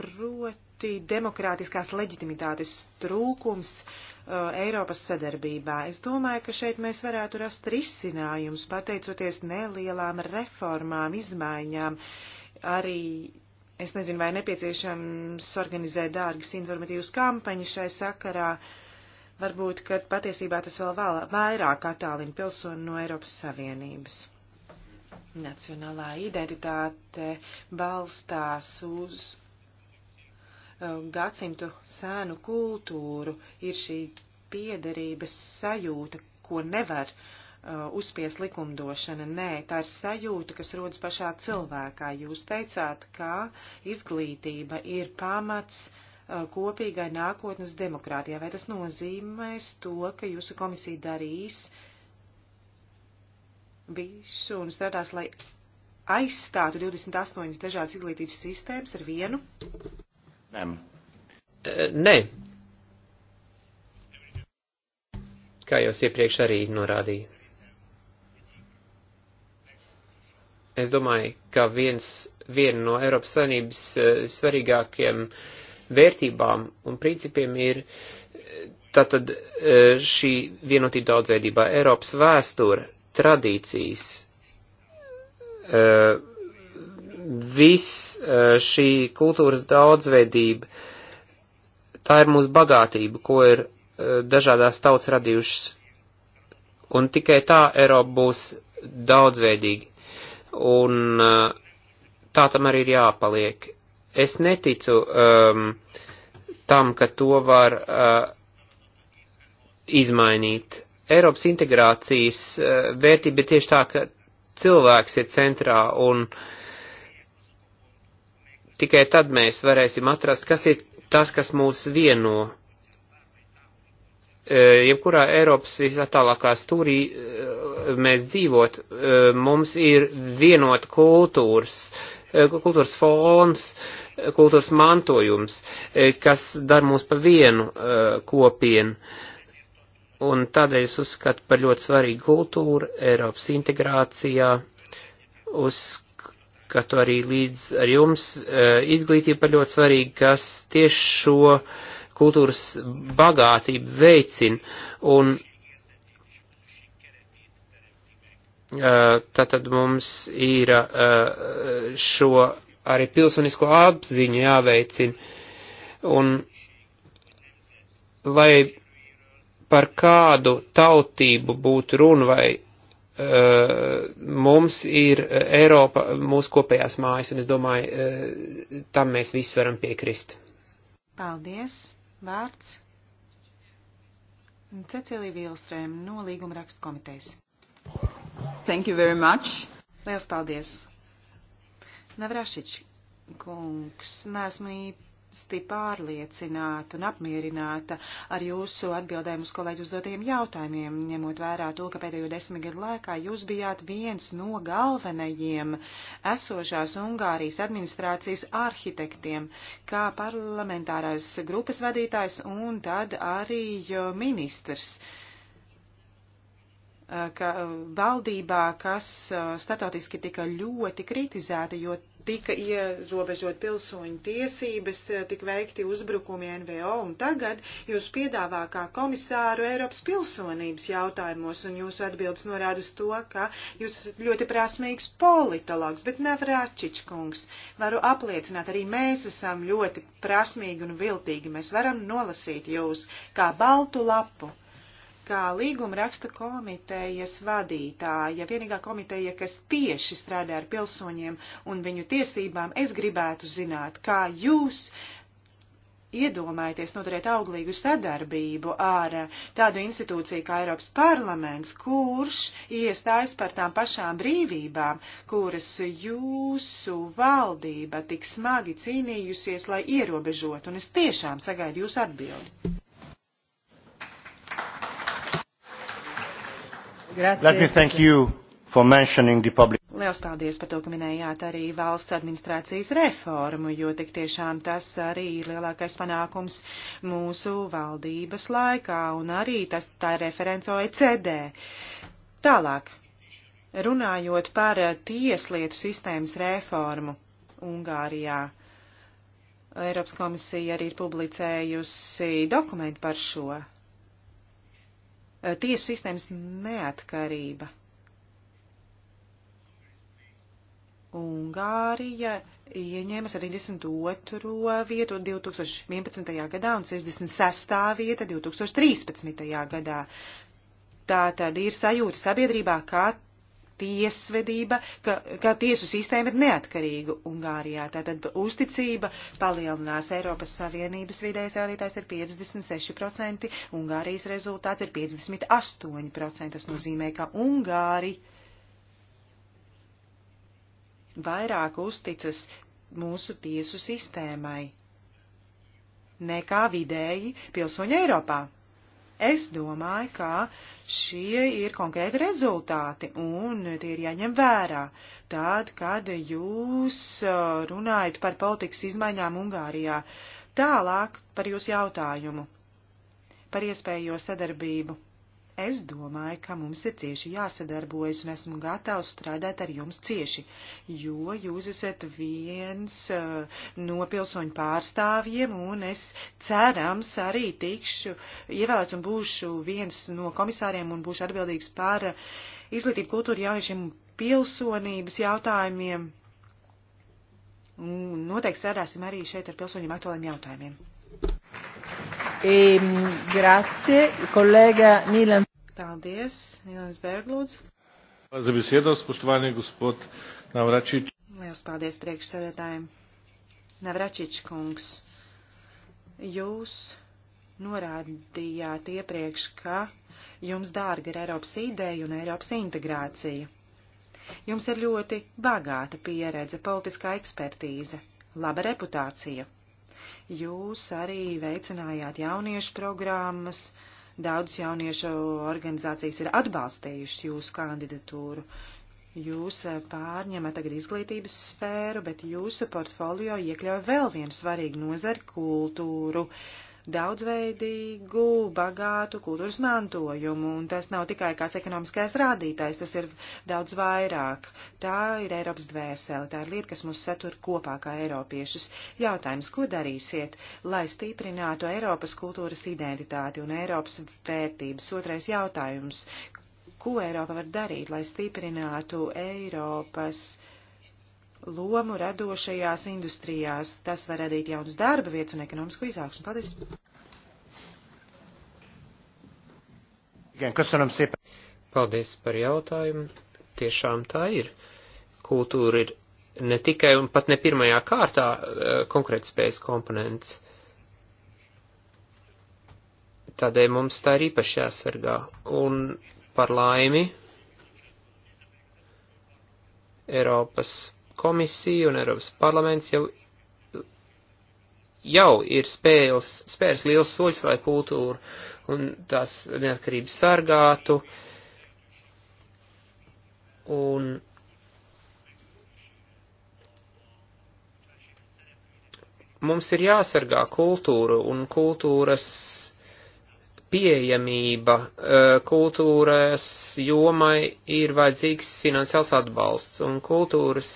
Proti, ļoti demokrātiskās leģitimitātes trūkums uh, Eiropas sadarbībā. Es domāju, ka šeit mēs varētu rast risinājums, pateicoties nelielām reformām, izmaiņām, arī, es nezinu, vai nepieciešams organizēt dārgas informatīvas kampaņas šai sakarā. Varbūt, ka patiesībā tas vēl vēl vairāk attālina pilsoni no Eiropas Savienības. Nacionālā identitāte balstās uz Um, gadsimtu sēnu kultūru, ir šī piederības sajūta, ko nevar uh, uzspies likumdošana. Nē, tā ir sajūta, kas rodas pašā cilvēkā. Jūs teicāt, ka izglītība ir pamats uh, kopīgai nākotnes demokrātijai. Vai tas nozīmēs to, ka jūsu komisija darīs visu un strādās, lai aizstātu 28 dažādas izglītības sistēmas ar vienu? Nem. Nē. Kā jau es iepriekš arī norādīju. Es domāju, ka viens, viena no Eiropas Savienības svarīgākiem vērtībām un principiem ir tātad šī vienotība daudzveidībā, Eiropas vēsture, tradīcijas, viss eh, šī kultūras daudzveidība, tā ir mūsu bagātība, ko ir eh, dažādās tautas radījušas. Un tikai tā Eiropa būs daudzveidīga. Un eh, tā tam arī ir jāpaliek. Es neticu um, tam, ka to var uh, izmainīt. Eiropas integrācijas uh, vērtība ir tieši tā, ka cilvēks ir centrā un uh, Tikai tad mēs varēsim atrast, kas ir tas, kas mūs vieno. E, jebkurā Eiropas visatālākā stūrī e, mēs dzīvot, e, mums ir vienota kultūras, kultūras fons, kultūras mantojums, kas dar mūs pa vienu kopienu. Un tādēļ es uzskatu par ļoti svarīgu kultūru Eiropas integrācijā, uz ka tu arī līdz ar jums e, izglītība ir ļoti svarīga, kas tieši šo kultūras bagātību veicina. Un tātad e, mums ir e, šo arī pilsonisko apziņu jāveicina. Un lai par kādu tautību būtu runa vai Eh, mums ir eh, Eiropa, mūsu kopējās mājas, un es domāju, eh, tam mēs visi varam piekrist. Paldies! Vārds Cecilija Vīlstrēm no Līguma rakstu komitejas. Thank you very much. Liels paldies! Navrašič, kungs, neesmu īpaši sti pārliecināta un apmierināta ar jūsu atbildēm uz kolēģi uzdotajiem jautājumiem, ņemot vērā to, ka pēdējo desmit gadu laikā jūs bijāt viens no galvenajiem esošās Ungārijas administrācijas arhitektiem, kā parlamentārās grupas vadītājs un tad arī ministrs. Uh, Eh, ka eh, valdībā, kas eh, statotiski tika ļoti kritizēta, jo tika ierobežot pilsoņu tiesības, tika veikti uzbrukumi NVO, un tagad jūs piedāvā kā komisāru Eiropas pilsonības jautājumos, un jūsu atbildes norāda uz to, ka jūs esat ļoti prasmīgs politologs, bet nevrāčiņš kungs. Varu apliecināt, arī mēs esam ļoti prasmīgi un viltīgi, mēs varam nolasīt jūs kā baltu lapu kā līguma raksta komitejas vadītāja, vienīgā komiteja, kas tieši strādā ar pilsoņiem un viņu tiesībām, es gribētu zināt, kā jūs iedomājaties noturēt auglīgu sadarbību ar tādu institūciju kā Eiropas parlaments, kurš iestājas par tām pašām brīvībām, kuras jūsu valdība tik smagi cīnījusies, lai ierobežot, un es tiešām sagaidu jūsu atbildi. Grazie. Let me thank you for mentioning the public. Liels paldies par to, ka minējāt arī valsts administrācijas reformu, jo tik tiešām tas arī ir lielākais panākums mūsu valdības laikā un arī tas tā ir referents OECD. Tālāk, runājot par tieslietu sistēmas reformu Ungārijā. Eiropas komisija arī ir publicējusi dokumentu par šo Eh, tiesu sistēmas neatkarība. Ungārija ieņēma 72. vietu 2011. gadā un 66. vieta 2013. gadā. Tā tad ir sajūta sabiedrībā, ka tiesvedība, ka, ka tiesu sistēma ir neatkarīga Ungārijā. Tātad uzticība palielinās Eiropas Savienības vidējais rādītājs ir 56%, Ungārijas rezultāts ir 58%. Tas nozīmē, ka Ungārija vairāk uzticas mūsu tiesu sistēmai nekā vidēji pilsoņi Eiropā. Es domāju, ka šie ir konkrēti rezultāti un tie ir jāņem vērā. Tad, kad jūs uh, runājat par politikas izmaiņām Ungārijā, tālāk par jūsu jautājumu par iespējo sadarbību Es domāju, ka mums ir cieši jāsadarbojas, un esmu gatavs strādāt ar jums cieši, jo jūs esat viens uh, no pilsoņu pārstāvjiem, un es cerams arī tikšu ievēlēts un būšu viens no komisāriem un būšu atbildīgs par eh, izglītību, kultūru, jauniešiem, pilsonības jautājumiem. Un noteikti strādāsim arī šeit ar pilsoņiem aktuāliem jautājumiem. E, grazie, collega Nilan. Paldies, Jānis Bērglūds. Za besedo, spoštovani gospod Navračič. Lielas paldies priekšsēdētājiem. Navračič kungs, jūs norādījāt iepriekš, ka jums dārga ir Eiropas ideja un Eiropas integrācija. Jums ir ļoti bagāta pieredze, politiskā ekspertīze, laba reputācija. Jūs arī veicinājāt jauniešu programmas, uh, Daudz jauniešu organizācijas ir atbalstījušas jūsu kandidatūru. Jūs eh, pārņemat tagad izglītības sfēru, bet jūsu portfolio iekļauj vēl vienu svarīgu nozari - kultūru. Uh, daudzveidīgu, bagātu kultūras mantojumu, un tas nav tikai kāds ekonomiskais rādītājs, tas ir daudz vairāk. Tā ir Eiropas dvēsele, tā ir lieta, kas mūs satur kopā kā Eiropiešus. Jautājums, ko darīsiet, lai stiprinātu Eiropas kultūras identitāti un Eiropas vērtības? Otrais jautājums, ko Eiropa var darīt, lai stiprinātu Eiropas lomu radošajās industrijās. Tas var radīt jaunas darba vietas un ekonomisko izaugsmu. Paldies! Paldies par jautājumu. Tiešām tā ir. Kultūra ir ne tikai un pat ne pirmajā kārtā eh, konkrētspējas komponents. Tādēļ mums tā ir īpaši jāsargā. Un par laimi Eiropas komisija un Eiropas parlaments jau, jau ir spēles, spērs liels soļus, lai kultūru un tās neatkarības sargātu. Un mums ir jāsargā kultūra un kultūras pieejamība. Eh, kultūras jomai ir vajadzīgs finansiāls atbalsts, un kultūras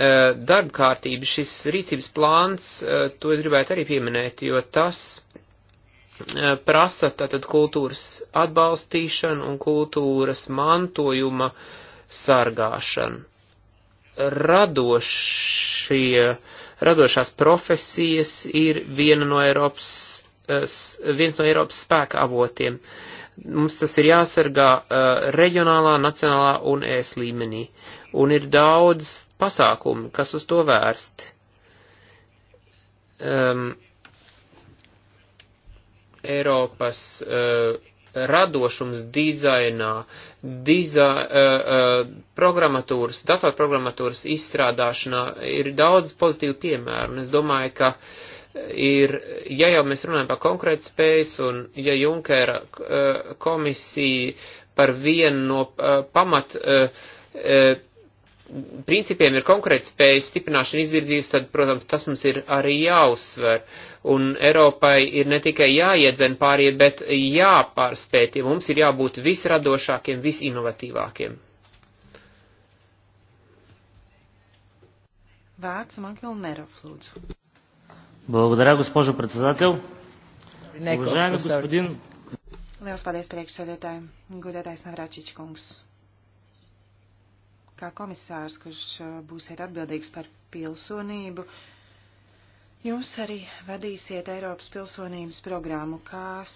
Eh, darba kārtība, šis rīcības plāns, eh, to es gribētu arī pieminēt, jo tas eh, prasa tātad kultūras atbalstīšanu un kultūras mantojuma sargāšanu. Radošie, radošās profesijas ir viena no Eiropas, viens no Eiropas spēka avotiem. Mums tas ir jāsargā reģionālā, nacionālā un ēs līmenī un ir daudz pasākumu, kas uz to vērsti. Um, ehm, Eiropas uh, radošums dizainā, dizā, uh, eh, uh, eh, programmatūras, datorprogrammatūras izstrādāšanā ir daudz pozitīvu piemēru, un es domāju, ka ir, ja jau mēs runājam par konkrēt spējas, un ja Junkera uh, komisija par vienu no uh, pamat uh, uh, principiem ir konkrēti spējas stiprināšana izvirzības, tad, protams, tas mums ir arī jāuzsver. Un Eiropai ir ne tikai jāiedzen pārie, bet jāpārspēj tie. Mums ir jābūt visradošākiem, visinovatīvākiem. Vārds Макмил Меров, лūdzu. Благодаря, госпожо председател. Уважаеми господин... Liels paldies priekšsēdētājiem, gudētājs Navračičkungs kā komisārs, kurš būsiet atbildīgs par pilsonību, jūs arī vadīsiet Eiropas pilsonības programmu, kas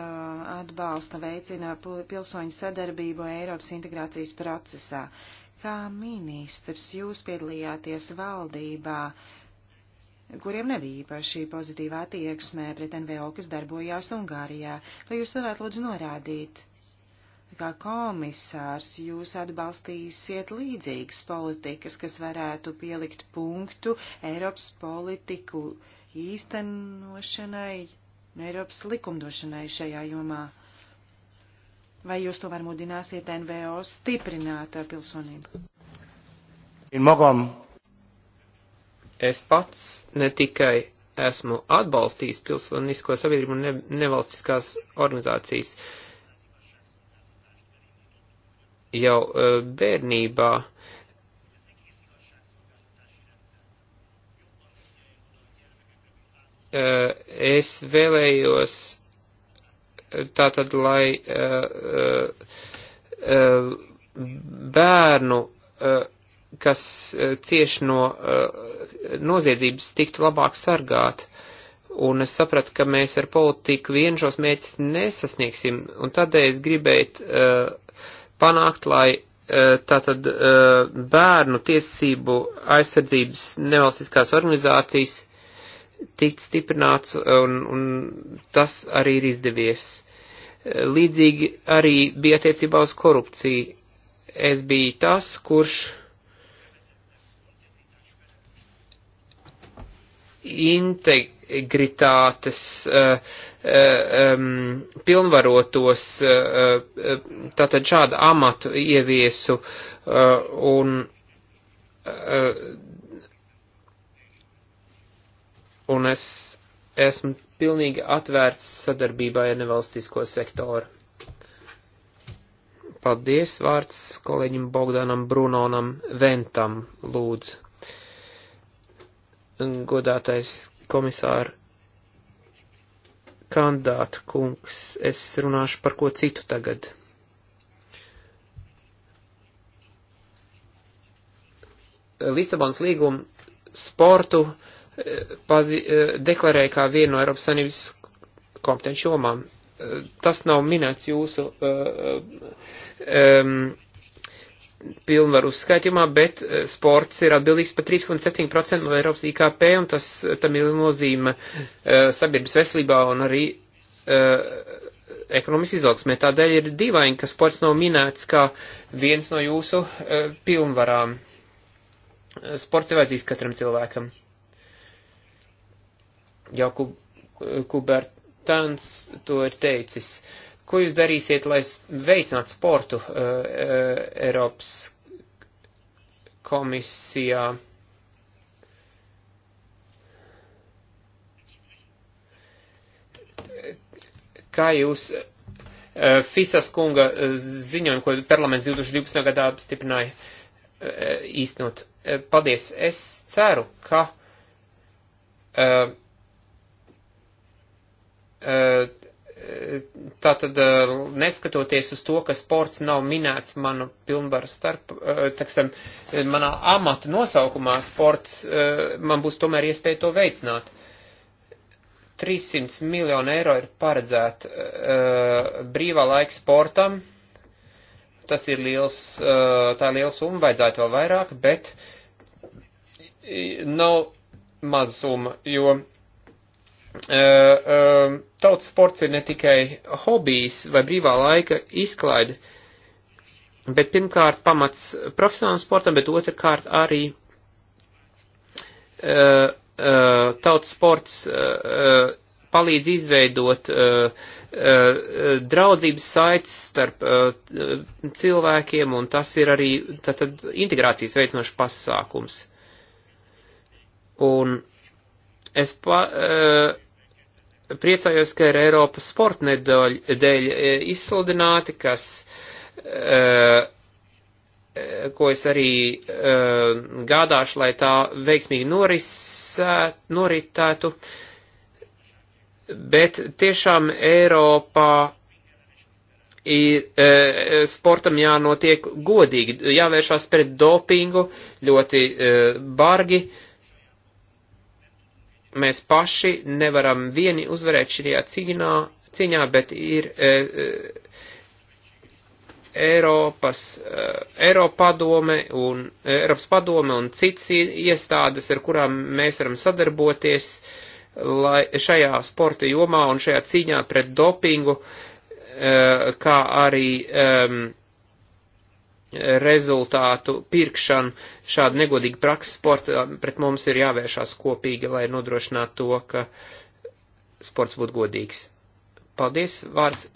atbalsta, veicina pilsoņu sadarbību Eiropas integrācijas procesā. Kā ministrs jūs piedalījāties valdībā, kuriem nebija īpaši pozitīva attieksmē pret NVO, kas darbojās Ungārijā, vai jūs varētu lūdzu norādīt? kā komisārs jūs atbalstīsiet līdzīgas politikas, kas varētu pielikt punktu Eiropas politiku īstenošanai un Eiropas likumdošanai šajā jomā? Vai jūs tomēr mudināsiet NVO stiprināt uh, pilsonību? Magam. Es pats ne tikai esmu atbalstījis pilsonisko sabiedrību un ne, nevalstiskās organizācijas. Uh, jau eh, bērnībā eh, es vēlējos eh, tātad, lai bērnu, kas cieši no noziedzības, tiktu labāk sargāt. Un es sapratu, ka mēs ar politiku vien šos mērķus nesasniegsim, un tādēļ es gribētu uh, panākt, lai e, tātad e, bērnu tiesību aizsardzības nevalstiskās organizācijas tikt stiprināts, un, un tas arī ir izdevies. E, līdzīgi arī bija attiecībā uz korupciju. Es biju tas, kurš integritātes uh, um, pilnvarotos, uh, tātad šādu amatu ieviesu uh, un, un es esmu pilnīgi atvērts sadarbībai ar nevalstisko sektoru. Paldies vārds kolēģim Bogdanam Brunonam Ventam, lūdzu godātais komisāra kandidāta kungs, es runāšu par ko citu tagad. Lisabons līguma sportu eh, pazi, eh, deklarēja kā vienu no Eiropas Savienības kompetenci jomām. Eh, tas nav minēts jūsu um, pilnvaru uzskaitījumā, bet eh, sports ir atbildīgs par 3,7% no Eiropas IKP, un tas eh, tam ir nozīme eh, sabiedrības veselībā un arī ekonomiski izaugsmē. Tādēļ ir dīvaini, ka sports nav minēts kā viens no jūsu pilnvarām. Sports ir vajadzīgs katram cilvēkam. Jau Kubertāns to ir teicis. Uh, Ko jūs darīsiet, lai veicinātu sportu uh, uh, Eiropas komisijā? Kā jūs uh, Fisas kunga uh, ziņojumu, ko parlaments 2012. gadā apstiprināja uh, īstenot? Uh, paldies! Es ceru, ka. Uh, uh, tātad eh, neskatoties uz to, ka sports nav minēts manu pilnvaru starp, eh, teksam, manā amata nosaukumā sports, eh, man būs tomēr iespēja to veicināt. 300 miljonu eiro ir paredzēta brīvā laika sportam. Tas ir liels, tā ir liela summa, vajadzētu vēl vairāk, bet nav maza summa, jo tautas sports ir ne tikai hobijs vai brīvā laika izklaide, bet pirmkārt pamats profesionālam sportam, bet otrkārt arī uh, uh, tautas sports uh, palīdz izveidot draudzības saites starp cilvēkiem, un tas ir arī tātad integrācijas veicinošs pasākums. Un es pa, uh, priecājos, ka ir Eiropas sporta nedēļa dēļ e, izsludināti, kas, e, e, ko es arī gādāšu, lai tā veiksmīgi norisēt, noritētu, bet tiešām Eiropā ir e, sportam jānotiek godīgi, jāvēršās pret dopingu ļoti e, bargi, e, mēs paši nevaram vieni uzvarēt šajā cīņā, cīņā bet ir e, e, Eiropas, e, Eiropa padome un, e, Eiropas padome un cits iestādes, ar kurām mēs varam sadarboties lai, šajā sporta jomā un šajā cīņā pret dopingu, e, kā arī. E, rezultātu pirkšanu, šādu negodīgu praksi sporta um, pret mums ir jāvēršās kopīgi, lai nodrošinātu to, ka sports būtu godīgs. Paldies, vārds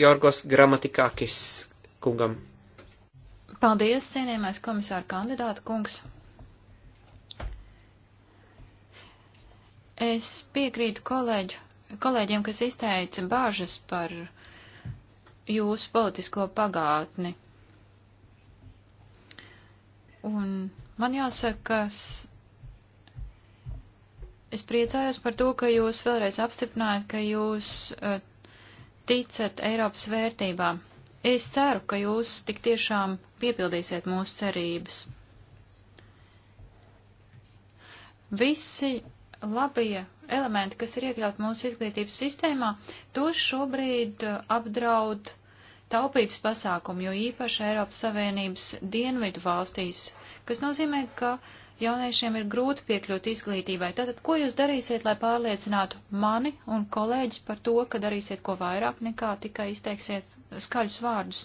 Jorgos Gramatikakis kungam. Paldies, cienījamais komisāra kandidāta kungs. Es piekrītu kolēģu, kolēģiem, kas izteica bāžas par jūsu politisko pagātni. Un man jāsaka, ka es priecājos par to, ka jūs vēlreiz apstiprinājat, ka jūs uh, ticat Eiropas vērtībām. Es ceru, ka jūs tik tiešām piepildīsiet mūsu cerības. Visi labie elementi, kas ir iekļaut mūsu izglītības sistēmā, tos šobrīd e, apdraud uh, taupības pasākumi, jo īpaši Eiropas Savienības dienvidu valstīs, kas nozīmē, ka jauniešiem ir grūti piekļūt izglītībai. Tātad, ko jūs darīsiet, lai pārliecinātu mani un kolēģis par to, ka darīsiet ko vairāk nekā tikai izteiksiet skaļus vārdus?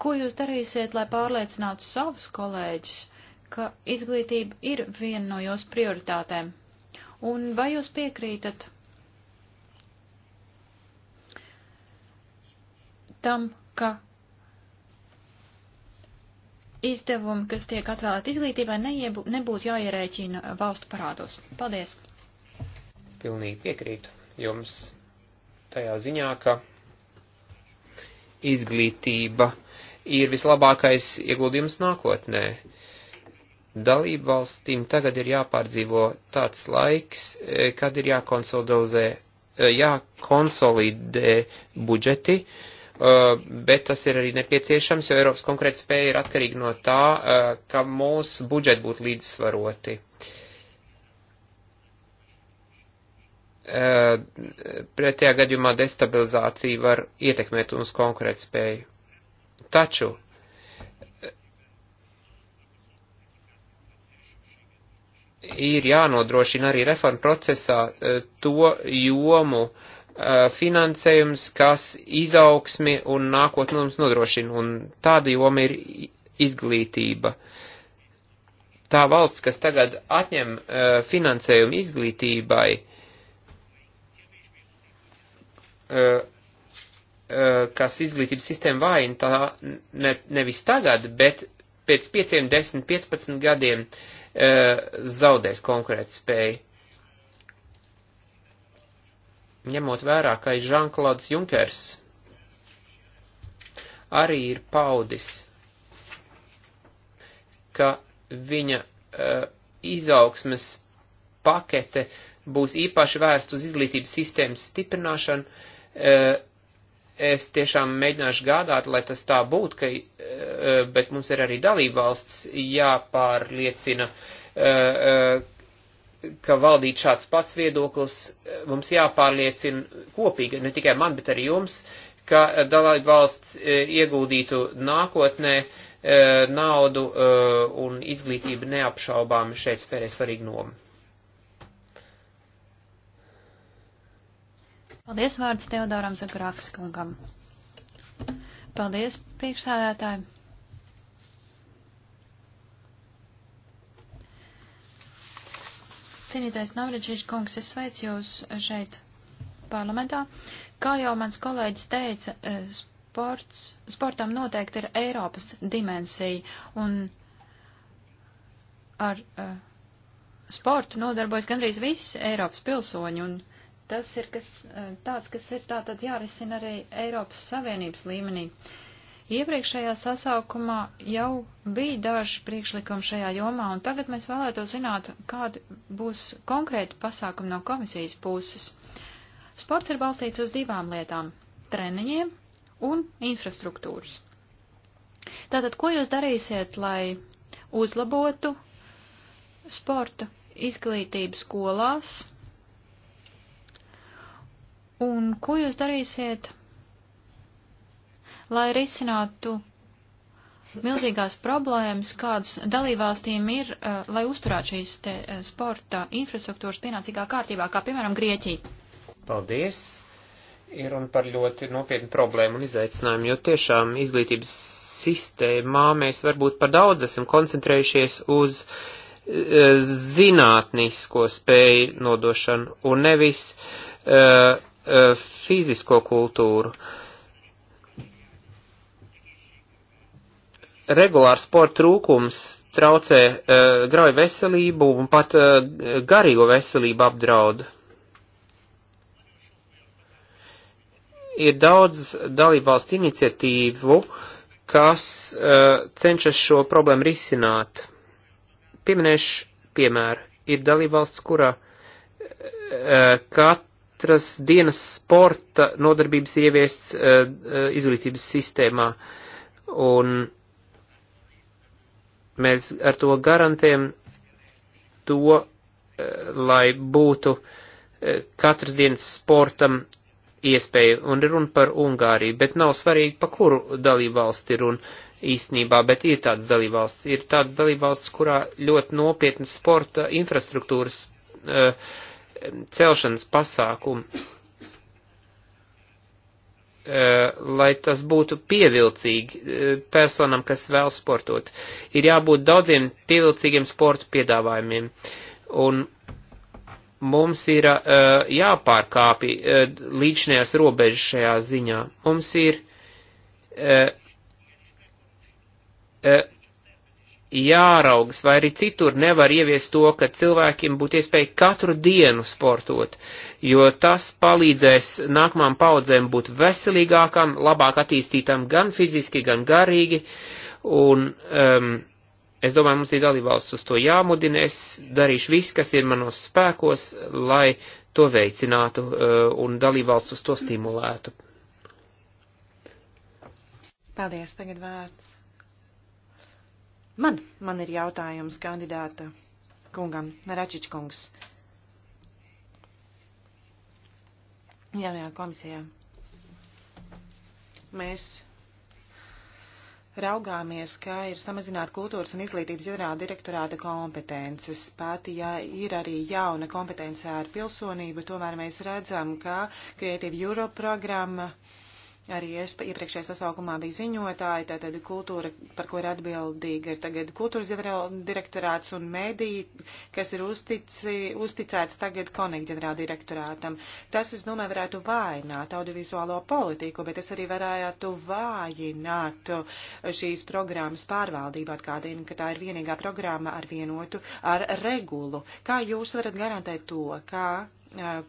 Ko jūs darīsiet, lai pārliecinātu savus kolēģus, ka izglītība ir viena no jūsu prioritātēm? Un vai jūs piekrītat tam, ka izdevumi, kas tiek atvēlēti izglītībai, neiebu, nebūs jāierēķina valstu parādos. Paldies! Pilnīgi piekrītu jums tajā ziņā, ka izglītība ir vislabākais ieguldījums nākotnē. Dalību valstīm tagad ir jāpārdzīvo tāds laiks, eh, kad ir jākonsolidē, eh, jākonsolidē budžeti, uh, Uh, bet tas ir arī nepieciešams, jo Eiropas konkrēta spēja ir atkarīga no tā, uh, ka mūsu budžeti būtu līdzsvaroti. Uh, pretējā gadījumā destabilizācija var ietekmēt mūsu konkrēta spēju. Taču ir jānodrošina arī reforma procesā to jomu, uh, Uh, finansējums, kas izaugsmi un nākotnē mums nodrošina, un tāda joma ir izglītība. Tā valsts, kas tagad atņem uh, finansējumu izglītībai, uh, kas izglītības sistēma vājina, tā ne, nevis tagad, bet pēc 5, 10, 15 gadiem zaudēs konkurētspēju ņemot vērā, ka Žanklauds Junkers arī ir paudis, ka viņa uh, izaugsmes pakete būs īpaši vērst uz izglītības sistēmas stiprināšanu. Uh, es tiešām mēģināšu gādāt, lai tas tā būtu, ka, uh, bet mums ir arī dalībvalsts jāpārliecina, uh, uh, ka valdīt šāds pats viedoklis, mums jāpārliecina kopīgi, ne tikai man, bet arī jums, ka dalība valsts e, ieguldītu nākotnē e, naudu e, un izglītību neapšaubām šeit spēlē svarīgu nomu. Paldies vārds Teodoram Zagrākas kungam. Paldies priekšsādātājiem. Cienītais Navriģīši kungs, es sveicu jūs šeit parlamentā. Kā jau mans kolēģis teica, eh, sports, sportam noteikti ir Eiropas dimensija, un ar uh, sportu nodarbojas gandrīz visi Eiropas pilsoņi, un tas ir kas, eh, tāds, kas ir tātad jārisina arī Eiropas Savienības līmenī. Uh, Iepriekšējā sasaukumā jau bija daži priekšlikumi šajā jomā, un tagad mēs vēlētos zināt, kādi būs konkrēti pasākumi no komisijas puses. Sports ir balstīts uz divām lietām - treniņiem un infrastruktūras. Tātad, ko jūs darīsiet, lai uzlabotu sporta izglītību skolās, un ko jūs darīsiet, lai risinātu milzīgās problēmas, kādas dalībvalstīm ir, eh, lai uzturētu šīs te, eh, sporta infrastruktūras pienācīgā kārtībā, kā piemēram Grieķija. Paldies! Ir un par ļoti nopietnu problēmu un izaicinājumu, jo tiešām izglītības sistēmā mēs varbūt par daudz esam koncentrējušies uz eh, zinātnisko spēju nodošanu un nevis uh, uh, fizisko kultūru. Uh, regulārs sporta trūkums traucē, uh, grauj veselību un pat uh, garīgo veselību apdraud. Ir daudz dalībvalstu iniciatīvu, kas uh, cenšas šo problēmu risināt. Pieminēšu piemēru. Ir dalībvalsts, kurā uh, katras dienas sporta nodarbības ieviests uh, izglītības sistēmā. Un Mēs ar to garantējam to, eh, lai būtu eh, katras dienas sportam iespēju, un ir runa par Ungāriju, bet nav svarīgi, pa kuru dalībvalsti ir runa īstenībā, bet ir tāds dalībvalsts. Ir tāds dalībvalsts, kurā ļoti nopietnas sporta infrastruktūras eh, celšanas pasākumi Eh, lai tas būtu pievilcīgi eh, personam, kas vēl sportot. Ir jābūt daudziem pievilcīgiem sporta piedāvājumiem. Un mums ir eh, jāpārkāpi līdzinējās robežas šajā ziņā. Mums ir jāraugas, vai arī citur nevar ieviest to, ka cilvēkiem būtu iespēja katru dienu sportot, jo tas palīdzēs nākamām paudzēm būt veselīgākam, labāk attīstītam gan fiziski, gan garīgi, un um, es domāju, mums ir dalībvalsts uz to jāmudina, es darīšu visu, kas ir manos spēkos, lai to veicinātu uh, un dalībvalsts uz to stimulētu. Paldies, tagad vārds. Man, man ir jautājums kandidāta kungam, Račič kungs. Jaunajā komisijā. Mēs raugāmies, ka ir samazināt kultūras un izglītības ģenerāla direktorāta kompetences. Pat, ja ir arī jauna kompetence ar pilsonību, tomēr mēs redzam, ka Creative Europe programma uh, Arī es iepriekšējā sasaukumā biju ziņotāji, tātad kultūra, par ko ir atbildīga, ir tagad kultūras direktorāts un mediji, kas ir uztici, uzticēts tagad konekt ģenerāldirektorātam. Tas, es domāju, varētu vājināt audiovizuālo politiku, bet es arī varētu vājināt šīs programmas pārvaldību atkārtīgi, ka tā ir vienīgā programma ar vienotu, ar regulu. Kā jūs varat garantēt to, kā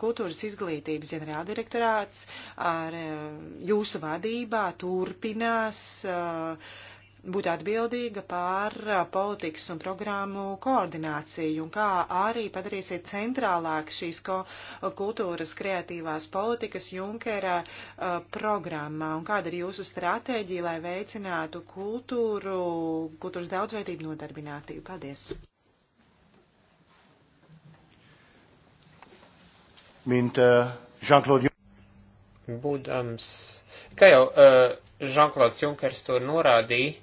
kultūras izglītības ģenerāldirektorāts ar jūsu vadībā turpinās būt atbildīga pār politikas un programmu koordināciju un kā arī padarīsiet centrālāk šīs ko, kultūras kreatīvās politikas Junkera uh, programmā un kāda ir jūsu stratēģija, lai veicinātu kultūru, kultūras daudzveidību nodarbinātību. Paldies! mint eh, Jean-Claude Juncker. Būdams, kā jau uh, Jean-Claude Junkers to norādīja,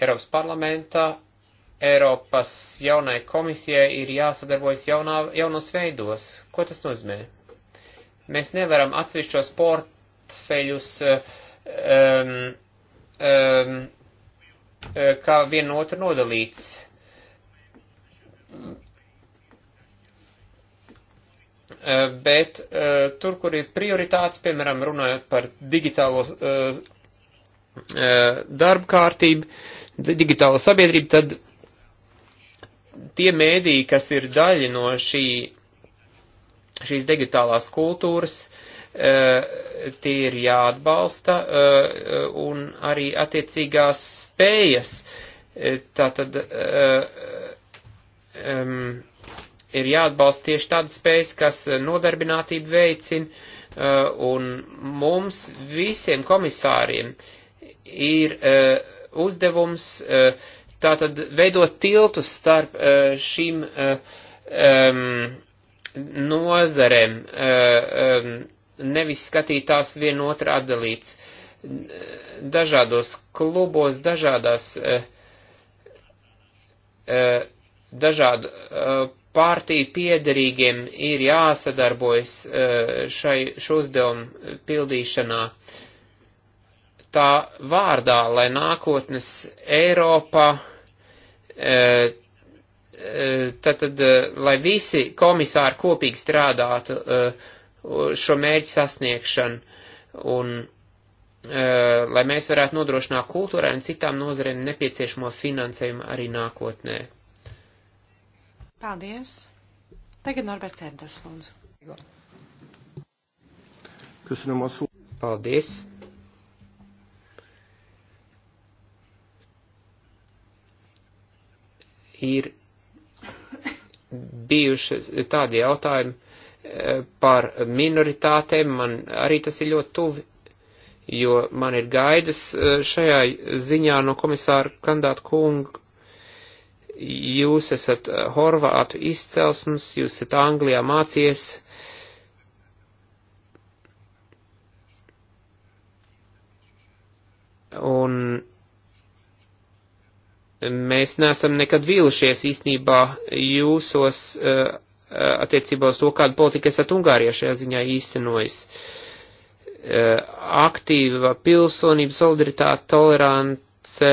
Eiropas parlamentā, Eiropas jaunai komisijai ir jāsadarbojas jaunā, jaunos veidos. Ko tas nozīmē? Mēs nevaram atsevišķos portfeļus um, um, kā vienu otru nodalīts Eh, bet eh, tur, kur ir prioritātes, piemēram, runājot par digitālo eh, darba kārtību, digitālo sabiedrību, tad tie mēdī, kas ir daļa no šī, šīs digitālās kultūras, tie ir jāatbalsta un arī attiecīgās spējas. Tātad, um, ir jāatbalsta tieši tādas spējas, kas eh, nodarbinātību veicina, eh, un mums visiem komisāriem ir eh, uzdevums tātad veidot tiltus starp šīm nozarēm, nevis skatīt tās vienotru atdalīts dažādos klubos, dažādās dažādu partiju piederīgiem ir jāsadarbojas e, šai šo uzdevumu pildīšanā tā vārdā, lai nākotnes Eiropa, e, e, tad, tad lai visi komisāri kopīgi strādātu šo mērķu sasniegšanu un lai mēs varētu nodrošināt kultūrai un citām nozarēm nepieciešamo finansējumu arī nākotnē. Paldies. Tagad Norberts Erders, lūdzu. Köszönöm a szót. Paldies. Ir bijuši tādi jautājumi eh, par minoritātēm, man arī tas ir ļoti tuvi, jo man ir gaidas eh, šajā ziņā no komisāra kandidāta kunga jūs esat eh, horvātu izcelsmes, jūs esat Anglijā mācies. Un mēs neesam nekad vīlušies īstenībā jūsos eh, attiecībā uz to, kādu politiku esat Ungārijā šajā ziņā īstenojis. Eh, aktīva pilsonība, solidaritāte, tolerance,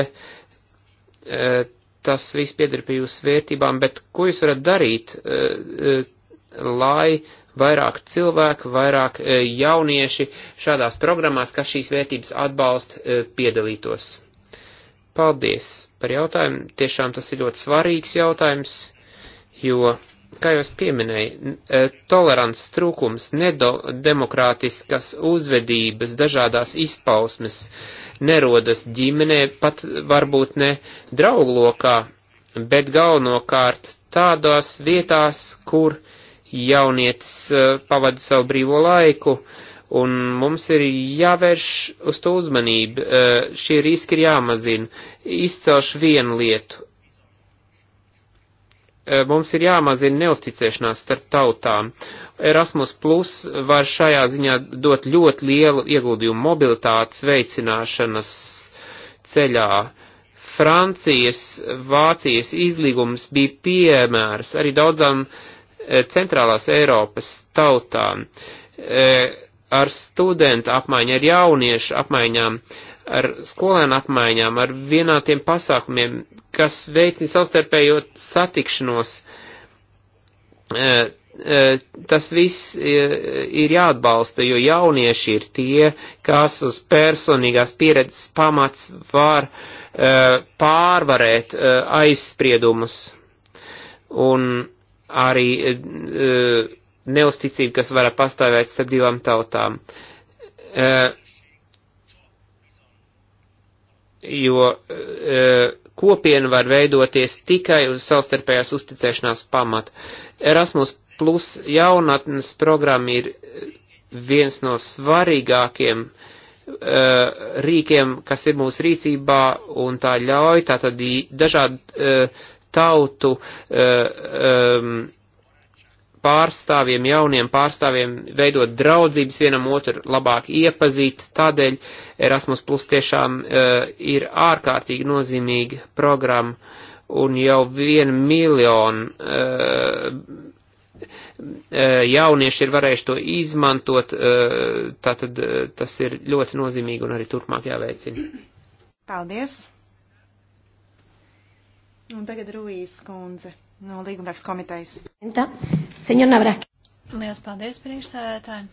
tas viss piedara pie jūsu vērtībām, bet ko jūs varat darīt, e, e, lai vairāk cilvēku, vairāk e, jaunieši šādās programmās, kas šīs vērtības atbalsta, piedalītos? Paldies par jautājumu. Tiešām tas ir ļoti svarīgs jautājums, jo, kā jūs pieminēju, tolerants trūkums, nedemokrātiskas uzvedības, dažādās izpausmes, uh, nerodas ģimenē, pat varbūt ne drauglokā, bet galvenokārt tādās vietās, kur jaunietis uh, pavada savu brīvo laiku, un mums ir jāvērš uz to uzmanību, uh, šie riski ir jāmazina. Izcelšu vienu lietu Eh, mums ir jāmazina neusticēšanās starp tautām. Erasmus Plus var šajā ziņā dot ļoti lielu ieguldījumu mobilitātes veicināšanas ceļā. Francijas, Vācijas izlīgums bija piemērs arī daudzām eh, centrālās Eiropas tautām. Eh, ar studentu apmaiņu, ar jauniešu apmaiņām uh, ar skolēnu apmaiņām, ar vienādiem pasākumiem, kas veicina savstarpējo satikšanos. E, e, tas viss e, ir jāatbalsta, jo jaunieši ir tie, kas uz personīgās pieredzes pamats var pārvarēt aizspriedumus un arī neusticību, kas var pastāvēt starp divām tautām. Uh, jo e, kopiena var veidoties tikai uz savstarpējās uzticēšanās pamata. Erasmus plus jaunatnes programma ir viens no svarīgākiem e, rīkiem, kas ir mūsu rīcībā, un tā ļauj tātad dažādu e, tautu e, um, pārstāvjiem, jauniem pārstāvjiem veidot draudzības vienam otru, labāk iepazīt. Tādēļ Erasmus Plus tiešām uh, ir ārkārtīgi nozīmīga programma un jau vienu miljonu uh, jaunieši ir varējuši to izmantot, uh, tātad uh, tas ir ļoti nozīmīgi un arī turpmāk jāveicina. Paldies! Un tagad Ruijas kundze no Līgumrakstu komitejas. Lielas paldies, priekšsēdētāji!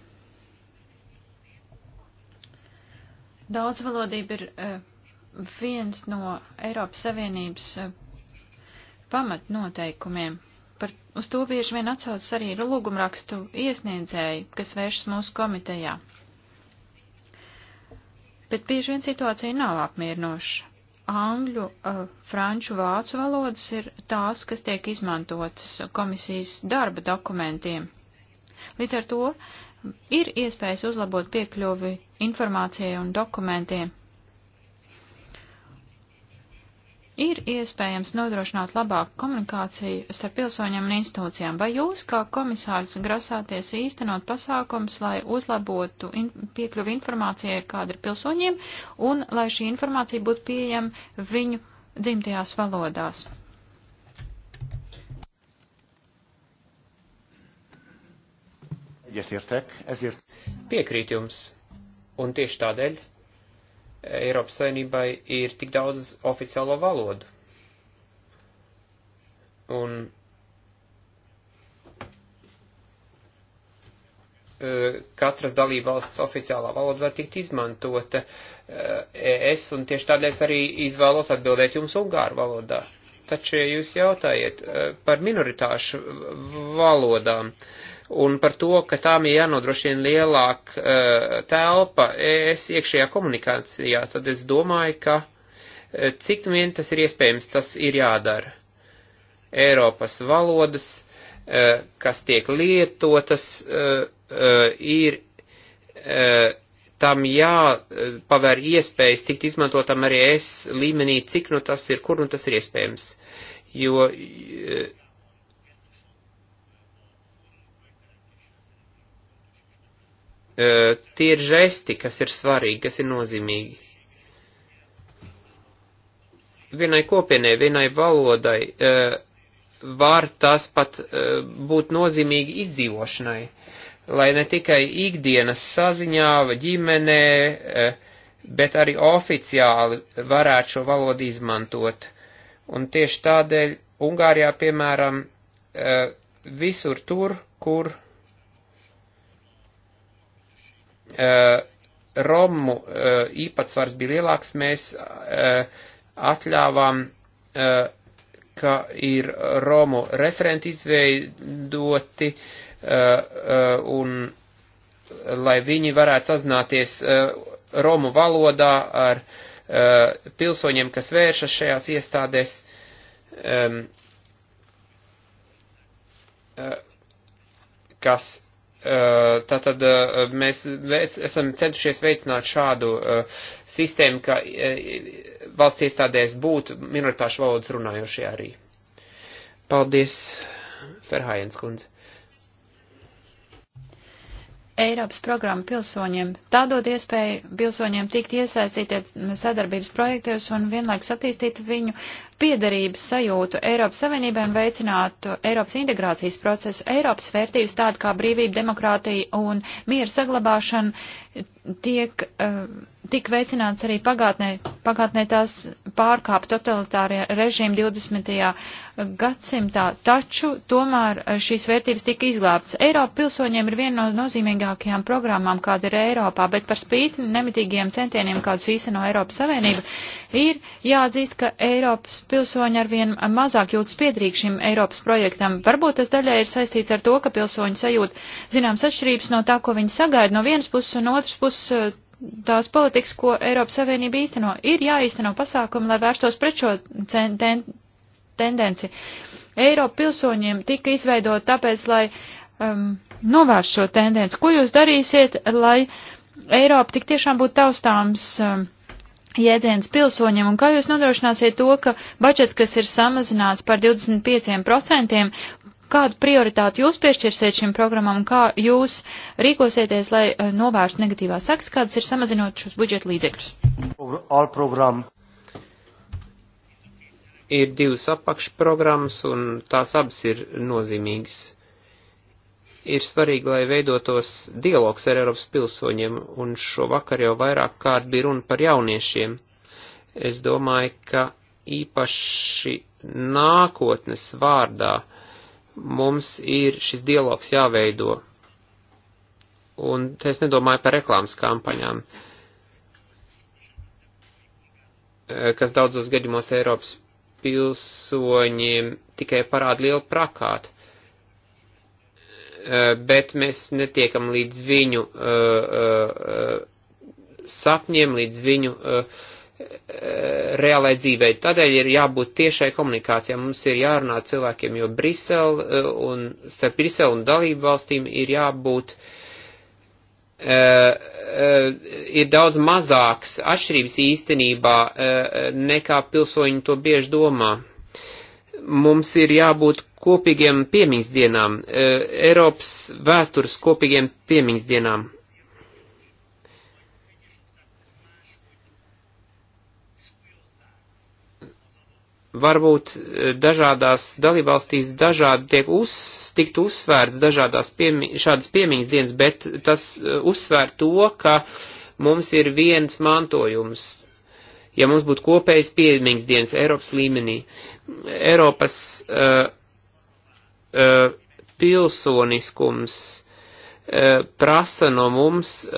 Daudzvalodība ir eh, viens no Eiropas Savienības eh, pamatnoteikumiem. Par, uz to bieži vien atsaucas arī lūgumrakstu iesniedzēji, kas vēršas mūsu komitejā. Bet bieži vien situācija nav apmierinoša angļu, uh, franču, vācu valodas ir tās, kas tiek izmantotas komisijas darba dokumentiem. Līdz ar to ir iespējas uzlabot piekļuvi informācijai un dokumentiem. ir iespējams nodrošināt labāku komunikāciju starp pilsoņiem un institūcijām? Vai jūs, kā komisārs, grasāties īstenot pasākums, lai uzlabotu in piekļuvi informācijai, kāda ir pilsoņiem, un lai šī informācija būtu pieejama viņu dzimtajās valodās? Egyetértek, ezért. Piekrīt jums, un tieši tādēļ Eiropas Savienībai ir tik daudz oficiālo valodu. Un e, katras dalībvalsts oficiālā valoda var tikt izmantota e, es, un tieši tādēļ es arī izvēlos atbildēt jums ungāru valodā. Taču, ja jūs jautājiet e, par minoritāšu valodām, uh, un par to, ka tām ir jānodrošina lielāka uh, eh, telpa es iekšējā komunikācijā, tad es domāju, ka uh, cik vien tas ir iespējams, tas ir jādara. Eiropas valodas, uh, kas tiek lietotas, uh, uh, ir. Uh, Tam jāpavēr iespējas tikt izmantotam arī es līmenī, cik nu tas ir, kur nu tas ir iespējams. Jo uh, tie ir žesti, kas ir svarīgi, kas ir nozīmīgi. Vienai kopienai, vienai valodai var tas pat būt nozīmīgi izdzīvošanai, lai ne tikai ikdienas saziņā vai ģimenē, bet arī oficiāli varētu šo valodu izmantot. Un tieši tādēļ Ungārijā, piemēram, visur tur, kur Eh, Romu eh, īpatsvars bija lielāks, mēs eh, atļāvām, ka ir Romu referenti izveidoti un lai viņi varētu sazināties Romu valodā ar pilsoņiem, kas vēršas šajās iestādēs. kas Eh, tātad eh, mēs veic, esam centušies veicināt šādu uh, sistēmu, ka uh, valsts iestādēs būtu minoritāšu valodas runājošie arī. Paldies, Ferhājens kundze. Eiropas programma pilsoņiem. Tā dod iespēju pilsoņiem tikt iesaistīties sadarbības projektos un vienlaikus attīstīt viņu piederības sajūtu Eiropas Savienībai un veicinātu Eiropas integrācijas procesu. Eiropas vērtības tāda kā brīvība, demokrātija un miera saglabāšana tiek uh, tik veicināts arī pagātnē. Pagātnē tās pārkāpa totalitārie režīmi 20. gadsimtā, taču tomēr eh, šīs vērtības tika izglābtas. Eiropa pilsoņiem ir viena no nozīmīgākajām programmām, kāda ir Eiropā, bet par spīti nemitīgiem centieniem, kādus īsteno Eiropas Savienība, ir jāatzīst, ka Eiropas pilsoņi arvien mazāk jūtas piedrīgi šim Eiropas projektam. Varbūt tas daļai ir saistīts ar to, ka pilsoņi sajūt zināmas atšķirības no tā, ko viņi sagaida no vienas puses un otras puses eh, tās politikas, ko Eiropas Savienība īsteno. Ir jāīsteno pasākumi, lai vērstos pret šo ten, ten, tendenci. Eiropa pilsoņiem tika izveidot tāpēc, lai um, novērst šo tendenci. Ko jūs darīsiet, lai Eiropa tik tiešām būtu taustāms? Um, jēdziens pilsoņiem, un kā jūs nodrošināsiet to, ka budžets, kas ir samazināts par 25%, kādu prioritāti jūs piešķirsiet šim programmam, un kā jūs rīkosieties, lai eh, novērstu negatīvās sakas, kādas ir samazinot šos budžeta līdzekļus? Ir divas apakšprogrammas, un tās abas ir nozīmīgas ir svarīgi, lai veidotos dialogs ar Eiropas pilsoņiem, un šovakar jau vairāk kārt bija runa par jauniešiem. Es domāju, ka īpaši nākotnes vārdā mums ir šis dialogs jāveido. Un es nedomāju par reklāmas kampaņām, eh, kas daudzos gadījumos Eiropas pilsoņiem tikai parāda lielu prakātu Eh, bet mēs netiekam līdz viņu eh, eh, sapņiem, līdz viņu reālai dzīvei. Tādēļ ir jābūt tiešai komunikācijai. Mums ir jārunā cilvēkiem, jo Brisele un starp Brisele un dalību valstīm ir jābūt uh, Uh, uh, ir daudz mazāks atšķirības īstenībā uh, nekā pilsoņi to bieži domā. Mums ir jābūt kopīgiem piemiņas dienām, e, Eiropas vēstures kopīgiem piemiņas dienām. Varbūt e, dažādās dalībvalstīs dažādi tiek uz, tikt uzsvērts dažādās piemi, šādas piemiņas dienas, bet tas e, uzsvēr to, ka mums ir viens mantojums, ja mums būtu kopējs piemiņas dienas Eiropas līmenī. Eiropas uh, E, pilsoniskums e, prasa no mums e,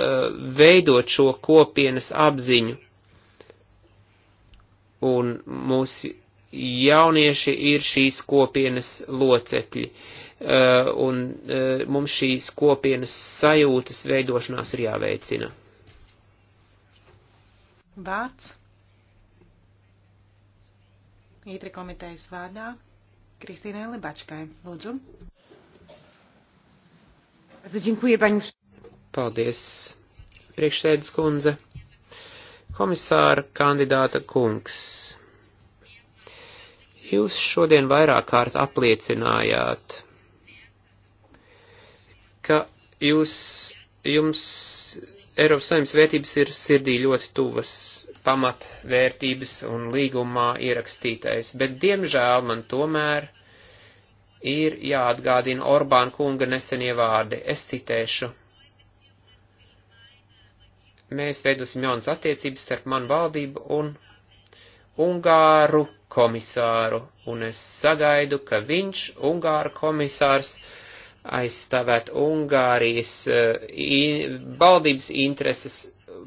veidot šo kopienas apziņu. Un mūsu jaunieši ir šīs kopienas locekļi. Un mums šīs kopienas sajūtas veidošanās ir jāveicina. Vārds. Ītri komitejas vārdā Kristīnai Libačkai. Lūdzu. Paldies, priekšsēdus kundze. Komisāra kandidāta kungs. Jūs šodien vairāk kārt apliecinājāt, ka jūs, jums Eiropas saimnes vērtības ir sirdī ļoti tuvas pamatvērtības un līgumā ierakstītais, bet diemžēl man tomēr ir jāatgādina Orbāna kunga nesenie vārdi. Es citēšu. Mēs veidosim jaunas attiecības starp manu valdību un Ungāru komisāru, un es sagaidu, ka viņš, Ungāru komisārs, uh, aizstāvēt Ungārijas eh, in, valdības intereses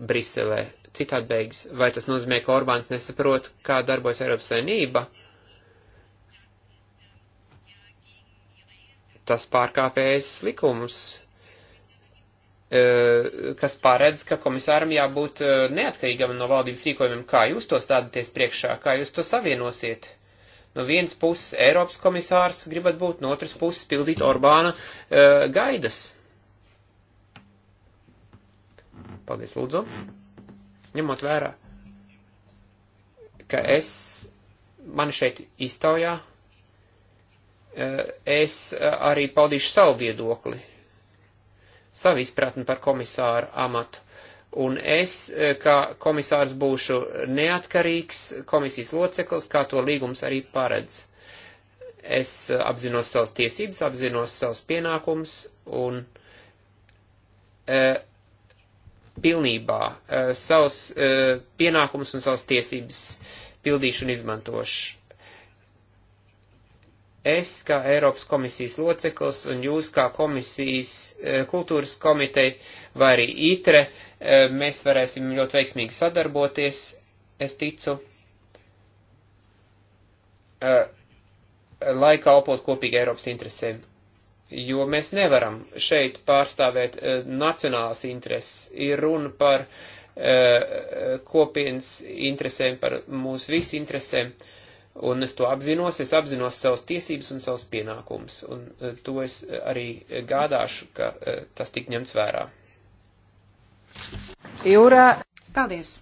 Briselē. Citādi beigas. Vai tas nozīmē, ka Orbāns nesaprot, kā darbojas Eiropas saimnība? Tas pārkāpējas likums, eh, kas paredz, ka komisāram jābūt eh, neatkarīgam no valdības rīkojumiem. Kā jūs to stādāties priekšā? Kā jūs to savienosiet? No vienas puses Eiropas komisārs gribat būt, no otras puses pildīt Orbāna uh, gaidas. Paldies, lūdzu. Ņemot vērā, ka es, man šeit iztaujā, eh, es eh, arī paudīšu savu viedokli, savu izpratni par komisāru amatu. Un es, eh, kā komisārs, būšu neatkarīgs komisijas loceklis, kā to līgums arī paredz. Es eh, apzinos savas tiesības, apzinos savus pienākumus un e, pilnībā e, savus e, pienākumus un savas tiesības pildīšu un izmantošu es kā Eiropas komisijas loceklis un jūs kā komisijas e, kultūras komiteja vai arī ITRE, e, mēs varēsim ļoti veiksmīgi sadarboties, es ticu, e, lai kalpot kopīgi Eiropas interesēm. Jo mēs nevaram šeit pārstāvēt nacionālas intereses. Ir runa par kopienas interesēm, par mūsu visu interesēm. Uh, Un es to apzinos, es apzinos savas tiesības un savas pienākumus, un e, to es e, arī gādāšu, ka e, tas tik ņemts vērā. Jūrā. Paldies.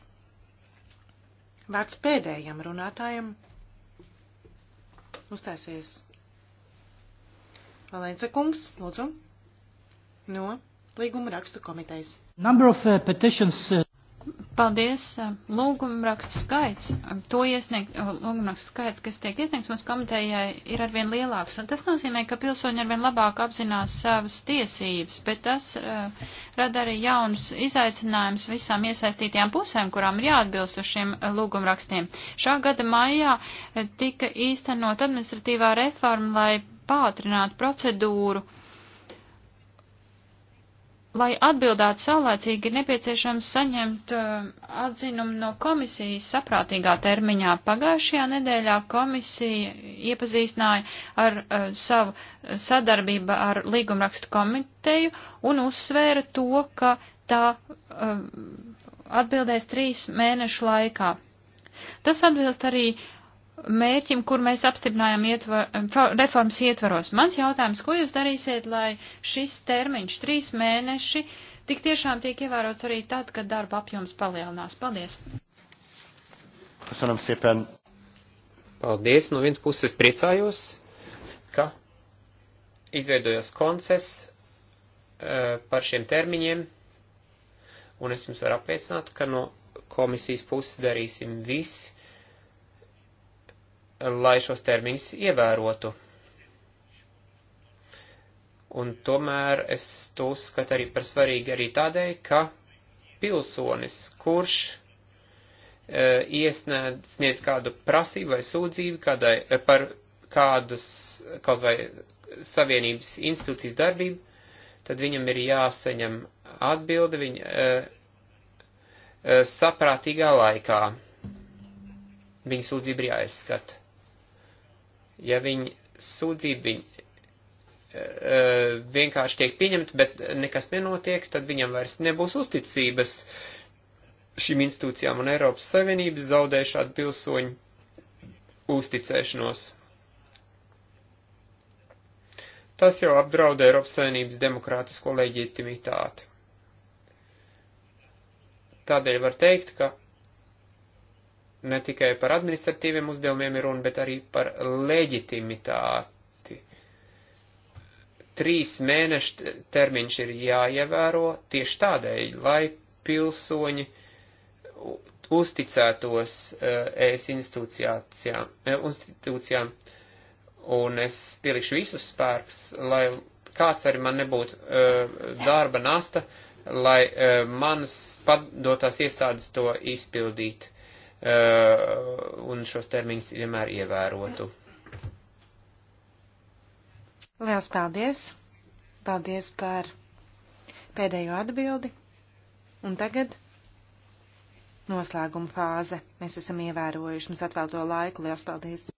Vārds pēdējam runātājam. Uztaisies. Valēnce kungs, lūdzu. No līguma rakstu komitejas. Number of uh, petitions. Uh... Paldies. Lūgumrakstu skaits, to iesniegt, lūgumrakstu skaits, kas tiek iesniegts mūsu komitejai, ir arvien lielāks. Un tas nozīmē, ka pilsoņi arvien labāk apzinās savas tiesības, bet tas uh, rada arī jaunus izaicinājumus visām iesaistītajām pusēm, kurām ir jāatbilst uz šiem lūgumrakstiem. Šā gada maijā tika īstenot administratīvā reforma, lai pātrinātu procedūru uh, lai atbildētu saulēcīgi, ir nepieciešams saņemt uh, atzinumu no komisijas saprātīgā termiņā. Pagājušajā nedēļā komisija iepazīstināja ar uh, savu sadarbību ar līgumrakstu komiteju un uzsvēra to, ka tā uh, atbildēs trīs mēnešu laikā. Tas atbilst arī uh, mērķim, kur mēs apstiprinājām ietver, reformas ietvaros. Mans jautājums, ko jūs darīsiet, lai šis termiņš, trīs mēneši, tik tiešām tiek ievērots arī tad, kad darba apjoms palielinās? Paldies! Paldies! No vienas puses priecājos, ka izveidojas konces eh, par šiem termiņiem, un es jums varu apliecināt, ka no komisijas puses darīsim visu, lai šos termiņus ievērotu. Un tomēr es to uzskatu arī par svarīgi arī tādēļ, ka pilsonis, kurš e, iesniedz kādu prasību vai sūdzību kādai, e, par kādas kaut vai savienības institūcijas darbību, tad viņam ir jāsaņem atbilde viņa e, e, saprātīgā laikā. Viņa sūdzība ir jāizskata ja viņi sūdzība viņa, e, e, vienkārši tiek pieņemta, bet nekas nenotiek, tad viņam vairs nebūs uzticības šīm institūcijām un Eiropas Savienības zaudē šādu pilsoņu uzticēšanos. Tas jau apdraud Eiropas Savienības demokrātisko leģitimitāti. Tādēļ var teikt, ka ne tikai par administratīviem uzdevumiem ir runa, bet arī par leģitimitāti. Trīs mēnešu termiņš ir jāievēro tieši tādēļ, lai pilsoņi uzticētos eh, ES eh, institūcijām, un es pielikšu visus spērks, lai kāds arī man nebūtu eh, darba nasta, lai manas padotās iestādes to izpildītu Eh, un šos termiņus vienmēr ievērotu. Liels paldies! Paldies par pēdējo atbildi. Un tagad noslēguma fāze. Mēs esam ievērojuši mums atvēlto laiku. Liels paldies!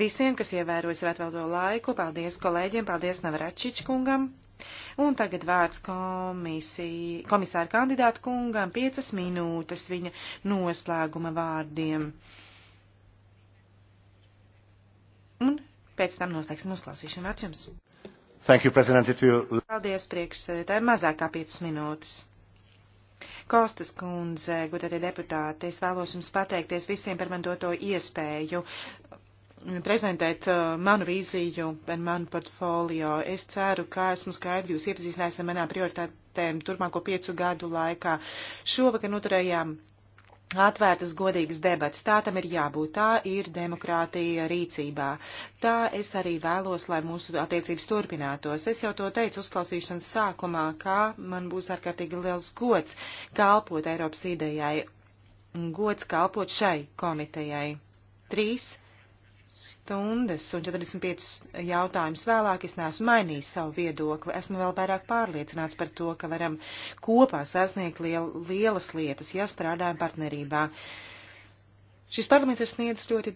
Visiem, kas ievēroja sev atvēlto laiku, paldies kolēģiem, paldies Navračičkungam. Un tagad vārds komisija, komisāra kandidāta kungam piecas minūtes viņa noslēguma vārdiem. Un pēc tam noslēgsim uzklausīšanu vārds jums. Thank you, President. It will... Paldies, priekšsēdētāji, mazāk kā piecas minūtes. Kostas kundze, gudatie deputāti, es vēlos jums pateikties visiem par man doto iespēju prezentēt uh, manu vīziju un manu portfolio. Es ceru, ka esmu skaidri jūs iepazīstinājis ar manām prioritātēm turpmāko piecu gadu laikā. Šovakar noturējām Atvērtas godīgas debats, tā tam ir jābūt, tā ir demokrātija rīcībā. Tā es arī vēlos, lai mūsu attiecības turpinātos. Es jau to teicu uzklausīšanas sākumā, kā man būs ārkārtīgi liels gods kalpot Eiropas idejai, gods kalpot šai komitejai. Trīs stundas un 45 jautājumus vēlāk es neesmu mainījis savu viedokli. Esmu vēl vairāk pārliecināts par to, ka varam kopā sasniegt liel, lielas lietas, ja strādājam partnerībā. Šis parlaments ir sniedzis ļoti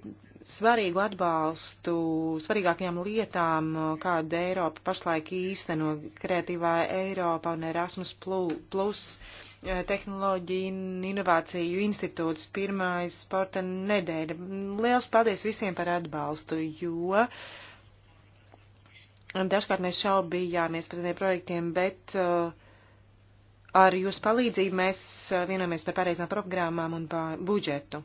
svarīgu atbalstu svarīgākajām lietām, kāda Eiropa pašlaik īsteno kreatīvā Eiropa un Erasmus plus. plus Eh, tehnoloģiju un inovāciju institūts pirmais sporta nedēļa. Liels paldies visiem par atbalstu, jo dažkārt mēs šaubījāmies par tiem projektiem, bet eh, ar jūsu palīdzību mēs eh, vienojamies par pareizām programmām un par budžetu.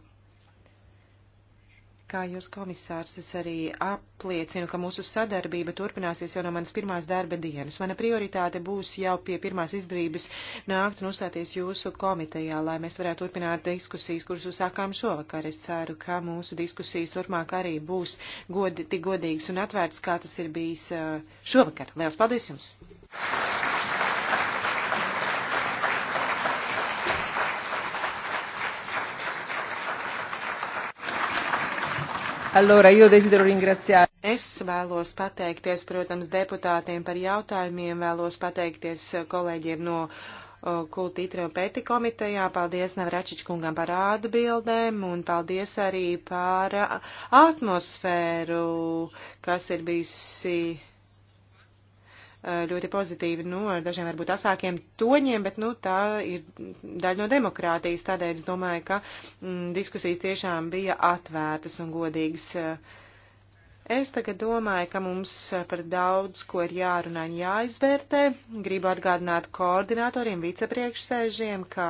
Kā jūs komisārs, es arī apliecinu, ka mūsu sadarbība turpināsies jau no manas pirmās darba dienas. Mana prioritāte būs jau pie pirmās izdevības nākt un uzstāties jūsu komitejā, lai mēs varētu turpināt diskusijas, kuras uzsākām šovakar. Es ceru, ka mūsu diskusijas turpmāk arī būs godi, tik godīgas un atvērtas, kā tas ir bijis uh, šovakar. Lielas paldies jums! Allora, io desidero ringraziare. Es vēlos pateikties, protams, deputātiem par jautājumiem, vēlos pateikties kolēģiem no Kulta Itrio Pēti komitejā, paldies Navračič kungam par atbildēm un paldies arī par atmosfēru, kas ir bijusi Eh, ļoti pozitīvi, nu, ar dažiem varbūt asākiem toņiem, bet, nu, tā ir daļa no demokrātijas. Tādēļ es domāju, ka mm, diskusijas tiešām bija atvērtas un godīgas. Eh, es tagad domāju, ka mums par daudz, ko ir jārunā un jāizvērtē. Gribu atgādināt koordinatoriem, vicepriekšsēžiem, kā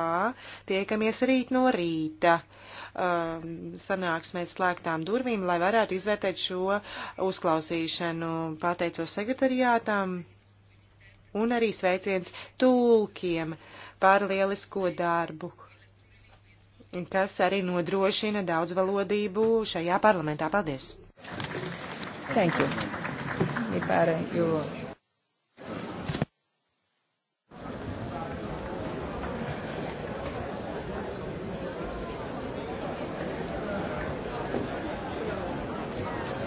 tiekamies rīt no rīta um, sanāksmēs slēgtām durvīm, lai varētu izvērtēt šo uzklausīšanu. Pateicos sekretariātām, Un arī sveiciens tulkiem par lielisko darbu, kas arī nodrošina daudzvalodību šajā parlamentā. Paldies! Thank you. Mi pare, you...